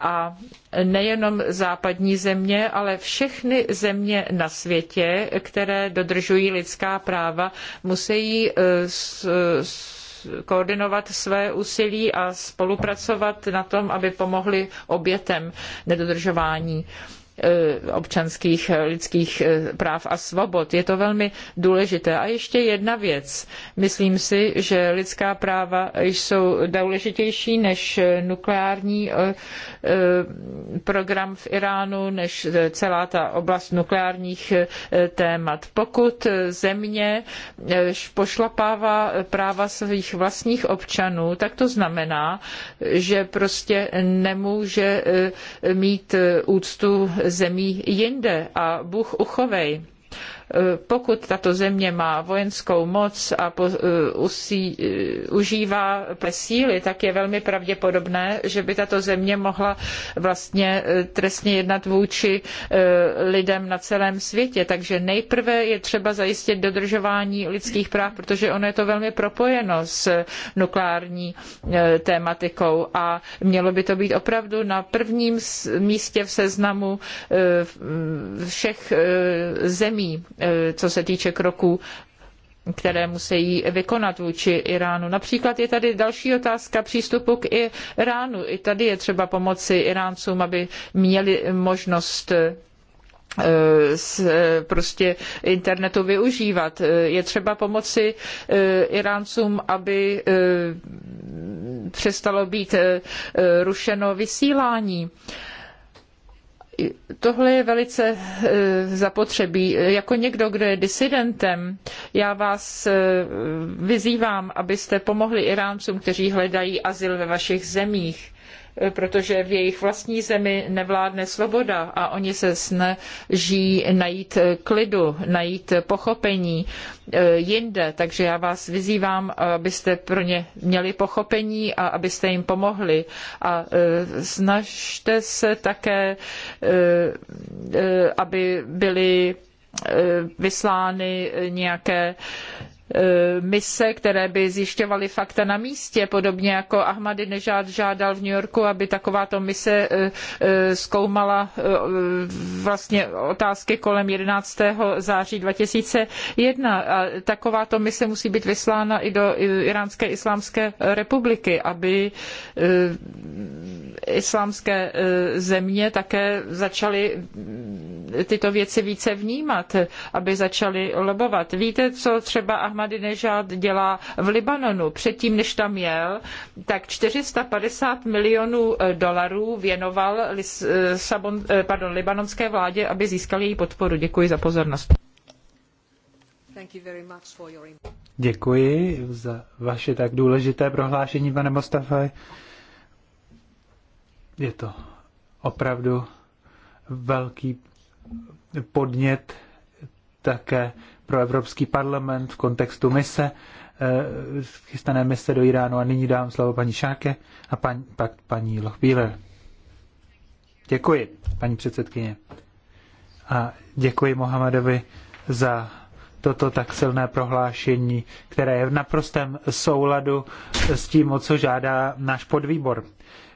a nejenom západní země, ale všechny země na světě, které dodržují lidská práva, musí eh, s, s koordinovat své úsilí a spolupracovat na tom, aby pomohli obětem nedodržování Eh, občanských eh, lidských eh, práv a svobod. Je to velmi důležité. A ještě jedna věc. Myslím si, že lidská práva jsou důležitější než nukleární program v Iránu, než celá ta oblast nukleárních témat. Pokud země pošlapává práva svých vlastních občanů, tak to znamená, že prostě nemůže mít úctu zemí jinde a Bůh uchovej. Eh, pokud tato země má vojenskou moc a po, eh, usí, eh, užívá síly, tak je velmi pravděpodobné, že by tato země mohla vlastně trestně jednat vůči lidem na celém světě. Takže nejprve je třeba zajistit dodržování lidských práv, protože ono je to velmi propojeno s nukleární tématikou a mělo by to být opravdu na prvním místě v seznamu všech zemí E, co se týče kroků které musí vykonat vůči Iránu. Například je tady další otázka přístupu k Iránu. I tady je třeba pomoci Iráncům, aby měli možnost e, e, prostě internetu využívat. Je třeba pomoci Iráncům, aby přestalo být rušeno vysílání. Tohle je velice eh, zapotřebí. Jako někdo, kdo je disidentem, já vás eh, vyzývám, abyste pomohli Iráncům, kteří hledají azyl ve vašich zemích protože v jejich vlastní zemi nevládne svoboda a oni se snaží najít klidu, najít pochopení eh, jinde. Takže já vás vyzývám, abyste pro ně měli pochopení a abyste jim pomohli. A eh, snažte se také, eh, aby byly vyslány nějaké E, mise, které by zjišťovaly fakta na místě, podobně jako Ahmadinejad žádal v New Yorku, aby takováto mise e, e, zkoumala vlastně otázky kolem 11. září 2001. A takováto mise musí být vyslána i do Iránské islámské republiky, aby islámské země také začaly tyto věci více vnímat, aby začaly lobovat. Víte, co třeba Ahmadinejad Ahmadinejad dělá v Libanonu. Předtím, než tam jel, tak 450 milionů eh, dolarů věnoval Lis, eh, eh, pardon, libanonské vládě, aby získal její podporu. Děkuji za pozornost. Děkuji za vaše tak důležité prohlášení, pane Mostafaj. Je to opravdu velký podnět také pro Evropský parlament v kontextu mise, eh, chystané mise do Iránu. A nyní dám slovo paní Šáke a pak paní Lochbíler. Děkuji, paní předsedkyně. A děkuji Mohamedovi za toto tak silné prohlášení, které je v naprostém souladu s tím, o co žádá náš podvýbor.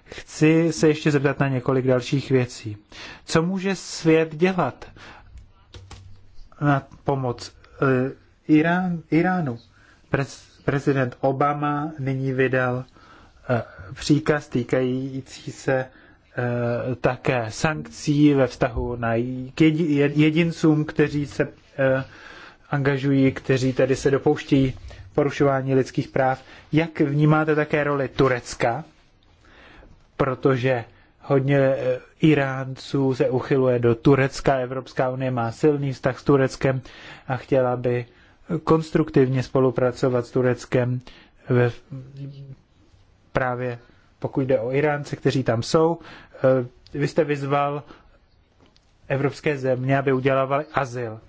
Chci se ještě zeptat na několik dalších věcí. Co může svět dělat na pomoc Eh, Irán, Iránu. Prez, prezident Obama nyní vydal eh, příkaz týkající se eh, také sankcí ve vztahu na jedincům, kteří se angažují, kteří tedy se dopouštějí porušování lidských práv. Jak vnímáte také roli Turecka? Protože hodně eh, Iránců se uchyluje do Turecka. Evropská unie má silný vztah s Tureckem a chtěla by konstruktivně spolupracovat s Tureckem ve, právě pokud jde o Iránce, kteří tam jsou. Eh, vy jste vyzval evropské země, aby udělávali azyl.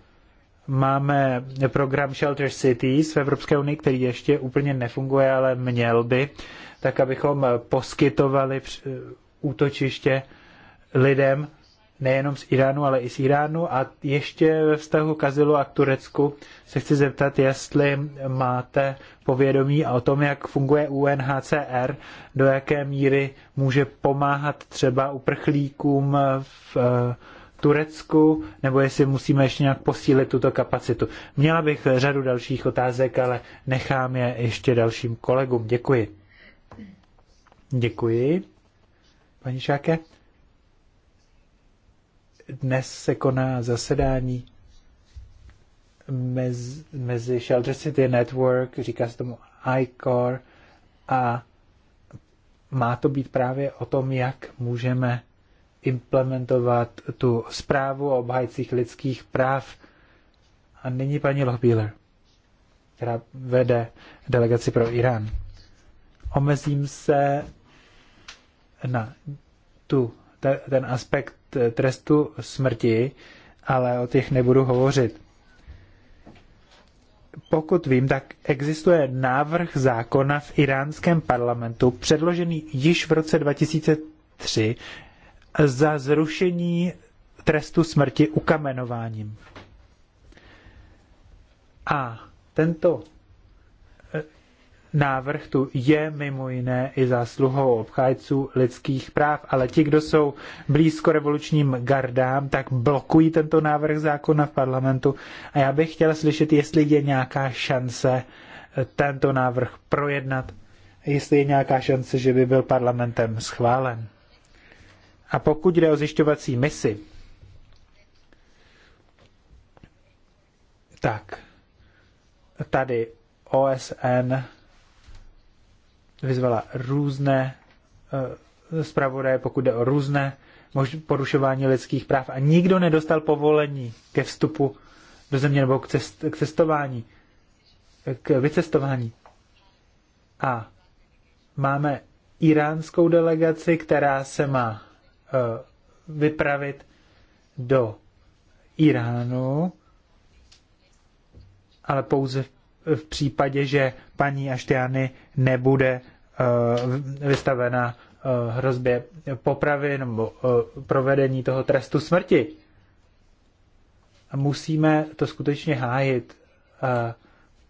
Máme program Shelter Cities v Evropské unii, který ještě úplně nefunguje, ale měl by, tak abychom poskytovali eh, útočiště lidem nejenom z Iránu, ale i z Iránu. A ještě ve vztahu k Azilu a k Turecku se chci zeptat, jestli máte povědomí o tom, jak funguje UNHCR, do jaké míry může pomáhat třeba uprchlíkům v eh, Turecku, nebo jestli musíme ještě nějak posílit tuto kapacitu. Měla bych řadu dalších otázek, ale nechám je ještě dalším kolegům. Děkuji. Děkuji. Paní Šáke, dnes se koná zasedání mez, mezi Shelter City Network, říká se tomu ICor, a má to být právě o tom, jak můžeme implementovat tu zprávu o obhajcích lidských práv. A nyní paní Lohbíler, která vede delegaci pro Irán. Omezím se na tu, te, ten aspekt eh, trestu smrti, ale o těch nebudu hovořit. Pokud vím, tak existuje návrh zákona v iránském parlamentu, předložený již v roce 2003, za zrušení trestu smrti ukamenováním. A tento návrh tu je mimo jiné i zásluhou obchájců lidských práv, ale ti, kdo jsou blízko revolučním gardám, tak blokují tento návrh zákona v parlamentu a já bych chtěla slyšet, jestli je nějaká šance eh, tento návrh projednat, jestli je nějaká šance, že by byl parlamentem schválen. A pokud jde o zjišťovací misi, tak tady OSN vyzvala různé eh, zpravodaje, pokud jde o různé porušování lidských práv a nikdo nedostal povolení ke vstupu do země nebo k, cest, k cestování, k vycestování. A máme iránskou delegaci, která se má uh, vypravit do Iránu, ale pouze v, v případě, že paní Aštiany nebude Eh, vystavena eh, hrozbě popravy nebo eh, provedení toho trestu smrti. A musíme to skutečně hájit,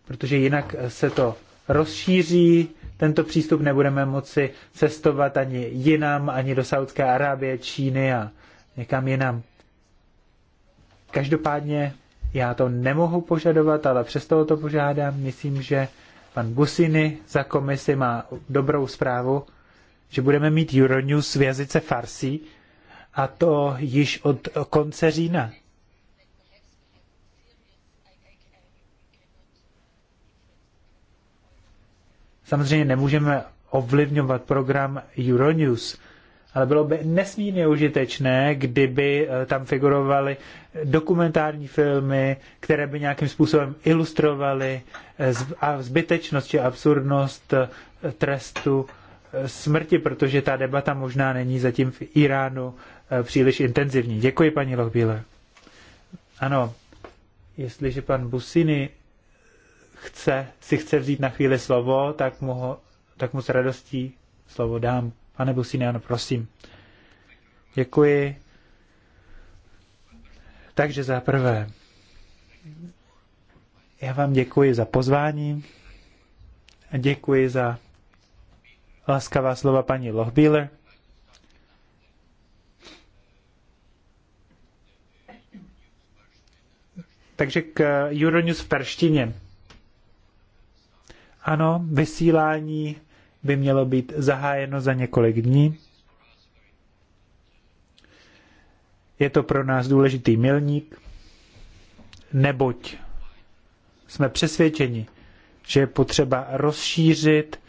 protože jinak se to rozšíří, tento přístup nebudeme moci cestovat ani jinam, ani do Saudské Arábie, Číny a někam jinam. Každopádně já to nemohu požadovat, ale přesto to požádám. Myslím, že Pan Businy za komisi má dobrou zprávu, že budeme mít Euronews v jazyce Farsi a to již od konce října. Samozřejmě nemůžeme ovlivňovat program Euronews, ale bylo by nesmírně užitečné, kdyby eh, tam figurovaly dokumentární filmy, které by nějakým způsobem ilustrovaly eh, zbytečnost či absurdnost eh, trestu smrti, protože ta debata možná není zatím v Iránu příliš intenzivní. Děkuji, paní Lochbíle. Ano, jestliže pan Businy chce, si chce vzít na chvíli slovo, tak mu, ho, tak mu s radostí slovo dám. Pane Businian, prosím. Děkuji. Takže za prvé, já vám děkuji za pozvání a děkuji za laskavá slova paní Lohbíler. Takže k Euronews v perštině. Ano, vysílání by mělo být zahájeno za několik dní. Je to pro nás důležitý milník, neboť jsme přesvědčeni, že je potřeba rozšířit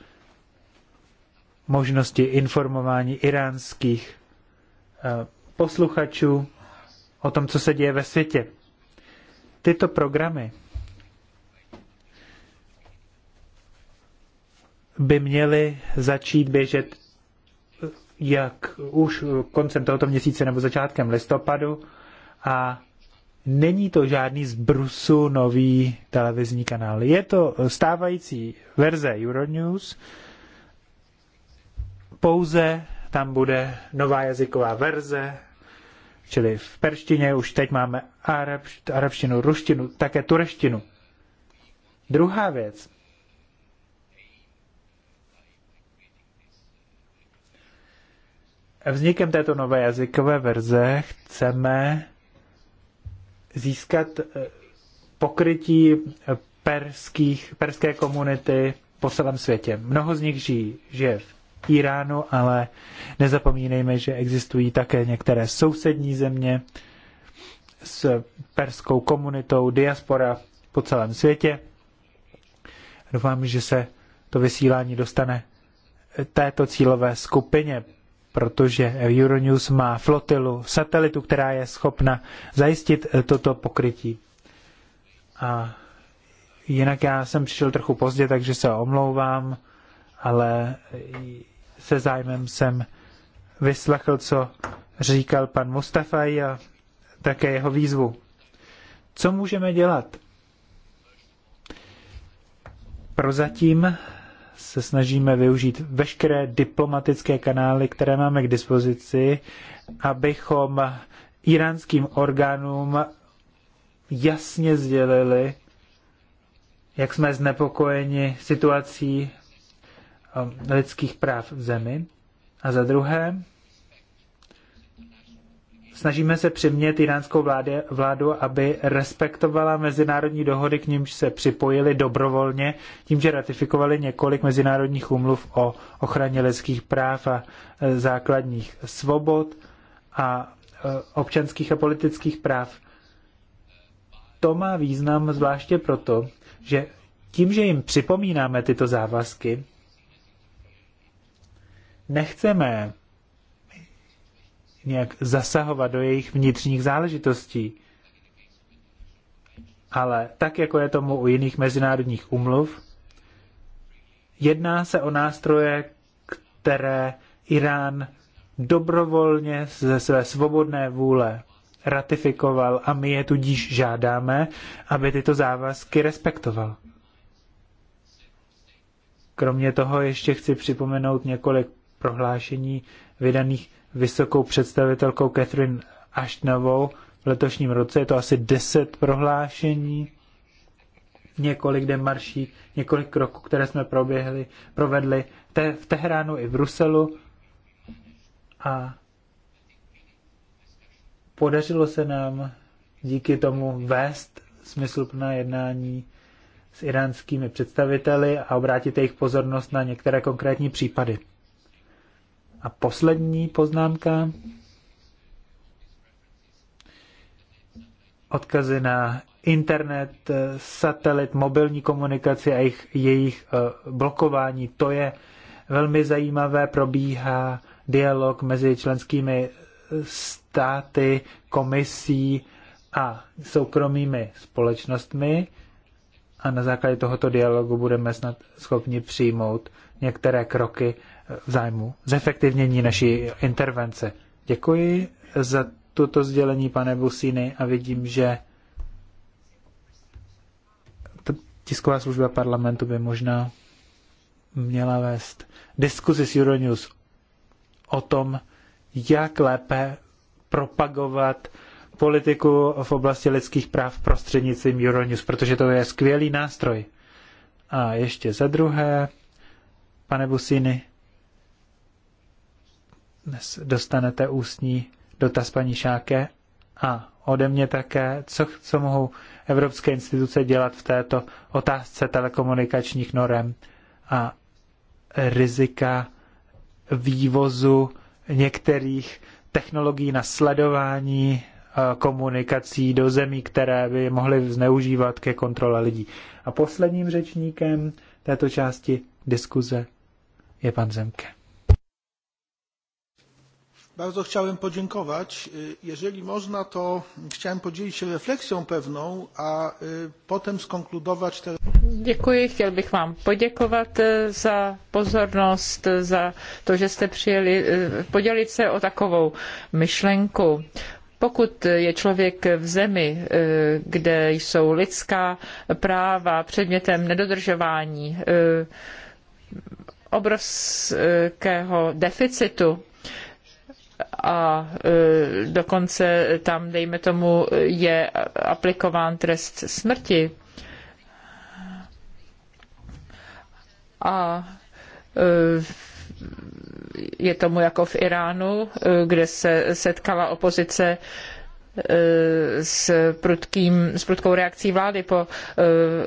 možnosti informování iránských eh, posluchačů o tom, co se děje ve světě. Tyto programy by měly začít běžet jak už koncem tohoto měsíce nebo začátkem listopadu a není to žádný z Brusu nový televizní kanál. Je to stávající verze Euronews, pouze tam bude nová jazyková verze, čili v perštině už teď máme arabštinu, ruštinu, také tureštinu. Druhá věc, Vznikem této nové jazykové verze chceme získat eh, pokrytí eh, perských, perské komunity po celém světě. Mnoho z nich žijí, žije v Iránu, ale nezapomínejme, že existují také některé sousední země s perskou komunitou, diaspora po celém světě. Doufám, že se to vysílání dostane eh, této cílové skupině protože Euronews má flotilu satelitu, která je schopna zajistit eh, toto pokrytí. A jinak já jsem přišel trochu pozdě, takže se omlouvám, ale se zájmem jsem vyslechl, co říkal pan Mustafaj a eh, také jeho výzvu. Co můžeme dělat? Prozatím se snažíme využít veškeré diplomatické kanály, které máme k dispozici, abychom iránským orgánům jasně sdělili, jak jsme znepokojeni situací um, lidských práv v zemi. A za druhé, Snažíme se přimět iránskou vládě, vládu, aby respektovala mezinárodní dohody, k nímž se připojili dobrovolně, tím, že ratifikovali několik mezinárodních úmluv o ochraně lidských práv a e, základních svobod a e, občanských a politických práv. To má význam zvláště proto, že tím, že jim připomínáme tyto závazky, nechceme nějak zasahovat do jejich vnitřních záležitostí. Ale tak, jako je tomu u jiných mezinárodních umluv, jedná se o nástroje, které Irán dobrovolně ze své svobodné vůle ratifikoval a my je tudíž žádáme, aby tyto závazky respektoval. Kromě toho ještě chci připomenout několik prohlášení vydaných vysokou představitelkou Catherine Ashtonovou v letošním roce. Je to asi deset prohlášení, několik demarší, několik kroků, které jsme proběhli, provedli te, v Teheránu i v Bruselu. A podařilo se nám díky tomu vést smysluplná jednání s iránskými představiteli a obrátit jejich pozornost na některé konkrétní případy. A poslední poznámka. Odkazy na internet, satelit, mobilní komunikaci a jejich, jejich eh, blokování. To je velmi zajímavé, probíhá dialog mezi členskými eh, státy, komisí a soukromými společnostmi a na základě tohoto dialogu budeme snad schopni přijmout některé kroky, v zájmu zefektivnění naší intervence. Děkuji za toto sdělení, pane Businy, a vidím, že tisková služba parlamentu by možná měla vést diskuzi s Euronews o tom, jak lépe propagovat politiku v oblasti lidských práv prostřednictvím Euronews, protože to je skvělý nástroj. A ještě za druhé, pane Businy, dnes dostanete ústní dotaz paní Šáke a ode mě také, co, co mohou evropské instituce dělat v této otázce telekomunikačních norem a rizika vývozu některých technologií na sledování e, komunikací do zemí, které by mohly zneužívat ke kontrole lidí. A posledním řečníkem této části diskuze je pan Zemke. Bardzo chciałem podziękować. Jeżeli można, to chciałem podzielić się refleksją pewną, a potem skonkludować te. Děkuji, chtěl bych vám poděkovat za pozornost, za to, že jste přijeli podělit se o takovou myšlenku pokud je člověk v zemi, kde jsou lidská práva předmětem nedodržování obrovského deficitu, a e, dokonce tam, dejme tomu, je aplikován trest smrti. A e, je tomu jako v Iránu, e, kde se setkala opozice s, prudkým, s prudkou reakcí vlády po eh,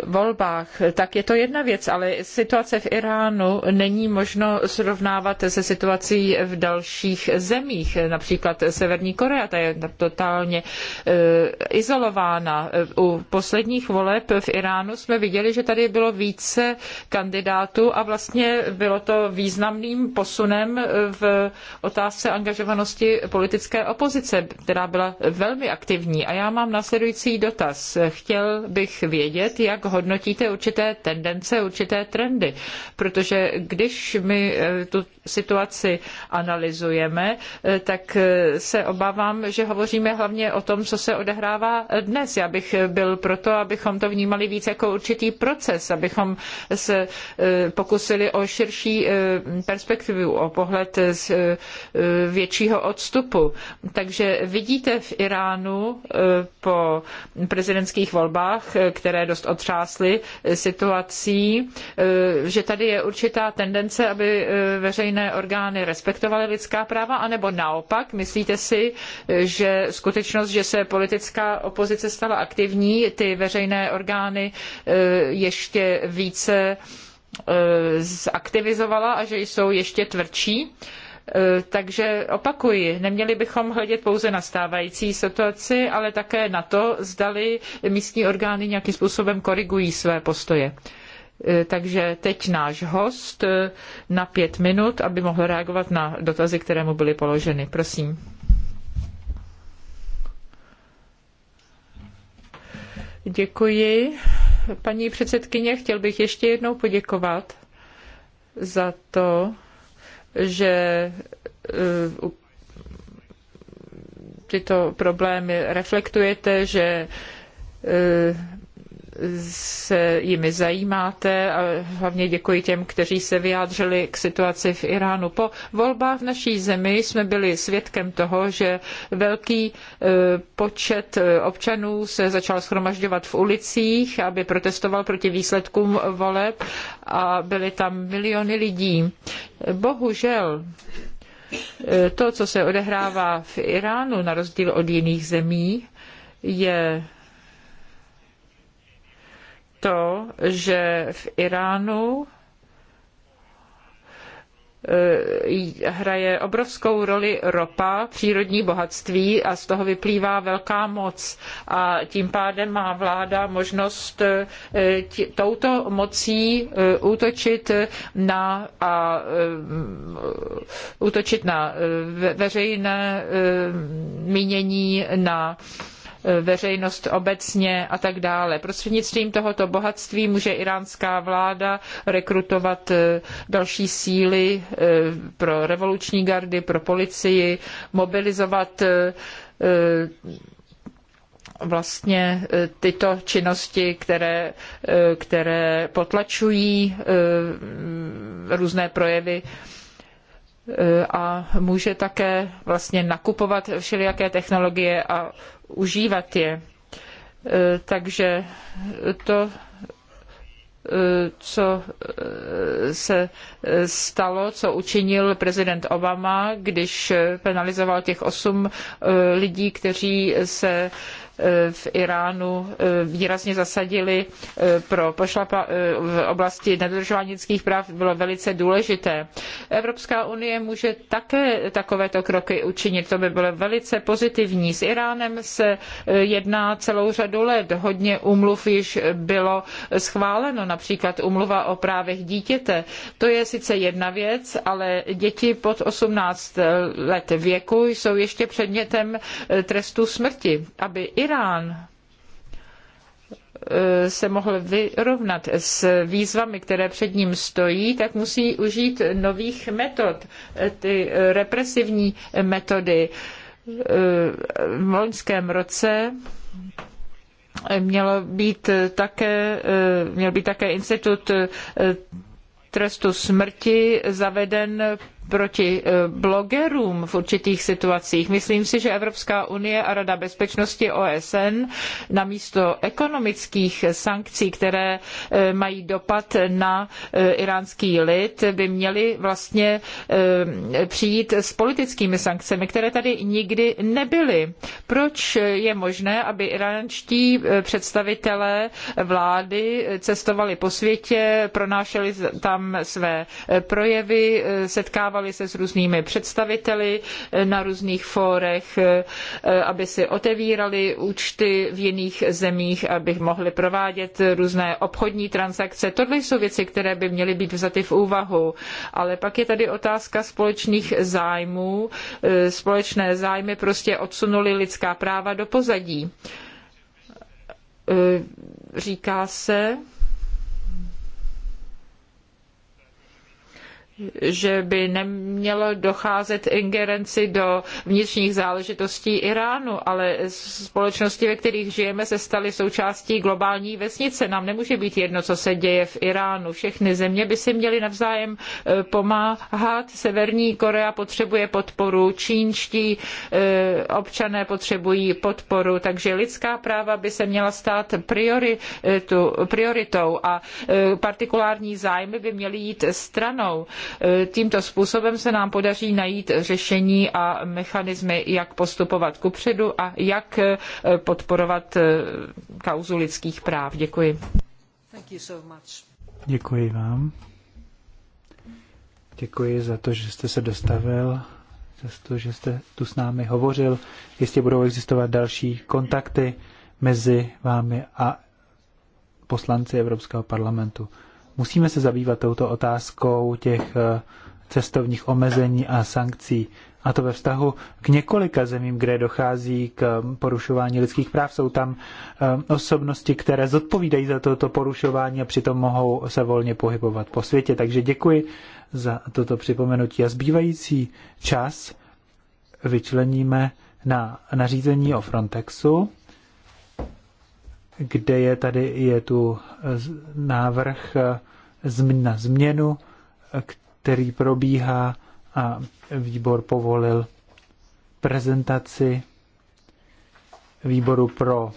volbách, tak je to jedna věc, ale situace v Iránu není možno srovnávat se situací v dalších zemích, například Severní Korea, ta je totálně eh, izolována. U posledních voleb v Iránu jsme viděli, že tady bylo více kandidátů a vlastně bylo to významným posunem v otázce angažovanosti politické opozice, která byla velmi velmi aktivní a já mám následující dotaz. Chtěl bych vědět, jak hodnotíte určité tendence, určité trendy, protože když my eh, tu situaci analyzujeme, eh, tak eh, se obávám, že hovoříme hlavně o tom, co se odehrává dnes. Já bych byl proto, abychom to vnímali víc jako určitý proces, abychom se pokusili o širší perspektivu, o pohled z většího odstupu. Takže vidíte v Iránu, Iránu eh, po prezidentských volbách, eh, které dost otřásly eh, situací, že tady je určitá tendence, aby veřejné orgány respektovaly lidská práva, anebo naopak, myslíte si, že skutečnost, že se politická opozice stala aktivní, ty veřejné orgány ještě více zaktivizovala a že jsou ještě tvrdší? E, takže opakuji, neměli bychom hledět pouze na stávající situaci, ale také na to, zdali místní orgány nějakým způsobem korigují své postoje. E, takže teď náš host e, na pět minut, aby mohl reagovat na dotazy, které mu byly položeny. Prosím. Děkuji. Paní předsedkyně, chtěl bych ještě jednou poděkovat za to, že eh, tyto problémy reflektujete, že eh, se jimi zajímáte a hlavně děkuji těm, kteří se vyjádřili k situaci v Iránu. Po volbách v naší zemi jsme byli svědkem toho, že velký e, počet e, občanů se začal schromažďovat v ulicích, aby protestoval proti výsledkům voleb a byly tam miliony lidí. Bohužel e, to, co se odehrává v Iránu, na rozdíl od jiných zemí, je to, že v Iránu eh, hraje obrovskou roli ropa, přírodní bohatství a z toho vyplývá velká moc. A tím pádem má vláda možnost eh, touto mocí eh, útočit na, a, útočit na veřejné mínění, na veřejnost obecně a tak dále. Prostřednictvím tohoto bohatství může iránská vláda rekrutovat e, další síly e, pro revoluční gardy, pro policii, mobilizovat e, vlastně tyto činnosti, které, které potlačují různé projevy a může také vlastně nakupovat všelijaké technologie a užívat je. E, takže to, e, co e, se stalo, co učinil prezident Obama, když penalizoval těch osm lidí, kteří se Eh, v Iránu eh, výrazně zasadili eh, pro pošlapa v oblasti nedodržování lidských práv, bylo velice důležité. Evropská unie může také takovéto kroky učinit, to by bylo velice pozitivní. S Iránem se jedná celou řadu let, hodně umluv již bylo schváleno, například umluva o právech dítěte. To je sice jedna věc, ale děti pod 18 let věku jsou ještě předmětem trestu smrti. Aby Irán Irán eh, se mohl vyrovnat s výzvami, které před ním stojí, tak musí užít nových metod, eh, ty represivní metody. Eh, v loňském roce mělo být také, měl být také institut trestu smrti zaveden proti eh, blogerům v určitých situacích. Myslím si, že Evropská unie a Rada bezpečnosti OSN namísto ekonomických sankcí, které eh, mají dopad na eh, iránský lid, by měly vlastně přijít s politickými sankcemi, které tady nikdy nebyly. Proč je možné, aby iránští představitelé vlády cestovali po světě, pronášeli tam své projevy, setkávali setkávali se s různými představiteli eh, na různých fórech, eh, eh, aby si otevírali účty v jiných zemích, aby mohli provádět různé obchodní transakce. Tohle jsou věci, které by měly být vzaty v úvahu. Ale pak je tady otázka společných zájmů. Společné zájmy prostě odsunuly lidská práva do pozadí. Říká se, že by nemělo docházet ingerenci do vnitřních záležitostí Iránu, ale společnosti, ve kterých žijeme, se staly součástí globální vesnice. Nám nemůže být jedno, co se děje v Iránu. Všechny země by si měly navzájem eh, pomáhat. Severní Korea potřebuje podporu, čínští eh, občané potřebují podporu, takže lidská práva by se měla stát eh, prioritou a partikulární zájmy by měly jít stranou. E, tímto způsobem se nám podaří najít řešení a mechanismy, jak postupovat kupředu a jak e, podporovat e, kauzu lidských práv. Děkuji. So Děkuji vám. Děkuji za to, že jste se dostavil, za to, že jste tu s námi hovořil. Jestli budou existovat další kontakty mezi vámi a poslanci Evropského parlamentu musíme se zabývat touto otázkou těch eh, cestovních omezení a sankcí. A to ve vztahu k několika zemím, kde dochází k eh, porušování lidských práv. Jsou tam eh, osobnosti, které zodpovídají za toto porušování a přitom mohou se volně pohybovat po světě. Takže děkuji za toto připomenutí. A zbývající čas vyčleníme na nařízení o Frontexu kde je tady, je tu eh, návrh eh, na změnu, eh, který probíhá a výbor povolil prezentaci výboru pro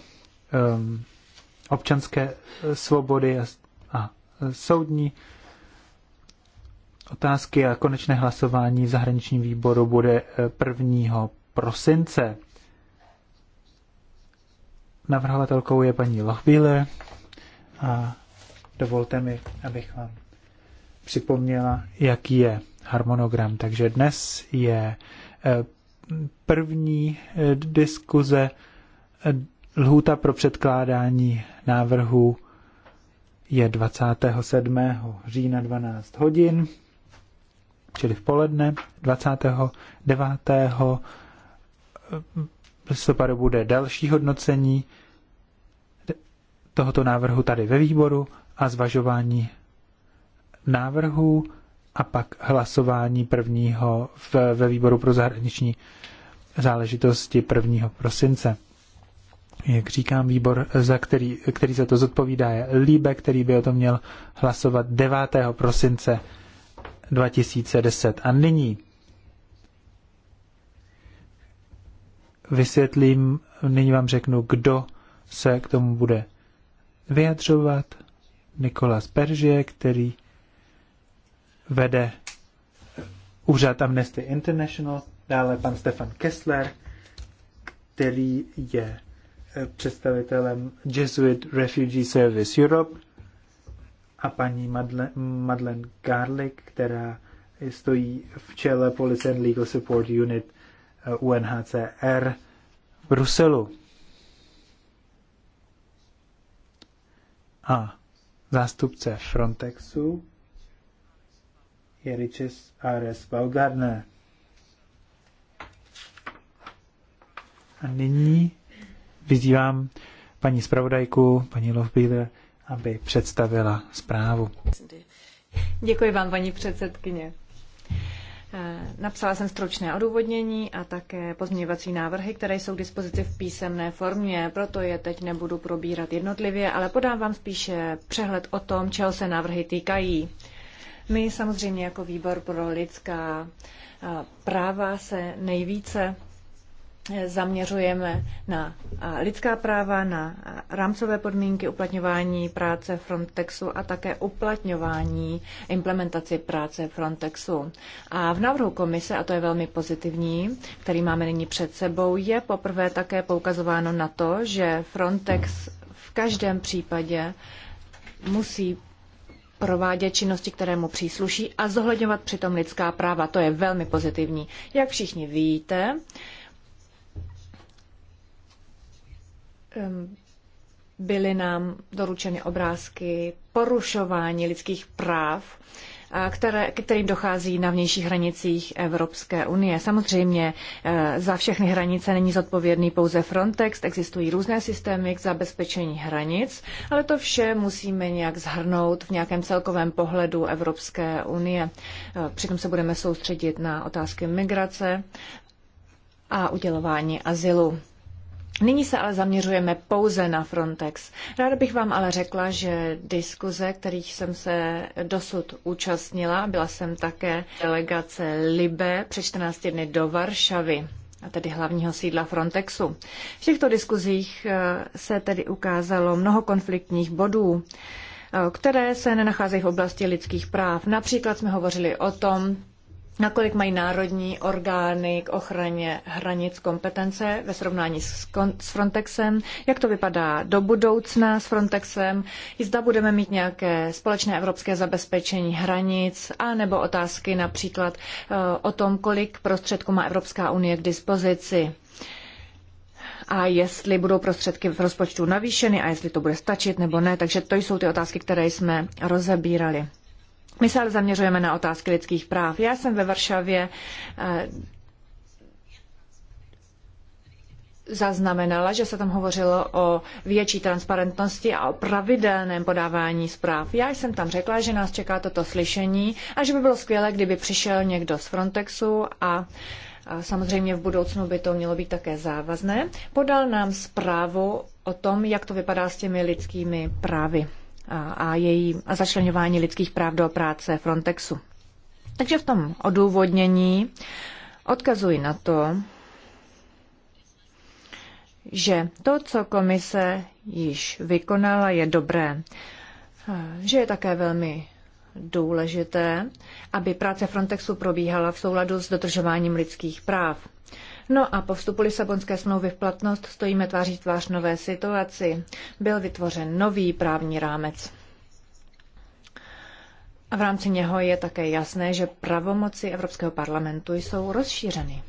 um, občanské svobody a, a soudní otázky a konečné hlasování v zahraničním výboru bude 1. prosince. Navrhovatelkou je paní Lochbíle a dovolte mi, abych vám připomněla, jaký je harmonogram. Takže dnes je eh, první eh, diskuze eh, lhůta pro předkládání návrhu je 27. října 12 hodin, čili v poledne 29 listopadu bude další hodnocení tohoto návrhu tady ve výboru a zvažování návrhu a pak hlasování prvního v, ve výboru pro zahraniční záležitosti 1. prosince. Jak říkám, výbor, za který, který za to zodpovídá, je Líbe, který by o tom měl hlasovat 9. prosince 2010. A nyní vysvětlím, nyní vám řeknu, kdo se k tomu bude vyjadřovat. Nikolas Peržie, který vede úřad Amnesty International, dále pan Stefan Kessler, který je eh, představitelem Jesuit Refugee Service Europe a paní Madeleine, Madeleine Garlic, která stojí v čele Police and Legal Support Unit UNHCR v Bruselu. A zástupce Frontexu je Riches Ares Valgarne. A nyní vyzývám paní zpravodajku, paní Lovbíle, aby představila zprávu. Děkuji vám, paní předsedkyně. Eh, napsala jsem stručné odůvodnění a také pozměňovací návrhy, které jsou k dispozici v písemné formě, proto je teď nebudu probírat jednotlivě, ale podám vám spíše přehled o tom, čeho se návrhy týkají. My samozřejmě jako výbor pro lidská eh, práva se nejvíce zaměřujeme na lidská práva, na rámcové podmínky uplatňování práce Frontexu a také uplatňování implementaci práce Frontexu. A v návrhu komise, a to je velmi pozitivní, který máme nyní před sebou, je poprvé také poukazováno na to, že Frontex v každém případě musí provádět činnosti, které mu přísluší a zohledňovat přitom lidská práva. To je velmi pozitivní. Jak všichni víte, Ehm, byly nám doručeny obrázky porušování lidských práv, které, kterým dochází na vnějších hranicích Evropské unie. Samozřejmě e, za všechny hranice není zodpovědný pouze Frontex, existují různé systémy k zabezpečení hranic, ale to vše musíme nějak zhrnout v nějakém celkovém pohledu Evropské unie. E, přitom se budeme soustředit na otázky migrace a udělování azylu. Nyní se ale zaměřujeme pouze na Frontex. Ráda bych vám ale řekla, že diskuze, kterých jsem se dosud účastnila, byla jsem také delegace Libe před 14 dny do Varšavy a tedy hlavního sídla Frontexu. V těchto diskuzích eh, se tedy ukázalo mnoho konfliktních bodů, eh, které se nenacházejí v oblasti lidských práv. Například jsme hovořili o tom, nakolik mají národní orgány k ochraně hranic kompetence ve srovnání s, s Frontexem, jak to vypadá do budoucna s Frontexem, zda budeme mít nějaké společné evropské zabezpečení hranic, a nebo otázky například eh, o tom, kolik prostředků má Evropská unie k dispozici a jestli budou prostředky v rozpočtu navýšeny a jestli to bude stačit nebo ne. Takže to jsou ty otázky, které jsme rozebírali. My se ale zaměřujeme na otázky lidských práv. Já jsem ve Varšavě eh, zaznamenala, že se tam hovořilo o větší transparentnosti a o pravidelném podávání zpráv. Já jsem tam řekla, že nás čeká toto slyšení a že by bylo skvělé, kdyby přišel někdo z Frontexu a samozřejmě v budoucnu by to mělo být také závazné. Podal nám zprávu o tom, jak to vypadá s těmi lidskými právy a její a začlenování lidských práv do práce Frontexu. Takže v tom odůvodnění odkazuji na to, že to, co komise již vykonala, je dobré. Že je také velmi důležité, aby práce Frontexu probíhala v souladu s dodržováním lidských práv. No a po vstupu Lisabonské smlouvy v platnost stojíme tváří tvář nové situaci. Byl vytvořen nový právní rámec. A v rámci něho je také jasné, že pravomoci Evropského parlamentu jsou rozšířeny.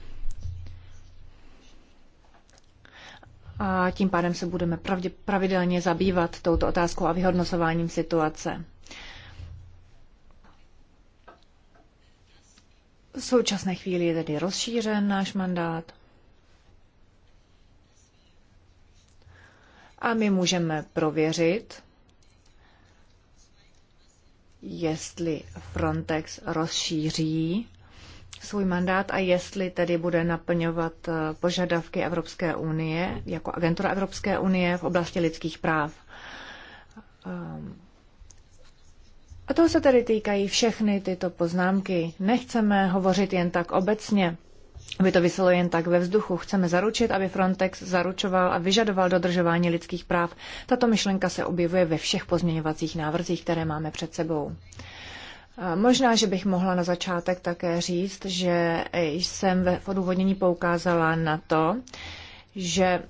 A tím pádem se budeme pravdě, pravidelně zabývat touto otázkou a vyhodnocováním situace. V současné chvíli je tedy rozšířen náš mandát a my můžeme prověřit, jestli Frontex rozšíří svůj mandát a jestli tedy bude naplňovat eh, požadavky Evropské unie jako agentura Evropské unie v oblasti lidských práv. Ehm, a toho se tedy týkají všechny tyto poznámky. Nechceme hovořit jen tak obecně, aby to vyselo jen tak ve vzduchu. Chceme zaručit, aby Frontex zaručoval a vyžadoval dodržování lidských práv. Tato myšlenka se objevuje ve všech pozměňovacích návrzích, které máme před sebou. Možná, že bych mohla na začátek také říct, že jsem v odůvodnění poukázala na to, že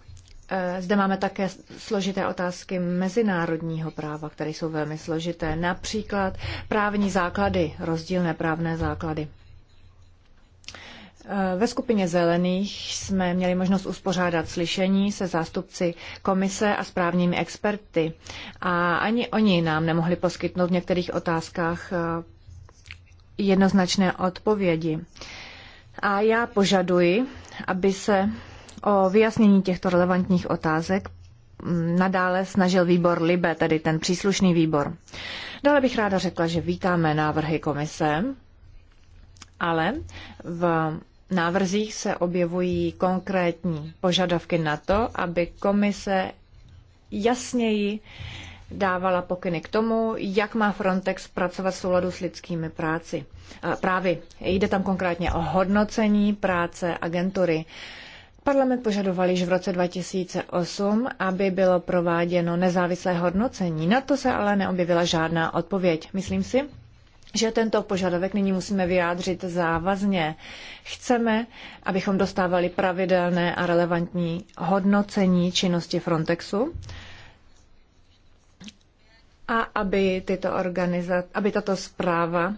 Eh, zde máme také složité otázky mezinárodního práva, které jsou velmi složité. Například právní základy, rozdílné právné základy. Eh, ve skupině zelených jsme měli možnost uspořádat slyšení se zástupci komise a správními experty. A ani oni nám nemohli poskytnout v některých otázkách eh, jednoznačné odpovědi. A já požaduji, aby se o vyjasnění těchto relevantních otázek nadále snažil výbor LIBE, tedy ten příslušný výbor. Dále bych ráda řekla, že vítáme návrhy komise, ale v návrzích se objevují konkrétní požadavky na to, aby komise jasněji dávala pokyny k tomu, jak má Frontex pracovat v souladu s lidskými práci, eh, právy. Jde tam konkrétně o hodnocení práce agentury. Parlament požadoval již v roce 2008, aby bylo prováděno nezávislé hodnocení. Na to se ale neobjevila žádná odpověď. Myslím si, že tento požadavek nyní musíme vyjádřit závazně. Chceme, abychom dostávali pravidelné a relevantní hodnocení činnosti Frontexu a aby, tyto organiza- aby tato zpráva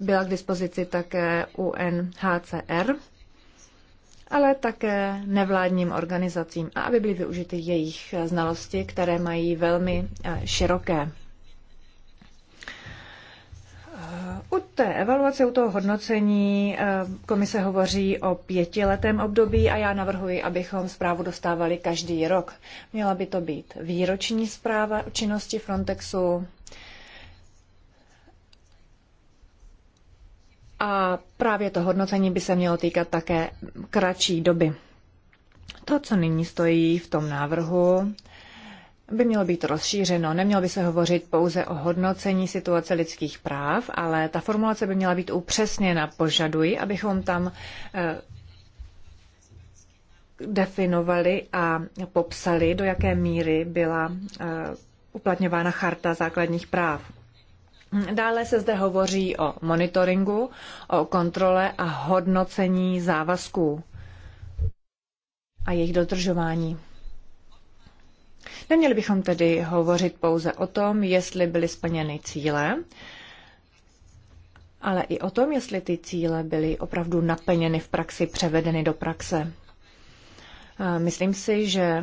byla k dispozici také UNHCR ale také nevládním organizacím a aby byly využity jejich znalosti, které mají velmi eh, široké. Eh, u té evaluace, u toho hodnocení eh, komise hovoří o pětiletém období a já navrhuji, abychom zprávu dostávali každý rok. Měla by to být výroční zpráva o činnosti Frontexu, A právě to hodnocení by se mělo týkat také kratší doby. To, co nyní stojí v tom návrhu, by mělo být rozšířeno. Nemělo by se hovořit pouze o hodnocení situace lidských práv, ale ta formulace by měla být upřesněna. Požaduji, abychom tam eh, definovali a popsali, do jaké míry byla eh, uplatňována charta základních práv. Dále se zde hovoří o monitoringu, o kontrole a hodnocení závazků a jejich dodržování. Neměli bychom tedy hovořit pouze o tom, jestli byly splněny cíle, ale i o tom, jestli ty cíle byly opravdu naplněny v praxi, převedeny do praxe. Myslím si, že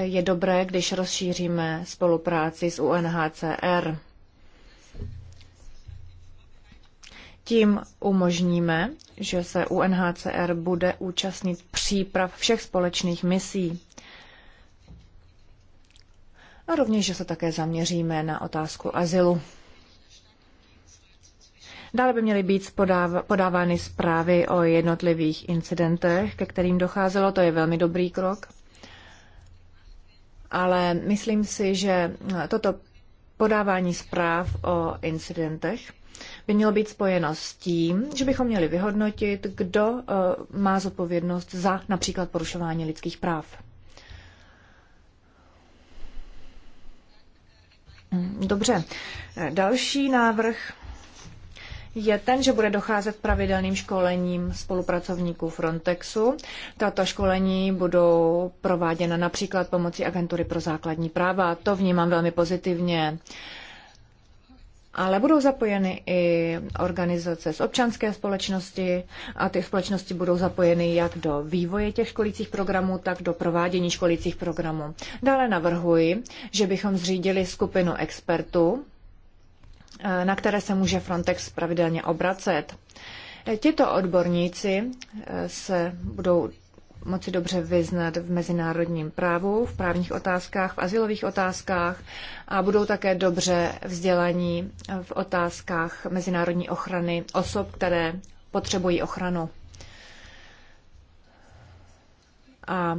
je dobré, když rozšíříme spolupráci s UNHCR. Tím umožníme, že se UNHCR bude účastnit příprav všech společných misí. A rovněž, že se také zaměříme na otázku azylu. Dále by měly být podávány zprávy o jednotlivých incidentech, ke kterým docházelo. To je velmi dobrý krok. Ale myslím si, že toto podávání zpráv o incidentech by mělo být spojeno s tím, že bychom měli vyhodnotit, kdo eh, má zodpovědnost za například porušování lidských práv. Hmm, dobře. Eh, další návrh je ten, že bude docházet pravidelným školením spolupracovníků Frontexu. Tato školení budou prováděna například pomocí agentury pro základní práva. To vnímám velmi pozitivně ale budou zapojeny i organizace z občanské společnosti a ty společnosti budou zapojeny jak do vývoje těch školících programů, tak do provádění školících programů. Dále navrhuji, že bychom zřídili skupinu expertů, eh, na které se může Frontex pravidelně obracet. Eh, Tito odborníci eh, se budou moci dobře vyznat v mezinárodním právu, v právních otázkách, v asilových otázkách a budou také dobře vzdělaní v otázkách mezinárodní ochrany osob, které potřebují ochranu. A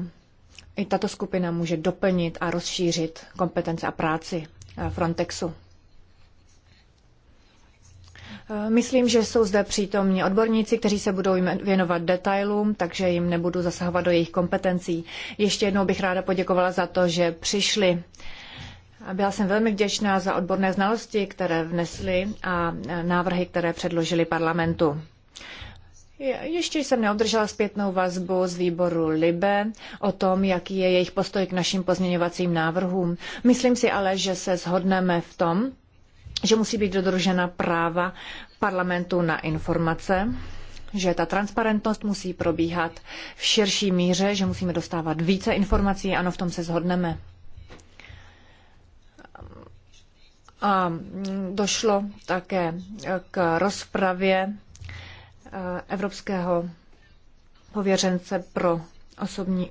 i tato skupina může doplnit a rozšířit kompetence a práci Frontexu. Myslím, že jsou zde přítomní odborníci, kteří se budou věnovat detailům, takže jim nebudu zasahovat do jejich kompetencí. Ještě jednou bych ráda poděkovala za to, že přišli. Byla jsem velmi vděčná za odborné znalosti, které vnesli a e, návrhy, které předložili parlamentu. Ještě jsem neobdržela zpětnou vazbu z výboru LIBE o tom, jaký je jejich postoj k našim pozměňovacím návrhům. Myslím si ale, že se shodneme v tom, že musí být dodržena práva parlamentu na informace, že ta transparentnost musí probíhat v širší míře, že musíme dostávat více informací, ano, v tom se shodneme. A došlo také k rozpravě eh, Evropského pověřence pro osobní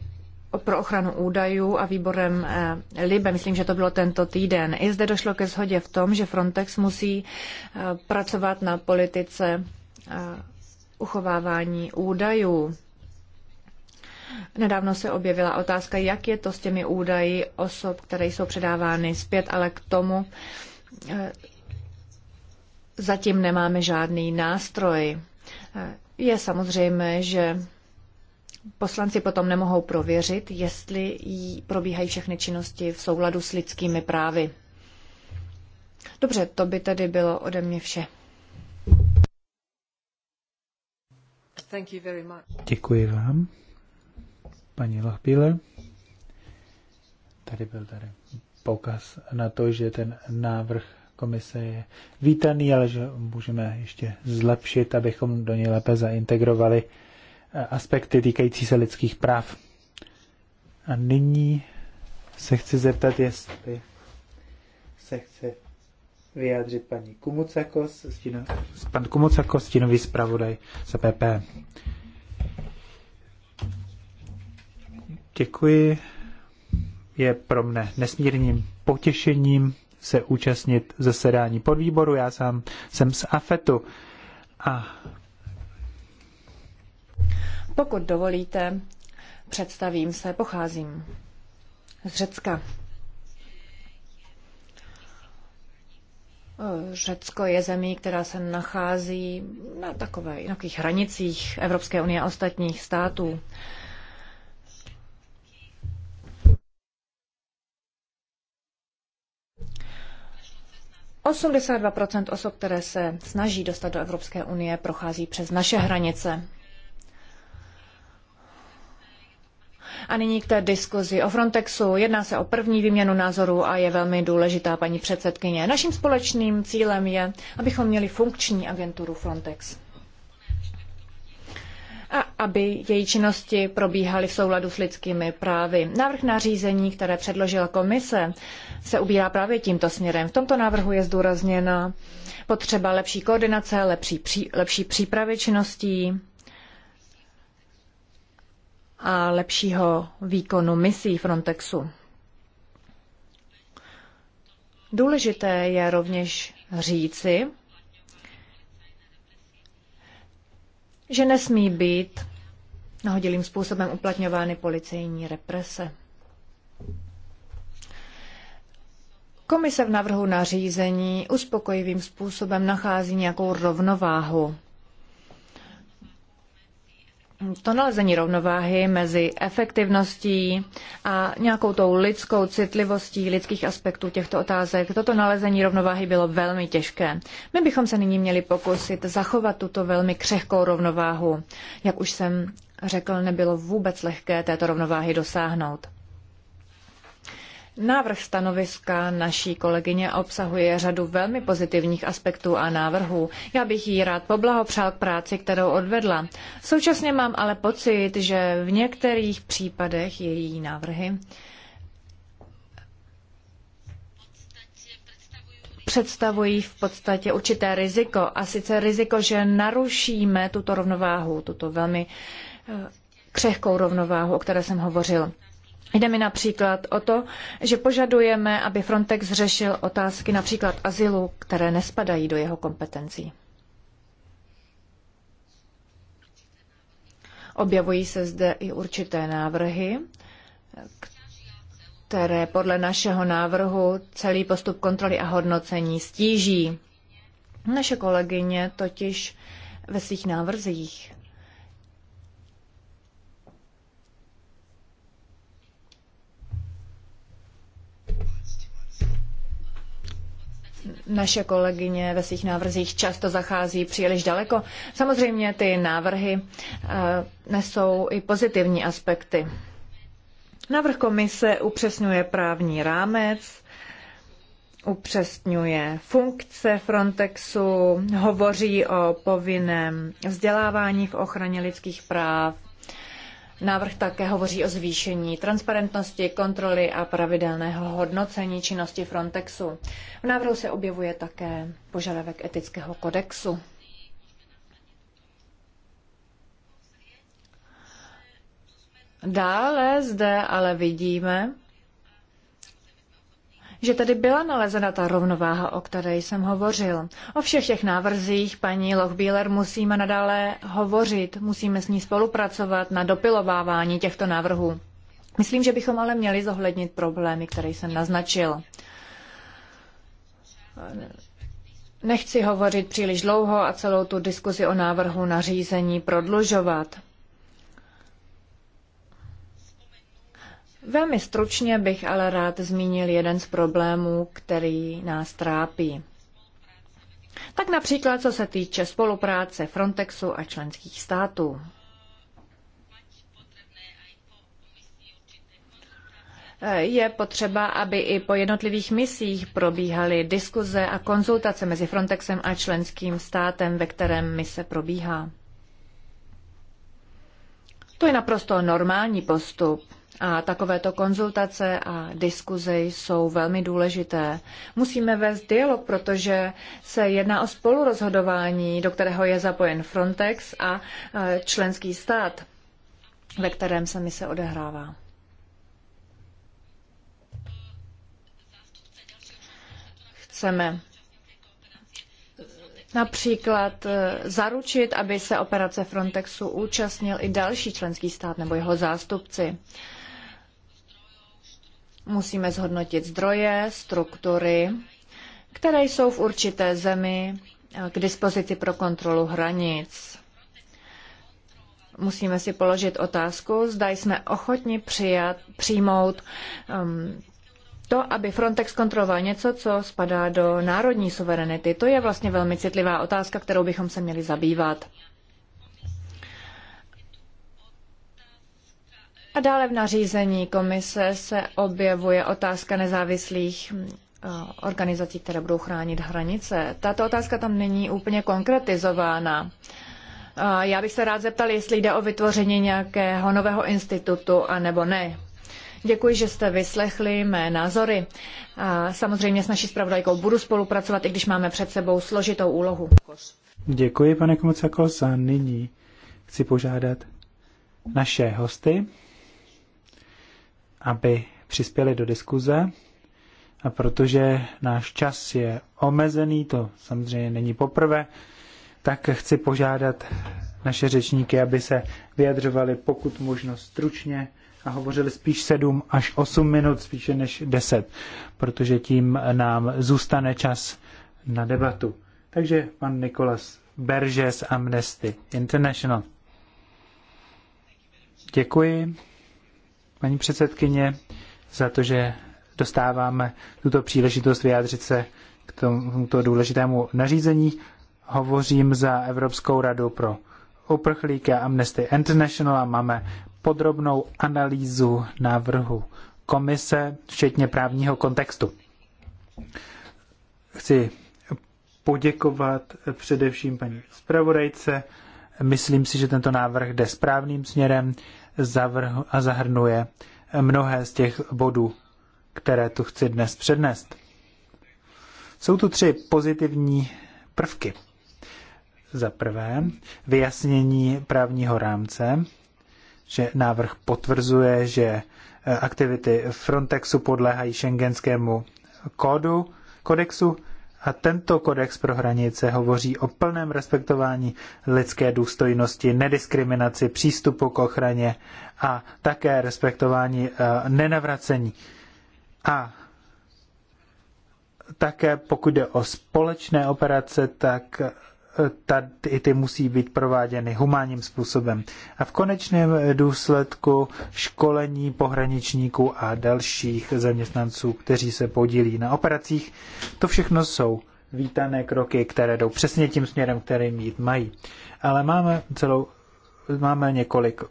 pro ochranu údajů a výborem eh, LIBE, myslím, že to bylo tento týden. I zde došlo ke shodě v tom, že Frontex musí eh, pracovat na politice eh, uchovávání údajů. Nedávno se objevila otázka, jak je to s těmi údaji osob, které jsou předávány zpět, ale k tomu zatím nemáme žádný nástroj. Je samozřejmé, že Poslanci potom nemohou prověřit, jestli jí probíhají všechny činnosti v souladu s lidskými právy. Dobře, to by tedy bylo ode mě vše. Děkuji vám, paní Lachbíle. Tady byl tady poukaz na to, že ten návrh komise je vítaný, ale že můžeme ještě zlepšit, abychom do něj lépe zaintegrovali Eh, aspekty týkající se lidských práv. A nyní se chci zeptat, jestli se chce vyjádřit paní Kumucakos, stino, pan Kumucakos, stínový zpravodaj za e PP. Děkuji. Je pro mne nesmírným potěšením se účastnit zasedání podvýboru. Já sám jsem z AFETu a pokud dovolíte, představím se, pocházím z Řecka. Řecko je zemí, která se nachází na takové, na takových hranicích Evropské unie a ostatních států. Osmdesát dva procent osob, které se snaží dostat do Evropské unie, prochází přes naše hranice. A nyní k té diskuzi o Frontexu. Jedná se o první výměnu názorů a je velmi důležitá paní předsedkyně. Naším společným cílem je, abychom měli funkční agenturu Frontex a aby její činnosti probíhaly v souladu s lidskými právy. Návrh nařízení, které předložila komise, se ubírá právě tímto směrem. V tomto návrhu je zdůrazněna potřeba lepší koordinace, lepší, pří, lepší přípravy činností, a lepšího výkonu misí Frontexu. Důležité je rovněž říci, že nesmí být nahodilým způsobem uplatňovány policejní represe. Komise v návrhu nařízení uspokojivým způsobem nachází nějakou rovnováhu to nalezení rovnováhy mezi efektivností a nějakou tou lidskou citlivostí lidských aspektů těchto otázek, toto nalezení rovnováhy bylo velmi těžké. My bychom se nyní měli pokusit zachovat tuto velmi křehkou rovnováhu. Jak už jsem řekl, nebylo vůbec lehké této rovnováhy dosáhnout. Návrh stanoviska naší kolegyně obsahuje řadu velmi pozitivních aspektů a návrhů. Já bych jí rád poblahopřál k práci, kterou odvedla. Současně mám ale pocit, že v některých případech její návrhy představují v podstatě určité riziko. A sice riziko, že narušíme tuto rovnováhu, tuto velmi eh, křehkou rovnováhu, o které jsem hovořil. Jde mi například o to, že požadujeme, aby Frontex řešil otázky například azylu, které nespadají do jeho kompetencí. Objevují se zde i určité návrhy, které podle našeho návrhu celý postup kontroly a hodnocení stíží. Naše kolegyně totiž ve svých návrzích naše kolegyně ve svých návrzích často zachází příliš daleko. Samozřejmě ty návrhy eh, nesou i pozitivní aspekty. Návrh komise upřesňuje právní rámec, upřesňuje funkce Frontexu, hovoří o povinném vzdělávání v ochraně lidských práv, Návrh také hovoří o zvýšení transparentnosti, kontroly a pravidelného hodnocení činnosti Frontexu. V návrhu se objevuje také požadavek etického kodexu. Dále zde ale vidíme, že tady byla nalezena ta rovnováha, o které jsem hovořil. O všech těch návrzích paní Lochbíler musíme nadále hovořit, musíme s ní spolupracovat na dopilovávání těchto návrhů. Myslím, že bychom ale měli zohlednit problémy, které jsem naznačil. Nechci hovořit příliš dlouho a celou tu diskusi o návrhu nařízení prodlužovat. Velmi stručně bych ale rád zmínil jeden z problémů, který nás trápí. Tak například co se týče spolupráce Frontexu a členských států. Je potřeba, aby i po jednotlivých misích probíhaly diskuze a konzultace mezi Frontexem a členským státem, ve kterém mise probíhá. To je naprosto normální postup. A takovéto konzultace a diskuze jsou velmi důležité. Musíme vést dialog, protože se jedná o spolurozhodování, do kterého je zapojen Frontex a e, členský stát, ve kterém se mi se odehrává. Chceme například e, zaručit, aby se operace Frontexu účastnil i další členský stát nebo jeho zástupci. Musíme zhodnotit zdroje, struktury, které jsou v určité zemi eh, k dispozici pro kontrolu hranic. Musíme si položit otázku, zda jsme ochotni přijat, přijmout um, to, aby Frontex kontroloval něco, co spadá do národní suverenity, to je vlastně velmi citlivá otázka, kterou bychom se měli zabývat. A dále v nařízení komise se objevuje otázka nezávislých eh, organizací, které budou chránit hranice. Tato otázka tam není úplně konkretizována. Já bych se rád zeptal, jestli jde o vytvoření nějakého nového institutu, anebo ne. Děkuji, že jste vyslechli mé názory. A samozřejmě s naší zpravodajkou budu spolupracovat, i když máme před sebou složitou úlohu. Děkuji, pane Komocakos, a nyní chci požádat naše hosty, aby přispěli do diskuze. A protože náš čas je omezený, to samozřejmě není poprvé, tak chci požádat naše řečníky, aby se vyjadřovali pokud možno stručně a hovořili spíš 7 až 8 minut, spíše než 10, protože tím nám zůstane čas na debatu. Takže pan Nikolas Berže z Amnesty International. Děkuji paní předsedkyně, za to, že dostáváme tuto příležitost vyjádřit se k tomuto důležitému nařízení. Hovořím za Evropskou radu pro uprchlíky a Amnesty International a máme podrobnou analýzu návrhu komise, včetně právního kontextu. Chci poděkovat především paní zpravodajce. Myslím si, že tento návrh jde správným směrem zavrh a zahrnuje mnohé z těch bodů, které tu chci dnes přednést. Jsou tu tři pozitivní prvky. Za prvé, vyjasnění právního rámce, že návrh potvrzuje, že eh, aktivity Frontexu podléhají šengenskému kódu, kodexu a tento kodex pro hranice hovoří o plném respektování lidské důstojnosti, nediskriminaci, přístupu k ochraně a také respektování eh, nenavracení. A také pokud jde o společné operace, tak ta, i ty musí být prováděny humánním způsobem. A v konečném důsledku školení pohraničníků a dalších zaměstnanců, kteří se podílí na operacích, to všechno jsou vítané kroky, které jdou přesně tím směrem, kterým jít mají. Ale máme celou, máme několik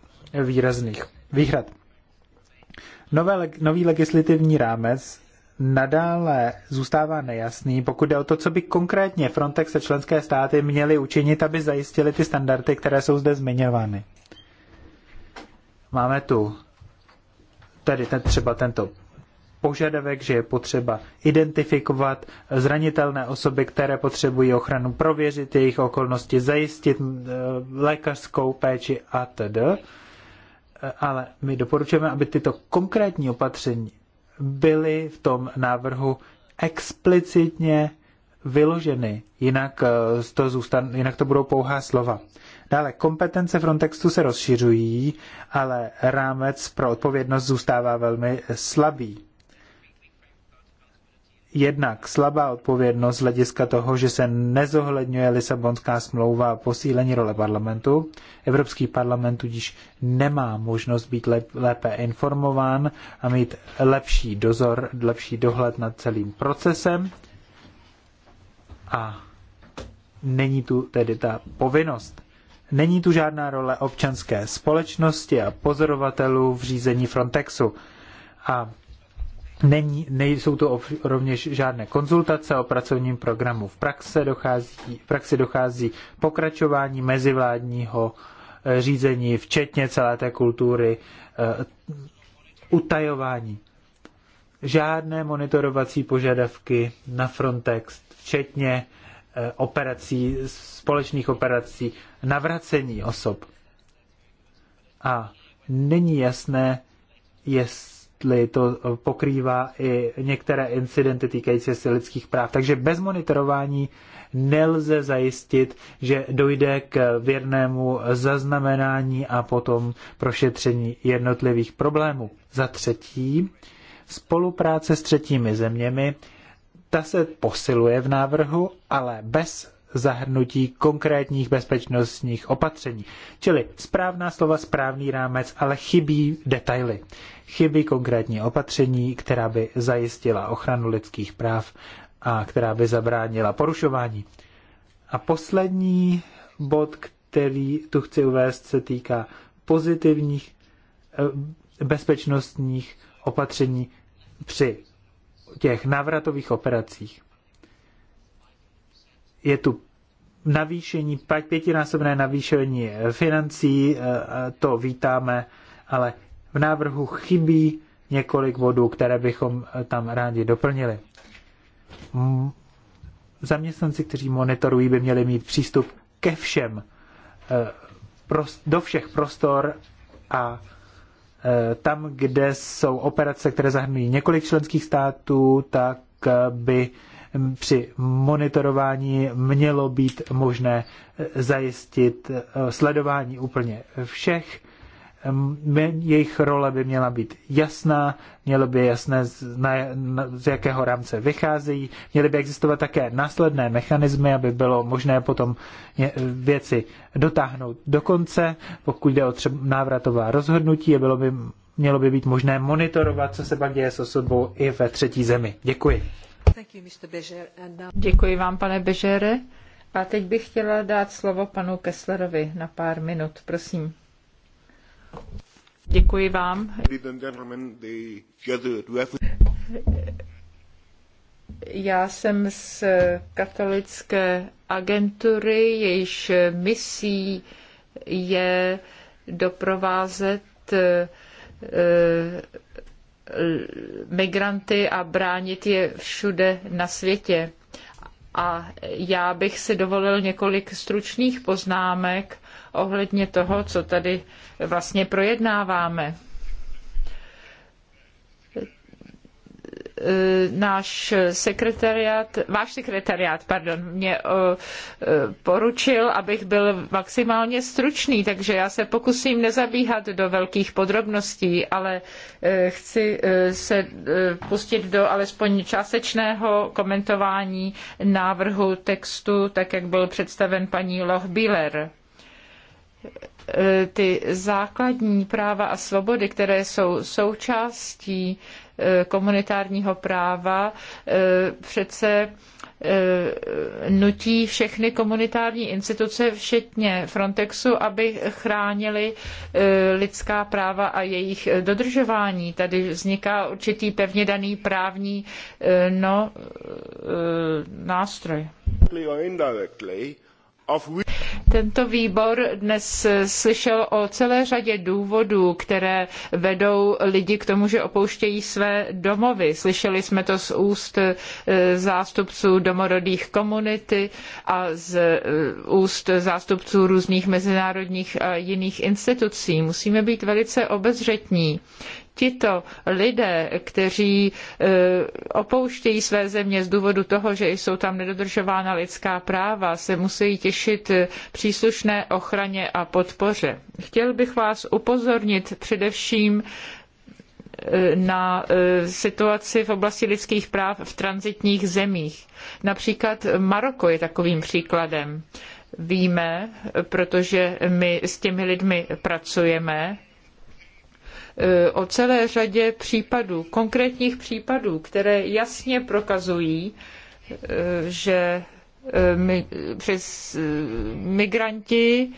výrazných výhrad. Nové, nový legislativní rámec nadále zůstává nejasný, pokud jde o to, co by konkrétně Frontex a členské státy měly učinit, aby zajistili ty standardy, které jsou zde zmiňovány. Máme tu tedy ten, třeba tento požadavek, že je potřeba identifikovat zranitelné osoby, které potřebují ochranu, prověřit jejich okolnosti, zajistit eh, lékařskou péči atd. Eh, ale my doporučujeme, aby tyto konkrétní opatření byly v tom návrhu explicitně vyloženy, jinak eh, to, zůstan, jinak to budou pouhá slova. Dále, kompetence frontexu se rozšiřují, ale rámec pro odpovědnost zůstává velmi slabý jednak slabá odpovědnost z hlediska toho, že se nezohledňuje Lisabonská smlouva a posílení role parlamentu. Evropský parlament tudíž nemá možnost být lépe informován a mít lepší dozor, lepší dohled nad celým procesem. A není tu tedy ta povinnost. Není tu žádná role občanské společnosti a pozorovatelů v řízení Frontexu. A Není, nejsou to rovněž žádné konzultace o pracovním programu. V praxi dochází, v praxi dochází pokračování mezivládního eh, řízení, včetně celé té kultury eh, utajování. Žádné monitorovací požadavky na Frontex, včetně eh, operací, společných operací, navracení osob. A není jasné, jestli jestli to eh, pokrývá i některé incidenty týkající se lidských práv. Takže bez monitorování nelze zajistit, že dojde k věrnému zaznamenání a potom prošetření jednotlivých problémů. Za třetí, spolupráce s třetími zeměmi, ta se posiluje v návrhu, ale bez zahrnutí konkrétních bezpečnostních opatření. Čili správná slova, správný rámec, ale chybí detaily. Chybí konkrétní opatření, která by zajistila ochranu lidských práv a která by zabránila porušování. A poslední bod, který tu chci uvést, se týká pozitivních eh, bezpečnostních opatření při těch návratových operacích je tu navýšení, pětinásobné navýšení financí, e, e, to vítáme, ale v návrhu chybí několik bodů, které bychom e, tam rádi doplnili. Zaměstnanci, kteří monitorují, by měli mít přístup ke všem, do všech prostor a tam, kde jsou operace, které zahrnují několik členských států, tak by při monitorování mělo být možné zajistit eh, sledování úplně všech. Jejich role by měla být jasná, mělo by jasné, z jakého rámce vycházejí, měly by existovat také následné mechanismy, aby bylo možné potom eh, věci dotáhnout do konce, pokud jde o třeba návratová rozhodnutí, bylo by mělo by být možné monitorovat, co se pak děje s osobou i ve třetí zemi. Děkuji. Děkuji vám, pane Bežere. A teď bych chtěla dát slovo panu Kesslerovi na pár minut. Prosím. Děkuji vám. Já jsem z katolické agentury, jejíž misí je doprovázet eh, Eh, migranty a bránit je všude na světě. A já bych si dovolil několik stručných poznámek ohledně toho, co tady vlastně projednáváme. E, náš sekretariát, váš sekretariát, pardon, mě e, poručil, abych byl maximálně stručný, takže já se pokusím nezabíhat do velkých podrobností, ale e, chci se pustit do alespoň částečného komentování návrhu textu, tak jak byl představen paní Lochbieler ty základní práva a svobody, které jsou součástí Eh, komunitárního práva eh, přece eh, nutí všechny komunitární instituce, všetně Frontexu, aby chránili lidská práva a jejich dodržování. Tady vzniká určitý pevně daný právní no, nástroj. Tento výbor dnes slyšel o celé řadě důvodů, které vedou lidi k tomu, že opouštějí své domovy. Slyšeli jsme to z úst eh, zástupců domorodých komunity a z eh, úst zástupců různých mezinárodních a jiných institucí. Musíme být velice obezřetní tito lidé, kteří e, opouštějí své země z důvodu toho, že jsou tam nedodržována lidská práva, se musí těšit příslušné ochraně a podpoře. Chtěl bych vás upozornit především e, na e, situaci v oblasti lidských práv v transitních zemích. Například Maroko je takovým příkladem. Víme, protože my s těmi lidmi pracujeme, Eh, o celé řadě případů, konkrétních případů, které jasně prokazují, eh, že eh, přes migranti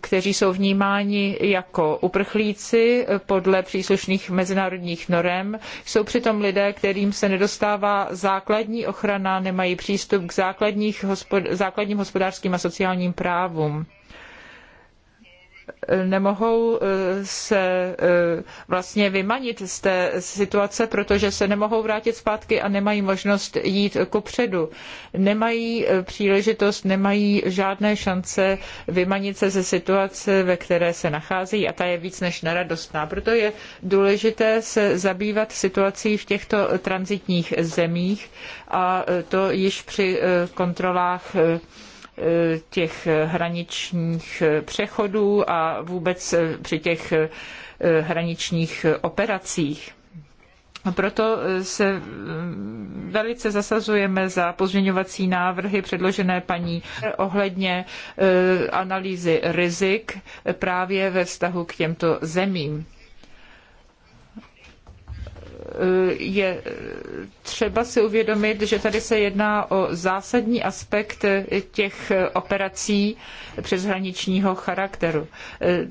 kteří jsou vnímáni jako uprchlíci podle příslušných mezinárodních norem. Jsou přitom lidé, kterým se nedostává základní ochrana, nemají přístup k základním hospodářským a sociálním právům nemohou eh, se eh, vlastně vymanit z té situace, protože se nemohou vrátit zpátky a nemají možnost jít kupředu. Nemají eh, příležitost, nemají žádné šance vymanit se ze situace, ve které se nacházejí a ta je víc než neradostná. Proto je důležité se zabývat situací v těchto transitních zemích a to již při kontrolách těch hraničních přechodů a vůbec při těch eh, hraničních operacích. Proto se mm, velice zasazujeme za pozměňovací návrhy předložené paní ohledně eh, analýzy rizik právě ve vztahu k těmto zemím je třeba si uvědomit, že tady se jedná o zásadní aspekt těch operací přeshraničního charakteru.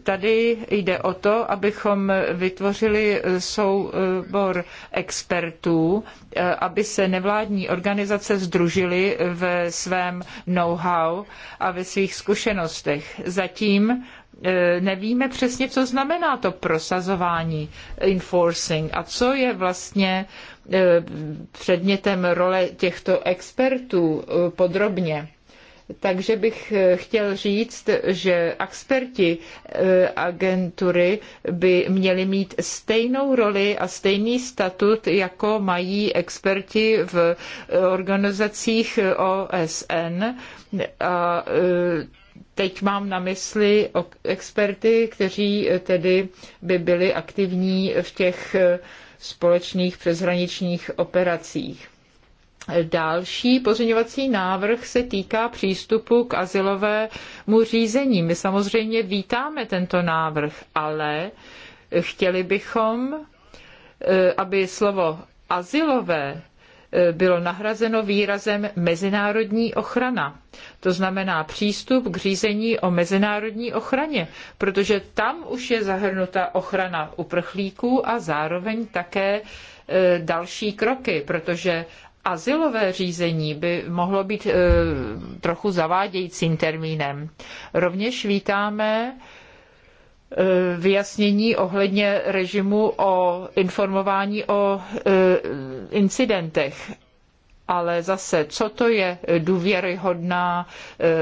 Tady jde o to, abychom vytvořili soubor expertů, aby se nevládní organizace združily ve svém know-how a ve svých zkušenostech. Zatím E, nevíme přesně, co znamená to prosazování, enforcing a co je vlastně e, předmětem role těchto expertů e, podrobně. Takže bych chtěl říct, že experti agentury by měli mít stejnou roli a stejný statut, jako mají experti v organizacích OSN. A teď mám na mysli experty, kteří eh, tedy by byli aktivní v těch eh, společných přeshraničních operacích. Další pozměňovací návrh se týká přístupu k asilovému řízení. My samozřejmě vítáme tento návrh, ale chtěli bychom, eh, aby slovo asilové Eh, bylo nahrazeno výrazem mezinárodní ochrana. To znamená přístup k řízení o mezinárodní ochraně, protože tam už je zahrnuta ochrana uprchlíků a zároveň také eh, další kroky, protože Azylové řízení by mohlo být eh, trochu zavádějícím termínem. Rovněž vítáme E, vyjasnění ohledně režimu o informování o e, incidentech. Ale zase, co to je důvěryhodná, e,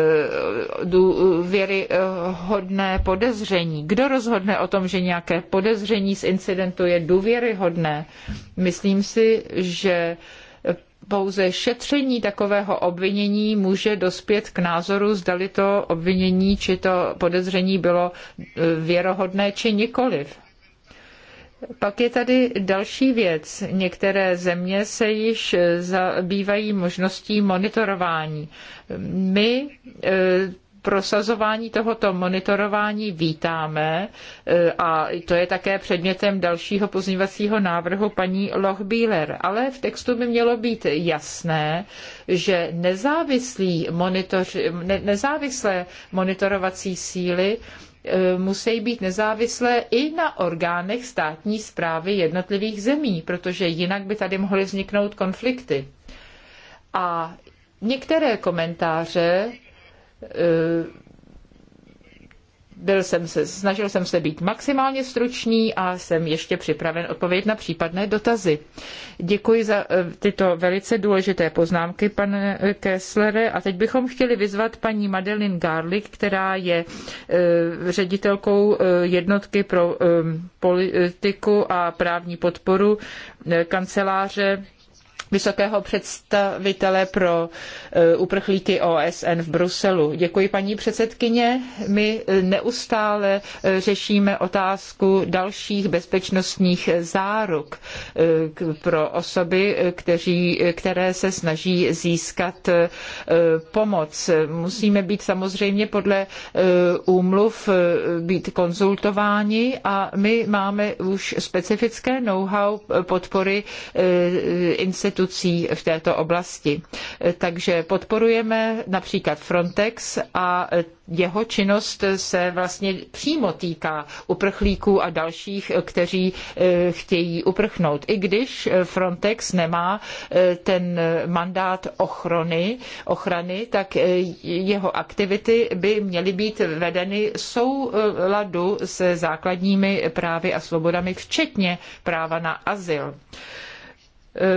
důvěryhodné podezření? Kdo rozhodne o tom, že nějaké podezření z incidentu je důvěryhodné? Myslím si, že pouze šetření takového obvinění může dospět k názoru, zdali to obvinění či to podezření bylo e, věrohodné či nikoliv. Pak je tady další věc. Některé země se již e, zabývají možností monitorování. My e, prosazování tohoto monitorování vítáme eh, a to je také předmětem dalšího pozměňovacího návrhu paní Lochbíler. Ale v textu by mělo být jasné, že nezávislí monitor ne, nezávislé monitorovací síly eh, musí být nezávislé i na orgánech státní správy jednotlivých zemí, protože jinak by tady mohly vzniknout konflikty. A některé komentáře Eh, byl jsem se, snažil jsem se být maximálně stručný a jsem ještě připraven odpovědět na případné dotazy. Děkuji za eh, tyto velice důležité poznámky, pane Kesslere. A teď bychom chtěli vyzvat paní Madeline Garlick, která je eh, ředitelkou jednotky pro politiku a právní podporu kanceláře vysokého představitele pro e, uprchlíky OSN v Bruselu. Děkuji, paní předsedkyně. My e, neustále e, řešíme otázku dalších bezpečnostních záruk pro osoby, kteří, které se snaží získat pomoc. Musíme být samozřejmě podle úmluv být konzultováni a my máme už specifické know-how podpory institucí institucí v této oblasti. Takže podporujeme například Frontex a jeho činnost se vlastně přímo týká uprchlíků a dalších, kteří eh, chtějí uprchnout. I když Frontex nemá eh, ten mandát ochrany, ochrany, tak eh, jeho aktivity by měly být vedeny souladu se základními právy a svobodami, včetně práva na azyl.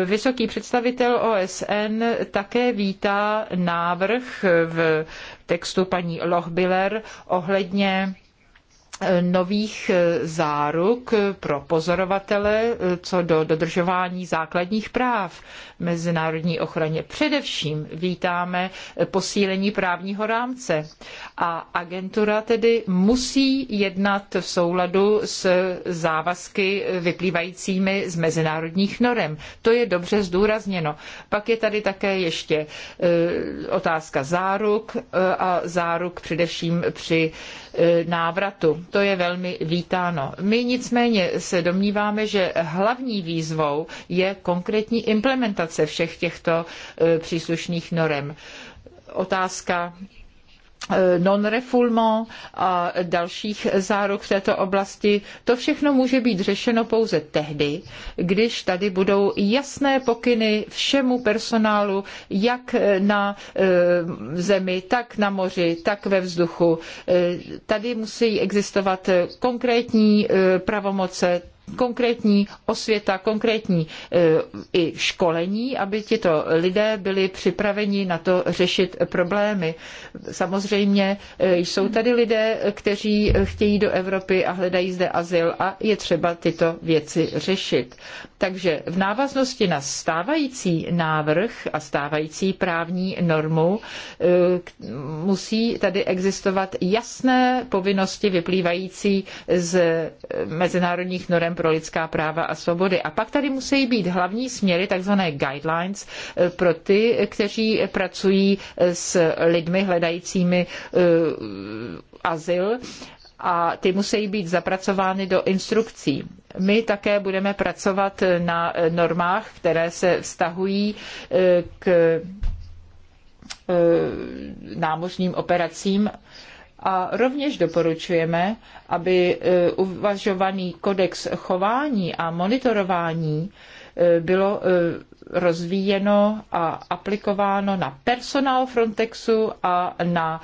Vysoký představitel OSN také vítá návrh v textu paní Lochbiller ohledně nových eh, záruk pro pozorovatele eh, co do dodržování základních práv mezinárodní ochraně. Především vítáme eh, posílení právního rámce a agentura tedy musí jednat v souladu s závazky vyplývajícími z mezinárodních norem. To je dobře zdůrazněno. Pak je tady také ještě otázka záruk a záruk především při E, návratu. To je velmi vítáno. My nicméně se domníváme, že hlavní výzvou je konkrétní implementace všech těchto e, příslušných norem. Otázka Eh, non-refoulement a dalších záruk v této oblasti. To všechno může být řešeno pouze tehdy, když tady budou jasné pokyny všemu personálu, jak na eh, zemi, tak na moři, tak ve vzduchu. Eh, tady musí existovat konkrétní pravomoce konkrétní osvěta, konkrétní eh, i školení, aby tito lidé byli připraveni na to řešit problémy. Samozřejmě eh, jsou tady lidé, kteří chtějí do Evropy a hledají zde azyl a je třeba tyto věci řešit. Takže v návaznosti na stávající návrh a stávající právní normu eh, musí tady existovat jasné povinnosti vyplývající z mezinárodních norem pro lidská práva a svobody. A pak tady musí být hlavní směry, takzvané guidelines, eh, pro ty, kteří pracují eh, s lidmi hledajícími eh, azyl a ty musí být zapracovány do instrukcí. My také budeme pracovat na normách, které se vztahují k námořním operacím a rovněž doporučujeme, aby e, uvažovaný kodex chování a monitorování e, bylo e, rozvíjeno a aplikováno na personál Frontexu a na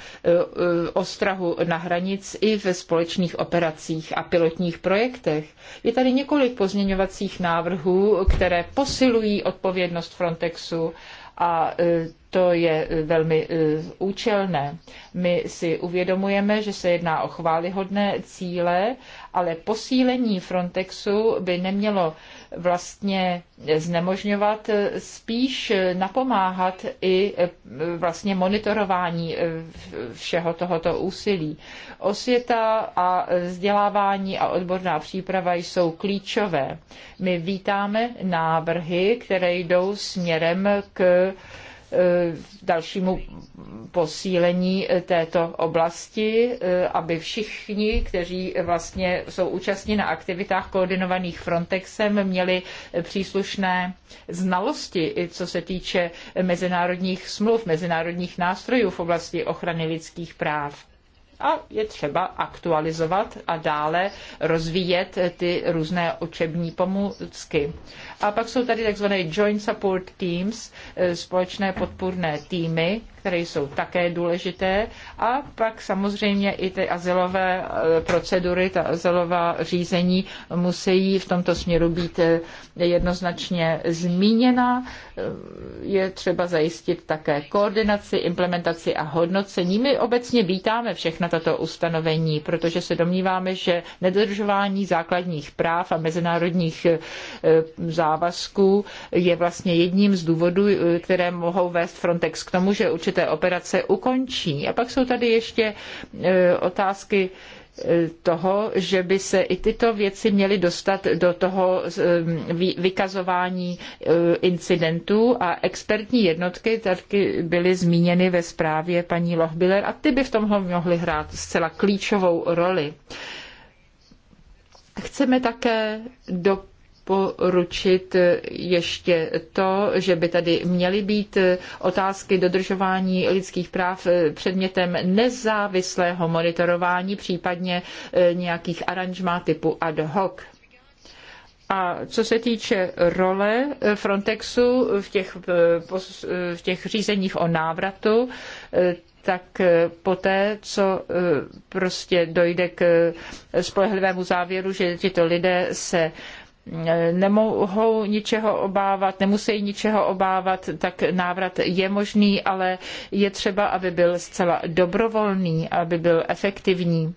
ostrahu na hranic i ve společných operacích a pilotních projektech. Je tady několik pozměňovacích návrhů, které posilují odpovědnost Frontexu a e, to je e, velmi e, účelné. My si uvědomujeme, že se jedná o chválihodné cíle, ale posílení Frontexu by nemělo vlastně znemožňovat, eh, spíš napomáhat i eh, vlastně monitorování eh, všeho tohoto úsilí. Osvěta a vzdělávání a odborná příprava jsou klíčové. My vítáme návrhy, které jdou směrem k Eh, dalšímu posílení eh, této oblasti, eh, aby všichni, kteří vlastně jsou účastní na aktivitách koordinovaných Frontexem, měli příslušné znalosti, co se týče mezinárodních smluv, mezinárodních nástrojů v oblasti ochrany lidských práv a je třeba aktualizovat a dále rozvíjet ty různé učební pomůcky. A pak jsou tady takzvané Joint Support Teams, e, společné podpůrné týmy, které jsou také důležité. A pak samozřejmě i ty azylové e, procedury, ta azylová řízení musí v tomto směru být e, jednoznačně zmíněna. Je třeba zajistit také koordinaci, implementaci a hodnocení. My obecně vítáme všechna tato ustanovení, protože se domníváme, že nedodržování základních práv a mezinárodních základů závazků je vlastně jedním z důvodů, eh, které mohou vést Frontex k tomu, že určité operace ukončí. A pak jsou tady ještě eh, otázky eh, toho, že by se i tyto věci měly dostat do toho vykazování incidentů a expertní jednotky taky byly zmíněny ve zprávě paní Lochbiller a ty by v tomhle mohly hrát zcela klíčovou roli. Chceme také do doporučit ještě to, že by tady měly být otázky dodržování lidských práv předmětem nezávislého monitorování, případně eh, nějakých aranžmá typu ad hoc. A co se týče role eh, Frontexu v těch, eh, v těch řízeních o návratu, tak poté, co prostě dojde k spolehlivému závěru, že tito lidé se nemohou ničeho obávat, nemusí ničeho obávat, tak návrat je možný, ale je třeba, aby byl zcela dobrovolný, aby byl efektivní.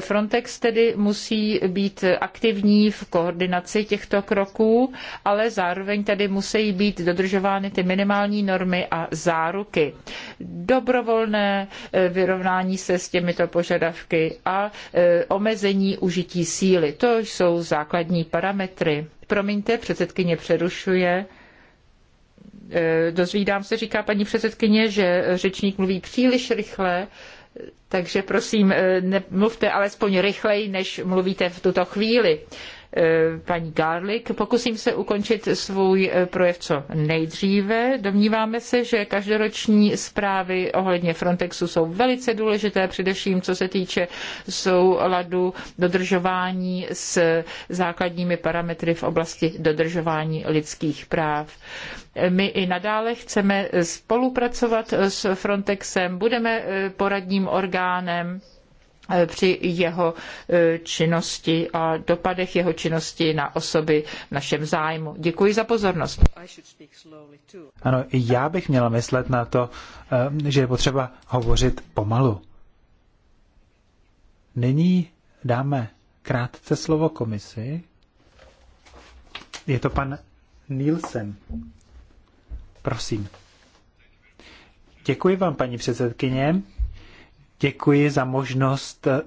Frontex tedy musí být aktivní v koordinaci těchto kroků, ale zároveň tady musí být dodržovány ty minimální normy a záruky. Dobrovolné eh, vyrovnání se s těmito požadavky a eh, omezení užití síly. To jsou základní parametry Petry. Promiňte, předsedkyně přerušuje. E, dozvídám se, říká paní předsedkyně, že řečník mluví příliš rychle, takže prosím, e, mluvte alespoň rychleji, než mluvíte v tuto chvíli. Eh, paní Garlick. Pokusím se ukončit svůj eh, projev co nejdříve. Domníváme se, že každoroční zprávy ohledně Frontexu jsou velice důležité, především co se týče souladu dodržování s základními parametry v oblasti dodržování lidských práv. My i nadále chceme spolupracovat s Frontexem, budeme eh, poradním orgánem Eh, při jeho eh, činnosti a dopadech jeho činnosti na osoby v našem zájmu. Děkuji za pozornost. Ano, i já bych měla myslet na to, eh, že je potřeba hovořit pomalu. Nyní dáme krátce slovo komisi. Je to pan Nielsen. Prosím. Děkuji vám, paní předsedkyně. Děkuji za možnost eh,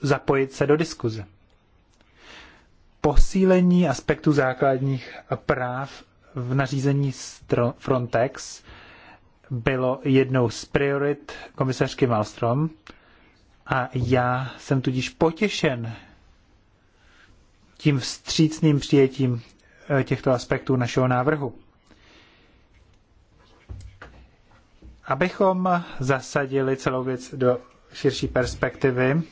zapojit se do diskuze. Posílení aspektu základních práv v nařízení Frontex bylo jednou z priorit komisařky Malmström a já jsem tudíž potěšen tím vstřícným přijetím eh, těchto aspektů našeho návrhu. Abychom zasadili celou věc do širší perspektivy,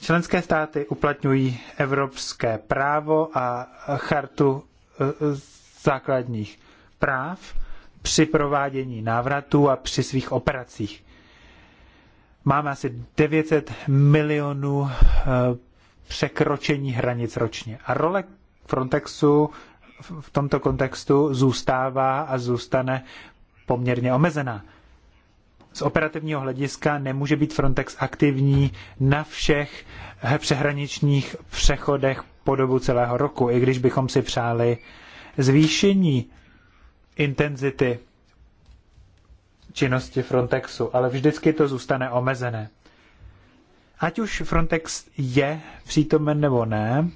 členské státy uplatňují evropské právo a chartu eh, základních práv při provádění návratů a při svých operacích. Máme asi 900 milionů eh, překročení hranic ročně. A role Frontexu v tomto kontextu zůstává a zůstane poměrně omezená. Z operativního hlediska nemůže být Frontex aktivní na všech eh, přehraničních přechodech po dobu celého roku, i když bychom si přáli zvýšení intenzity činnosti Frontexu, ale vždycky to zůstane omezené. Ať už Frontex je přítomen nebo ne,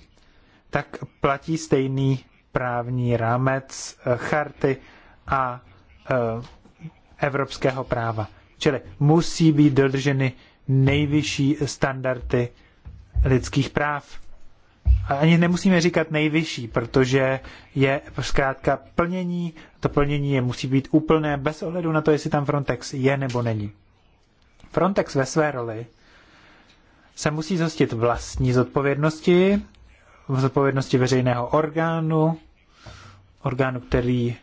tak platí stejný právní rámec eh, charty a Eh, evropského práva. Čili musí být dodrženy nejvyšší standardy lidských práv. A ani nemusíme říkat nejvyšší, protože je zkrátka plnění, to plnění je musí být úplné bez ohledu na to, jestli tam Frontex je nebo není. Frontex ve své roli se musí zhostit vlastní zodpovědnosti, zodpovědnosti veřejného orgánu, orgánu, který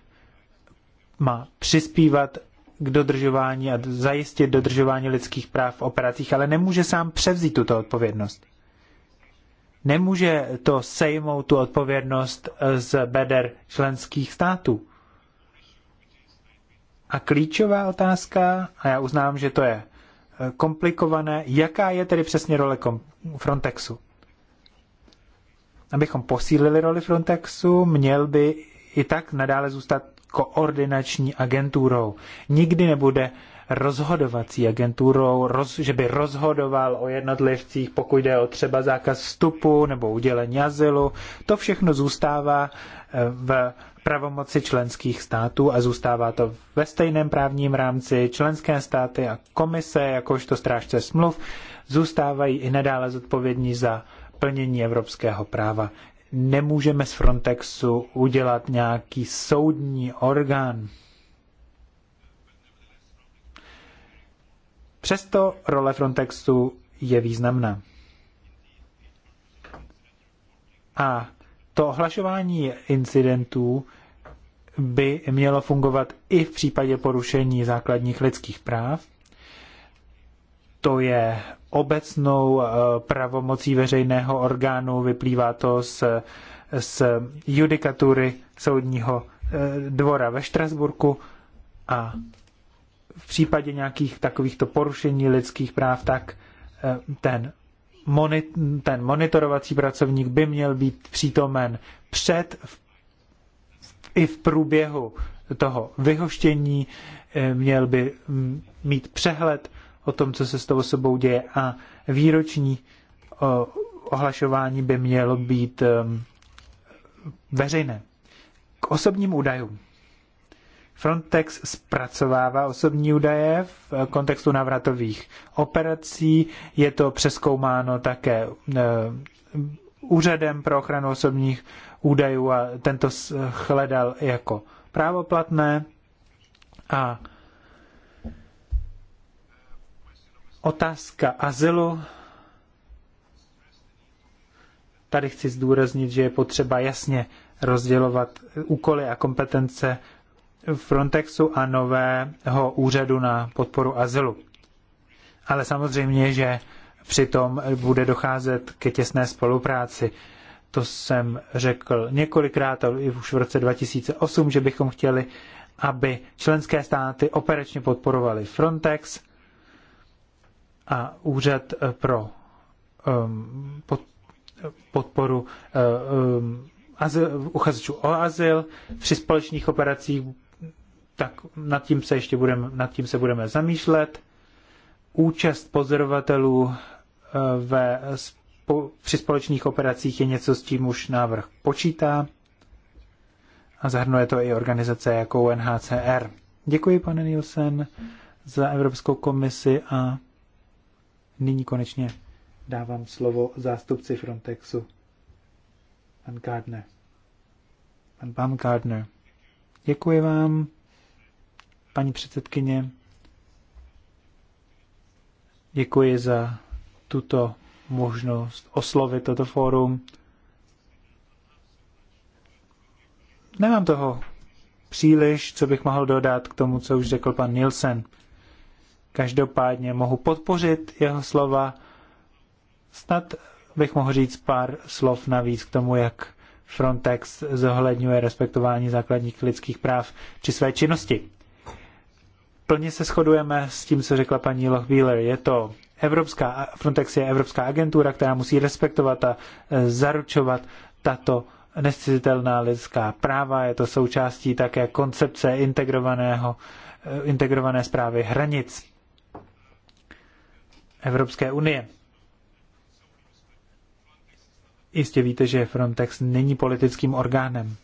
má přispívat k dodržování a zajistit dodržování lidských práv v operacích, ale nemůže sám převzít tuto odpovědnost. Nemůže to sejmout tu odpovědnost z beder členských států. A klíčová otázka, a já uznám, že to je eh, komplikované, jaká je tedy přesně role Frontexu? Abychom posílili roli Frontexu, měl by i tak nadále zůstat koordinační agenturou. Nikdy nebude rozhodovací agenturou, roz, že by rozhodoval o jednotlivcích, pokud jde o třeba zákaz vstupu nebo udělení azylu. To všechno zůstává eh, v pravomoci členských států a zůstává to ve stejném právním rámci. Členské státy a komise, jakožto strážce smluv, zůstávají i nadále zodpovědní za plnění evropského práva nemůžeme z Frontexu udělat nějaký soudní orgán. Přesto role Frontexu je významná. A to ohlašování incidentů by mělo fungovat i v případě porušení základních lidských práv. To je obecnou eh, pravomocí veřejného orgánu, vyplývá to z, z judikatury soudního eh, dvora ve Štrasburku a v případě nějakých takovýchto porušení lidských práv, tak eh, ten, monit, ten monitorovací pracovník by měl být přítomen před i v průběhu toho vyhoštění, měl by mm, mít přehled o tom, co se s tou osobou děje a výroční ohlašování by mělo být veřejné. K osobním údajům. Frontex zpracovává osobní údaje v kontextu návratových operací. Je to přeskoumáno také úřadem pro ochranu osobních údajů a tento hledal jako právoplatné a Otázka azylu. Tady chci zdůraznit, že je potřeba jasně rozdělovat úkoly a kompetence Frontexu a nového úřadu na podporu azylu. Ale samozřejmě, že přitom bude docházet ke těsné spolupráci. To jsem řekl několikrát, a už v roce 2008, že bychom chtěli, aby členské státy operačně podporovaly Frontex a úřad eh, pro um, pod, podporu um, azyl, uchazečů o azyl při společných operacích, tak nad tím se ještě budeme, nad tím se budeme zamýšlet. Účast pozorovatelů eh, ve, při společných operacích je něco, s tím už návrh počítá a zahrnuje to i organizace jako UNHCR. Děkuji, pane Nielsen, za Evropskou komisi a Nyní konečně dávám slovo zástupci Frontexu. Pan Gardner. Pan Pam Gardner. Děkuji vám, paní předsedkyně. Děkuji za tuto možnost oslovit toto fórum. Nemám toho příliš, co bych mohl dodat k tomu, co už řekl pan Nielsen. Každopádně mohu podpořit jeho slova. Snad bych mohl říct pár slov navíc k tomu, jak Frontex zohledňuje respektování základních lidských práv při své činnosti. Plně se shodujeme s tím, co řekla paní Lochwheeler. Je to evropská, Frontex je evropská agentura, která musí respektovat a e, zaručovat tato nescizitelná lidská práva. Je to součástí také koncepce integrovaného, e, integrované zprávy hranic. Evropské unie. Jistě víte, že Frontex není politickým orgánem.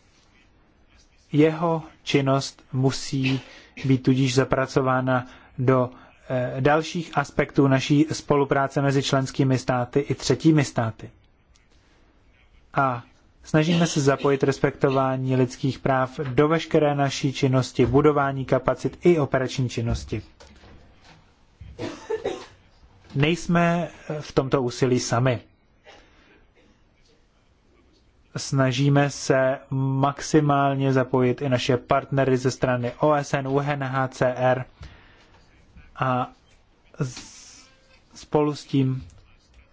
Jeho činnost musí být tudíž zapracována do eh, dalších aspektů naší spolupráce mezi členskými státy i třetími státy. A snažíme se zapojit respektování lidských práv do veškeré naší činnosti, budování kapacit i operační činnosti. Nejsme v tomto úsilí sami. Snažíme se maximálně zapojit i naše partnery ze strany OSN, UNHCR a spolu s tím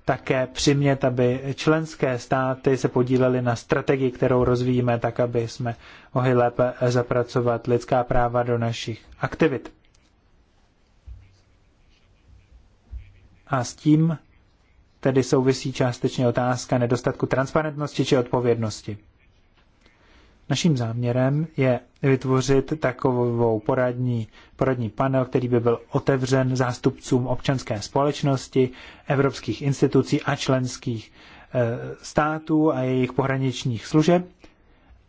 také přimět, aby členské státy se podílely na strategii, kterou rozvíjíme, tak aby jsme mohli lépe zapracovat lidská práva do našich aktivit. A s tím tedy souvisí částečně otázka nedostatku transparentnosti či odpovědnosti. Naším záměrem je vytvořit takovou poradní, poradní panel, který by byl otevřen zástupcům občanské společnosti, evropských institucí a členských eh, států a jejich pohraničních služeb.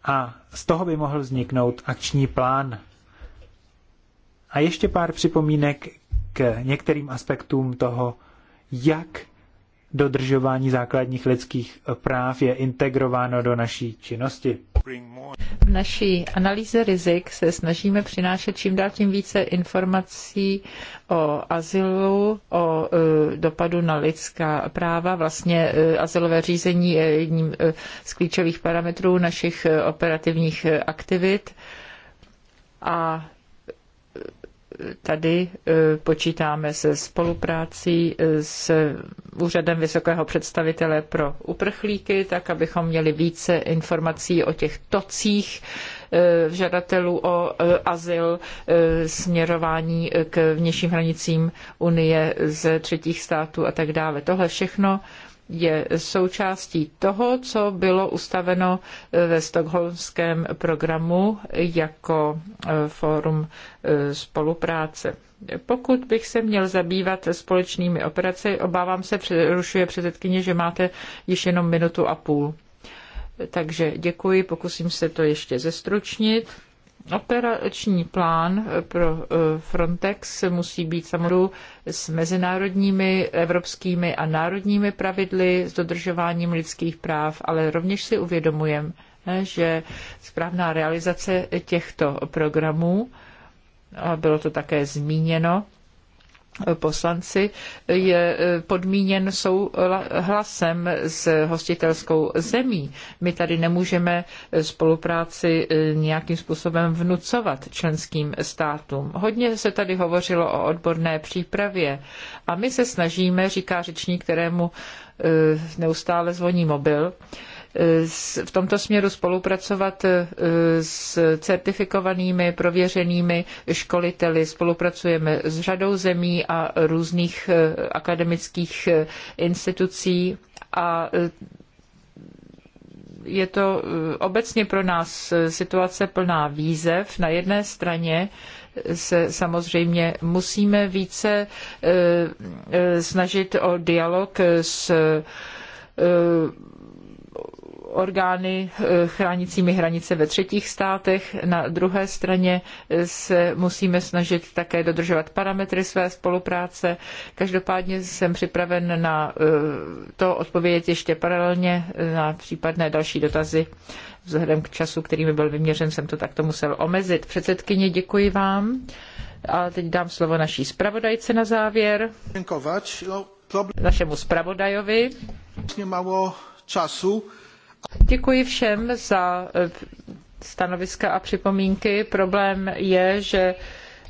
A z toho by mohl vzniknout akční plán. A ještě pár připomínek k některým aspektům toho jak dodržování základních lidských práv je integrováno do naší činnosti. V naší analýze rizik se snažíme přinášet čím dál tím více informací o azylu, o e, dopadu na lidská práva. Vlastně e, azylové řízení je jedním e, z klíčových parametrů našich operativních aktivit. A tady e, počítáme se spoluprácí e, s Úřadem Vysokého představitele pro uprchlíky, tak abychom měli více informací o těch tocích e, žadatelů o azyl, směrování k vnějším hranicím Unie ze třetích států a tak dále. Tohle všechno je součástí toho, co bylo ustaveno eh, ve stokholmském programu jako eh, fórum eh, spolupráce. Pokud bych se měl zabývat společnými operaci, obávám se, přerušuje předsedkyně, že máte již jenom minutu a půl. Takže děkuji, pokusím se to ještě zestručnit. Operační plán eh, pro eh, Frontex musí být samozřejmě s mezinárodními, evropskými a národními pravidly, s dodržováním lidských práv, ale rovněž si uvědomujeme, že správná realizace těchto programů, a bylo to také zmíněno, poslanci je eh, podmíněn souhlasem s hostitelskou zemí. My tady nemůžeme spolupráci eh, nějakým způsobem vnucovat členským státům. Hodně se tady hovořilo o odborné přípravě a my se snažíme, říká řečník, kterému eh, neustále zvoní mobil, v tomto směru spolupracovat e, s certifikovanými, prověřenými školiteli. Spolupracujeme s řadou zemí a různých e, akademických e, institucí a je to obecně pro nás situace plná výzev. Na jedné straně se samozřejmě musíme více snažit o dialog s orgány eh, chránícími hranice ve třetích státech. Na druhé straně eh, se musíme snažit také dodržovat parametry své spolupráce. Každopádně jsem připraven na eh, to odpovědět ještě paralelně na případné další dotazy. Vzhledem k času, který mi byl vyměřen, jsem to takto musel omezit. Předsedkyně, děkuji vám. A teď dám slovo naší zpravodajce na závěr. Našemu zpravodajovi. Málo času Děkuji všem za eh, stanoviska a připomínky. Problém je, že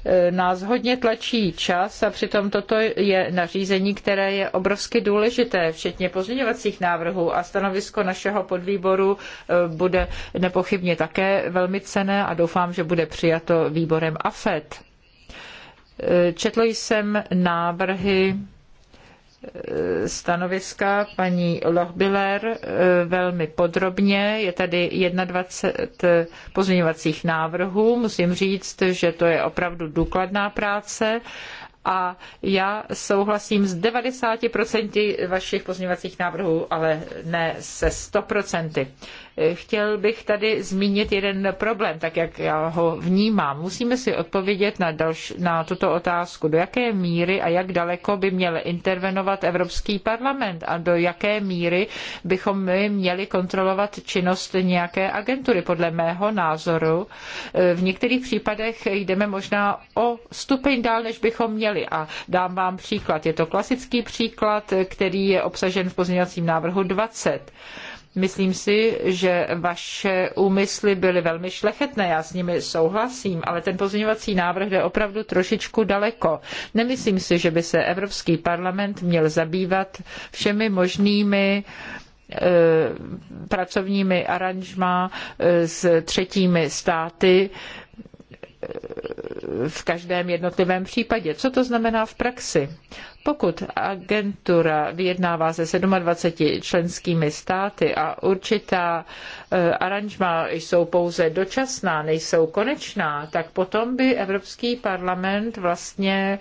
eh, nás hodně tlačí čas a přitom toto je nařízení, které je obrovsky důležité, včetně pozměňovacích návrhů a stanovisko našeho podvýboru eh, bude nepochybně také velmi cené a doufám, že bude přijato výborem AFET. Četl jsem návrhy stanoviska paní Lochbiller eh, velmi podrobně. Je tady 21 eh, pozměňovacích návrhů. Musím říct, že to je opravdu důkladná práce a já souhlasím s 90% vašich pozměňovacích návrhů, ale ne se 100% chtěl bych tady zmínit jeden problém, tak jak já ho vnímám. Musíme si odpovědět na, další na tuto otázku, do jaké míry a jak daleko by měl intervenovat Evropský parlament a do jaké míry bychom my měli kontrolovat činnost nějaké agentury. Podle mého názoru eh, v některých případech jdeme možná o stupeň dál, než bychom měli. A dám vám příklad. Je to klasický příklad, který je obsažen v pozměňovacím návrhu 20. Myslím si, že vaše úmysly byly velmi šlechetné, já s nimi souhlasím, ale ten pozměňovací návrh jde opravdu trošičku daleko. Nemyslím si, že by se Evropský parlament měl zabývat všemi možnými eh, pracovními aranžma eh, s třetími státy, v každém jednotlivém případě. Co to znamená v praxi? Pokud agentura vyjednává se 27 členskými státy a určitá eh, aranžma jsou pouze dočasná, nejsou konečná, tak potom by Evropský parlament vlastně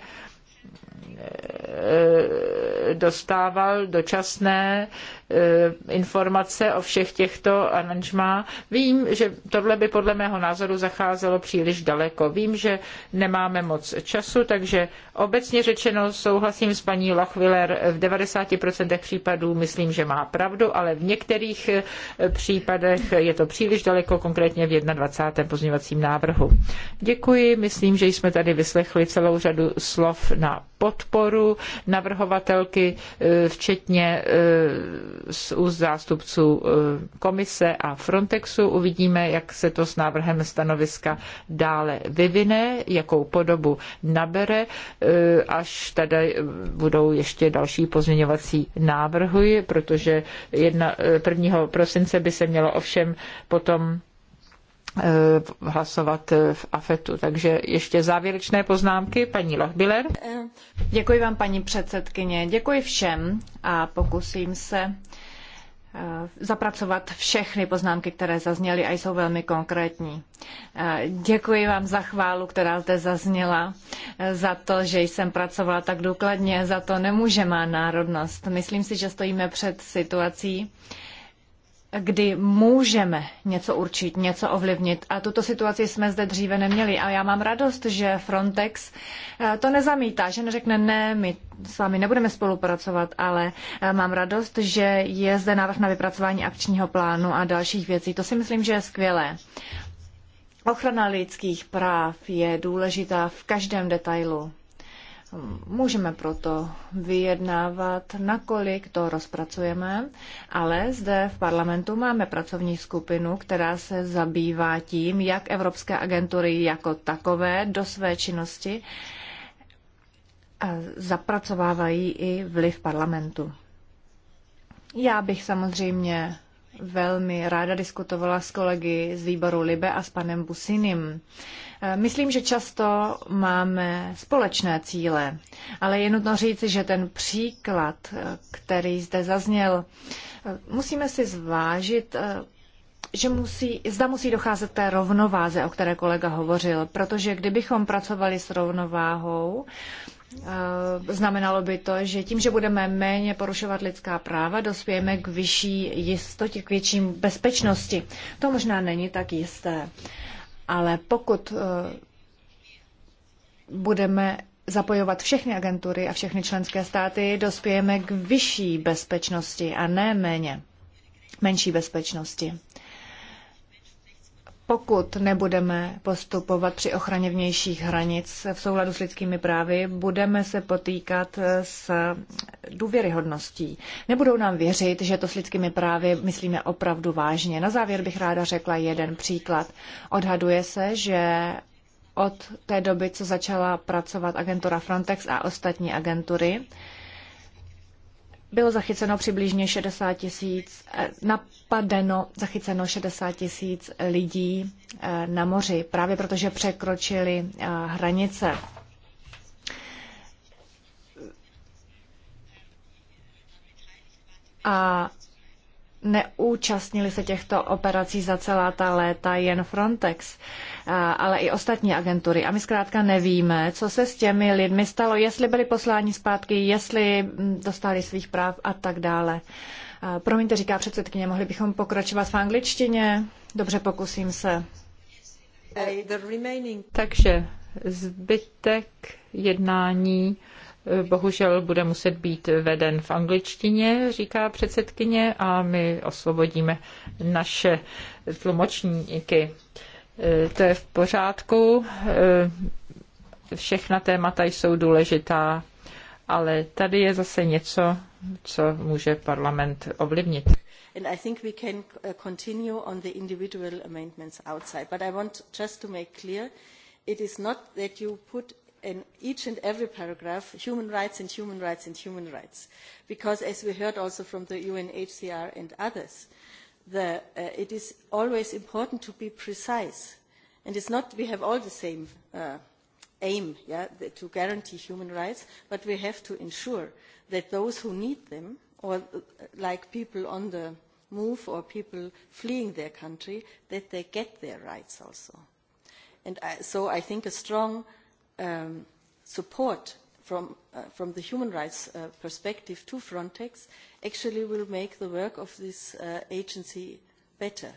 eh, dostával dočasné Eh, informace o všech těchto aranžmá. Vím, že tohle by podle mého názoru zacházelo příliš daleko. Vím, že nemáme moc času, takže obecně řečeno souhlasím s paní Lachwiller v 90% případů myslím, že má pravdu, ale v některých eh, případech je to příliš daleko, konkrétně v 21. pozměvacím návrhu. Děkuji, myslím, že jsme tady vyslechli celou řadu slov na podporu navrhovatelky, eh, včetně z úst zástupců eh, komise a Frontexu. Uvidíme, jak se to s návrhem stanoviska dále vyvine, jakou podobu nabere, eh, až tady budou ještě další pozměňovací návrhy, protože 1. Eh, prosince by se mělo ovšem potom Eh, hlasovat v AFETu. Takže ještě závěrečné poznámky, paní Lochbiller. Eh, děkuji vám, paní předsedkyně. Děkuji všem a pokusím se eh, zapracovat všechny poznámky, které zazněly a jsou velmi konkrétní. Děkuji vám za chválu, která zde zazněla, za to, že jsem pracovala tak důkladně, za to nemůže má národnost. Myslím si, že stojíme před situací, kdy můžeme něco určit, něco ovlivnit. A tuto situaci jsme zde dříve neměli. A já mám radost, že Frontex eh, to nezamítá, že neřekne ne, my s vámi nebudeme spolupracovat, ale eh, mám radost, že je zde návrh na vypracování akčního plánu a dalších věcí. To si myslím, že je skvělé. Ochrana lidských práv je důležitá v každém detailu. Můžeme proto vyjednávat, nakolik to rozpracujeme, ale zde v parlamentu máme pracovní skupinu, která se zabývá tím, jak evropské agentury jako takové do své činnosti zapracovávají i vliv parlamentu. Já bych samozřejmě velmi ráda diskutovala s kolegy z výboru Libe a s panem Businim. E, myslím, že často máme společné cíle, ale je nutno říci, že ten příklad, e, který zde zazněl, e, musíme si zvážit že musí, zda musí docházet té rovnováze, o které kolega hovořil, protože kdybychom pracovali s rovnováhou, eh, Znamenalo by to, že tím, že budeme méně porušovat lidská práva, dospějeme k vyšší jistotě, k větším bezpečnosti. To možná není tak jisté, ale pokud eh, budeme zapojovat všechny agentury a všechny členské státy, dospějeme k vyšší bezpečnosti a ne méně menší bezpečnosti pokud nebudeme postupovat při ochraně vnějších hranic v souladu s lidskými právy, budeme se potýkat s důvěryhodností. Nebudou nám věřit, že to s lidskými právy myslíme opravdu vážně. Na závěr bych ráda řekla jeden příklad. Odhaduje se, že od té doby, co začala pracovat agentura Frontex a ostatní agentury, bylo zachyceno přibližně 60 tisíc, eh, napadeno, zachyceno 60 tisíc lidí eh, na moři, právě protože překročili eh, hranice. A neúčastnili se těchto operací za celá ta léta jen Frontex, ale i ostatní agentury. A my zkrátka nevíme, co se s těmi lidmi stalo, jestli byli posláni zpátky, jestli mm, dostali svých práv a tak dále. Promiňte, říká předsedkyně, mohli bychom pokračovat v angličtině? Dobře, pokusím se. Takže zbytek jednání bohužel bude muset být veden v angličtině, říká předsedkyně, a my osvobodíme naše tlumočníky. E, to je v pořádku, e, všechna témata jsou důležitá, ale tady je zase něco, co může parlament ovlivnit. And I think we can uh, continue on the individual amendments outside. But I want just to make clear, it is not that you put in each and every paragraph human rights and human rights and human rights because as we heard also from the UNHCR and others the, uh, it is always important to be precise and it's not we have all the same uh, aim yeah, the, to guarantee human rights but we have to ensure that those who need them or uh, like people on the move or people fleeing their country that they get their rights also and I, so I think a strong um, support from, uh, from the human rights uh, perspective to Frontex actually will make the work of this uh, agency better.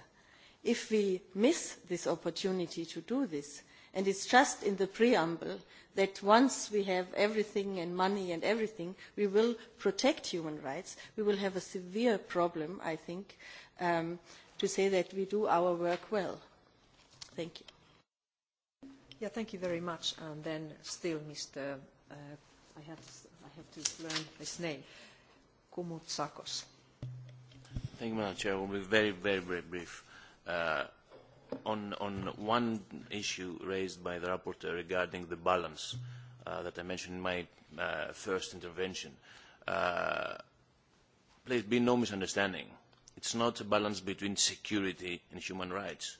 If we miss this opportunity to do this, and it's just in the preamble that once we have everything and money and everything, we will protect human rights, we will have a severe problem, I think, um, to say that we do our work well. Thank you. Yeah, thank you very much. And then still, Mr. Uh, I, have, I have to learn his name, Kumutsakos. Thank you, Madam Chair. I will be very, very, very brief. Uh, on, on one issue raised by the rapporteur regarding the balance uh, that I mentioned in my uh, first intervention, uh, please be no misunderstanding. It's not a balance between security and human rights.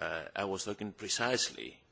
Uh, I was talking precisely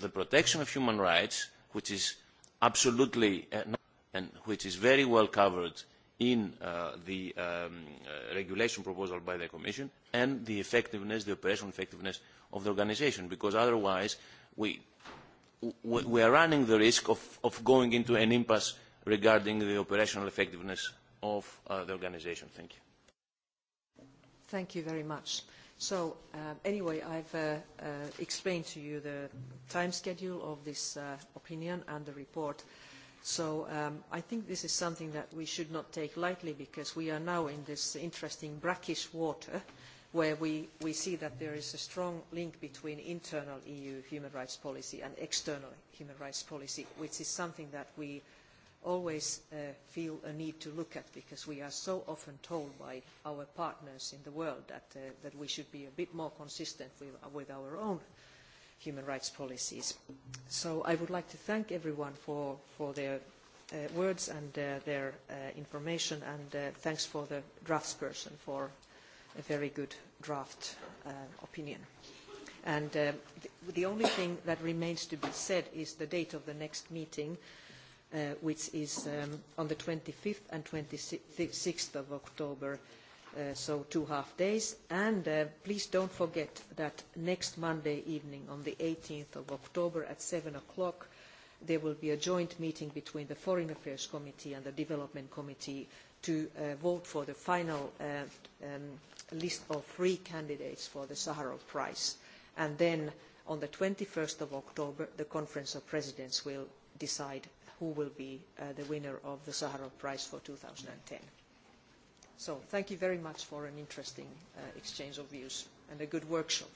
the protection of human rights, which is absolutely uh, and which is very well covered in uh, the um, uh, regulation proposal by the Commission, and the effectiveness, the operational effectiveness of the organisation, because otherwise we, we are running the risk of, of going into an impasse regarding the operational effectiveness of uh, the organisation. Thank you. Thank you very much. So um, anyway, I've uh, uh, explained to you the time schedule of this uh, opinion and the report. So um, I think this is something that we should not take lightly because we are now in this interesting brackish water where we, we see that there is a strong link between internal EU human rights policy and external human rights policy, which is something that we always uh, feel a need to look at because we are so often told by our partners in the world that, uh, that we should be a bit more consistent with, uh, with, our own human rights policies. So I would like to thank everyone for, for their uh, words and uh, their uh, information and thanks for the draftsperson for a very good draft opinion. And the, the only thing that remains to be said is the date of the next meeting. Uh, Uh, which is um, on the 25th and 26th of October, uh, so two half days. And uh, please don't forget that next Monday evening, on the 18th of October at seven o'clock, there will be a joint meeting between the Foreign Affairs Committee and the Development Committee to vote for the final um, list of three candidates for the Sakharov Prize. And then on the 21st of October, the Conference of Presidents will decide who will be uh, the winner of the Sakharov Prize for 2010. So thank you very much for an interesting uh, exchange of views and a good workshop.